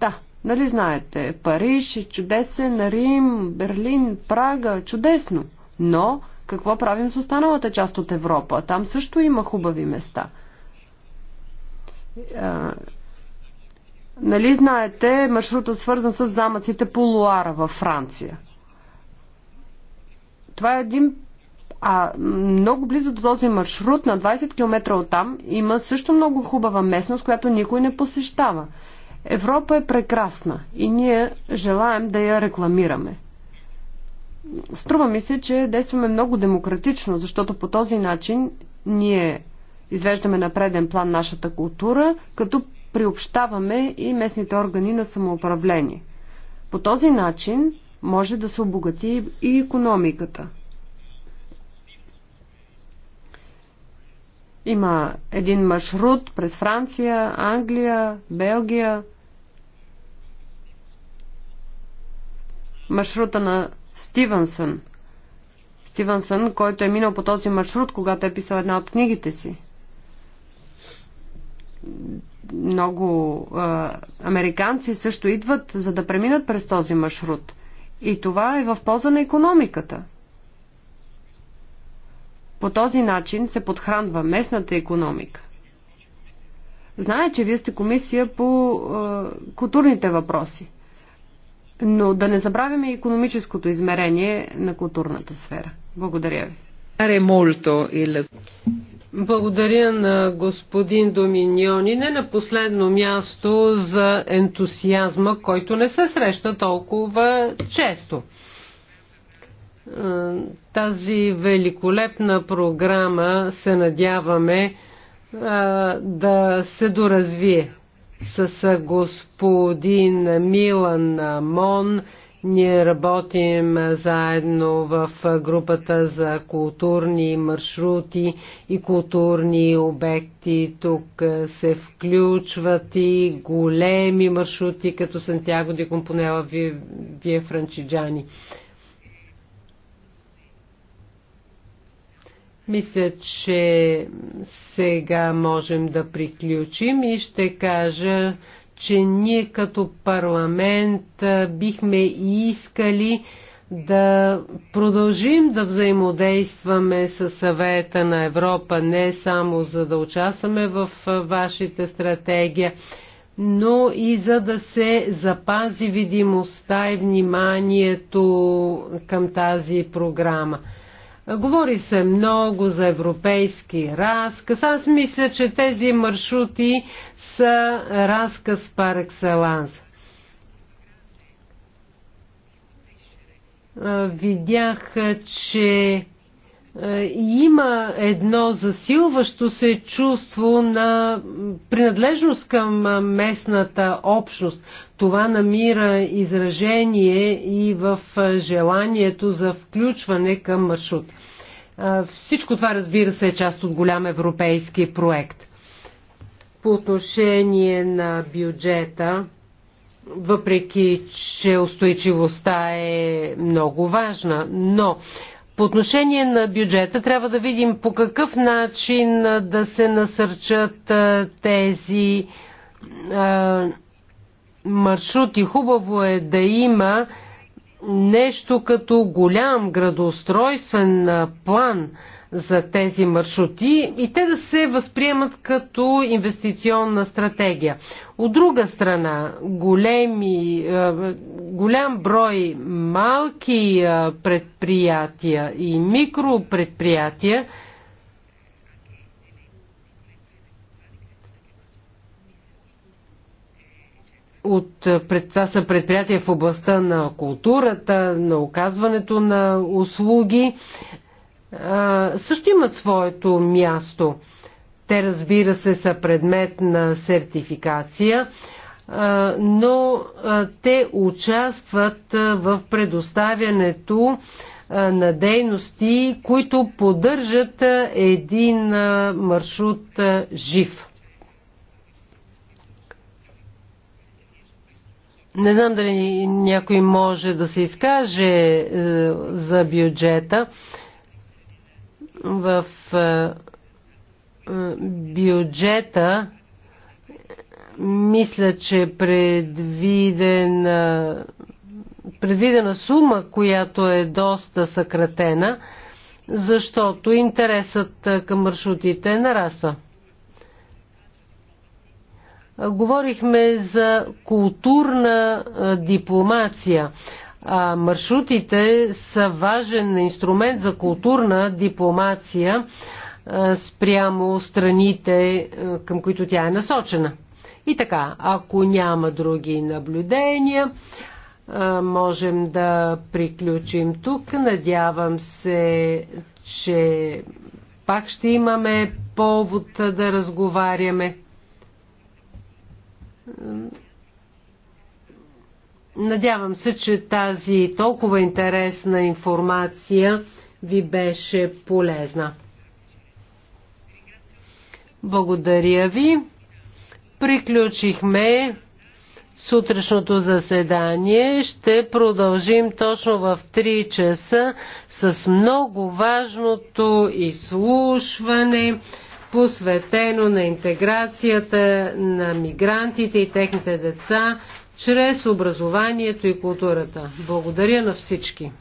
Да, нали знаете, Париж е чудесен, Рим, Берлин, Прага, чудесно. Но какво правим с останалата част от Европа? Там също има хубави места. А, нали знаете, маршрутът свързан с замъците по Луара във Франция. Това е един а много близо до този маршрут, на 20 км от там, има също много хубава местност, която никой не посещава. Европа е прекрасна и ние желаем да я рекламираме. Струва ми се, че действаме много демократично, защото по този начин ние извеждаме на преден план нашата култура, като приобщаваме и местните органи на самоуправление. По този начин може да се обогати и економиката – Има един маршрут през Франция, Англия, Белгия. Маршрута на Стивенсън. Стивенсън, който е минал по този маршрут, когато е писал една от книгите си. Много а, американци също идват, за да преминат през този маршрут. И това е в полза на економиката. По този начин се подхранва местната економика. Знае, че вие сте комисия по е, културните въпроси, но да не забравяме економическото измерение на културната сфера. Благодаря ви. Благодаря на господин Доминьони, не на последно място за ентусиазма, който не се среща толкова често. Е, тази великолепна програма се надяваме е, да се доразвие. С е, господин Милан Мон ние работим заедно в групата за културни маршрути и културни обекти. Тук се включват и големи маршрути, като Сантьяго де Компонела Вие, Вие Франчиджани. Мисля, че сега можем да приключим и ще кажа, че ние като парламент бихме искали да продължим да взаимодействаме с съвета на Европа, не само за да участваме в вашите стратегия, но и за да се запази видимостта и вниманието към тази програма. Говори се много за европейски разказ. Аз мисля, че тези маршрути са разказ пар екселанс. Видях, че е, има едно засилващо се чувство на принадлежност към е, местната общност. Това намира изражение и в е, желанието за включване към маршрут. Всичко това, разбира се, е част от голям европейски проект. По отношение на бюджета, въпреки че устойчивостта е много важна, но по отношение на бюджета трябва да видим по какъв начин да се насърчат тези а, маршрути. Хубаво е да има нещо като голям градоустройствен план, за тези маршрути и те да се възприемат като инвестиционна стратегия. От друга страна, големи, е, голям брой малки е, предприятия и микропредприятия от, пред, това са предприятия в областта на културата, на оказването на услуги също имат своето място. Те, разбира се, са предмет на сертификация, но те участват в предоставянето на дейности, които поддържат един маршрут жив. Не знам дали някой може да се изкаже е, за бюджета в е, е, бюджета мисля, че предвидена, е, предвидена сума, която е доста съкратена, защото интересът към маршрутите нараства. Говорихме за културна дипломация а, маршрутите са важен инструмент за културна дипломация а, спрямо страните, а, към които тя е насочена. И така, ако няма други наблюдения, а, можем да приключим тук. Надявам се, че пак ще имаме повод да разговаряме. Надявам се, че тази толкова интересна информация ви беше полезна. Благодаря ви. Приключихме сутрешното заседание. Ще продължим точно в 3 часа с много важното изслушване, посветено на интеграцията на мигрантите и техните деца чрез образованието и културата. Благодаря на всички!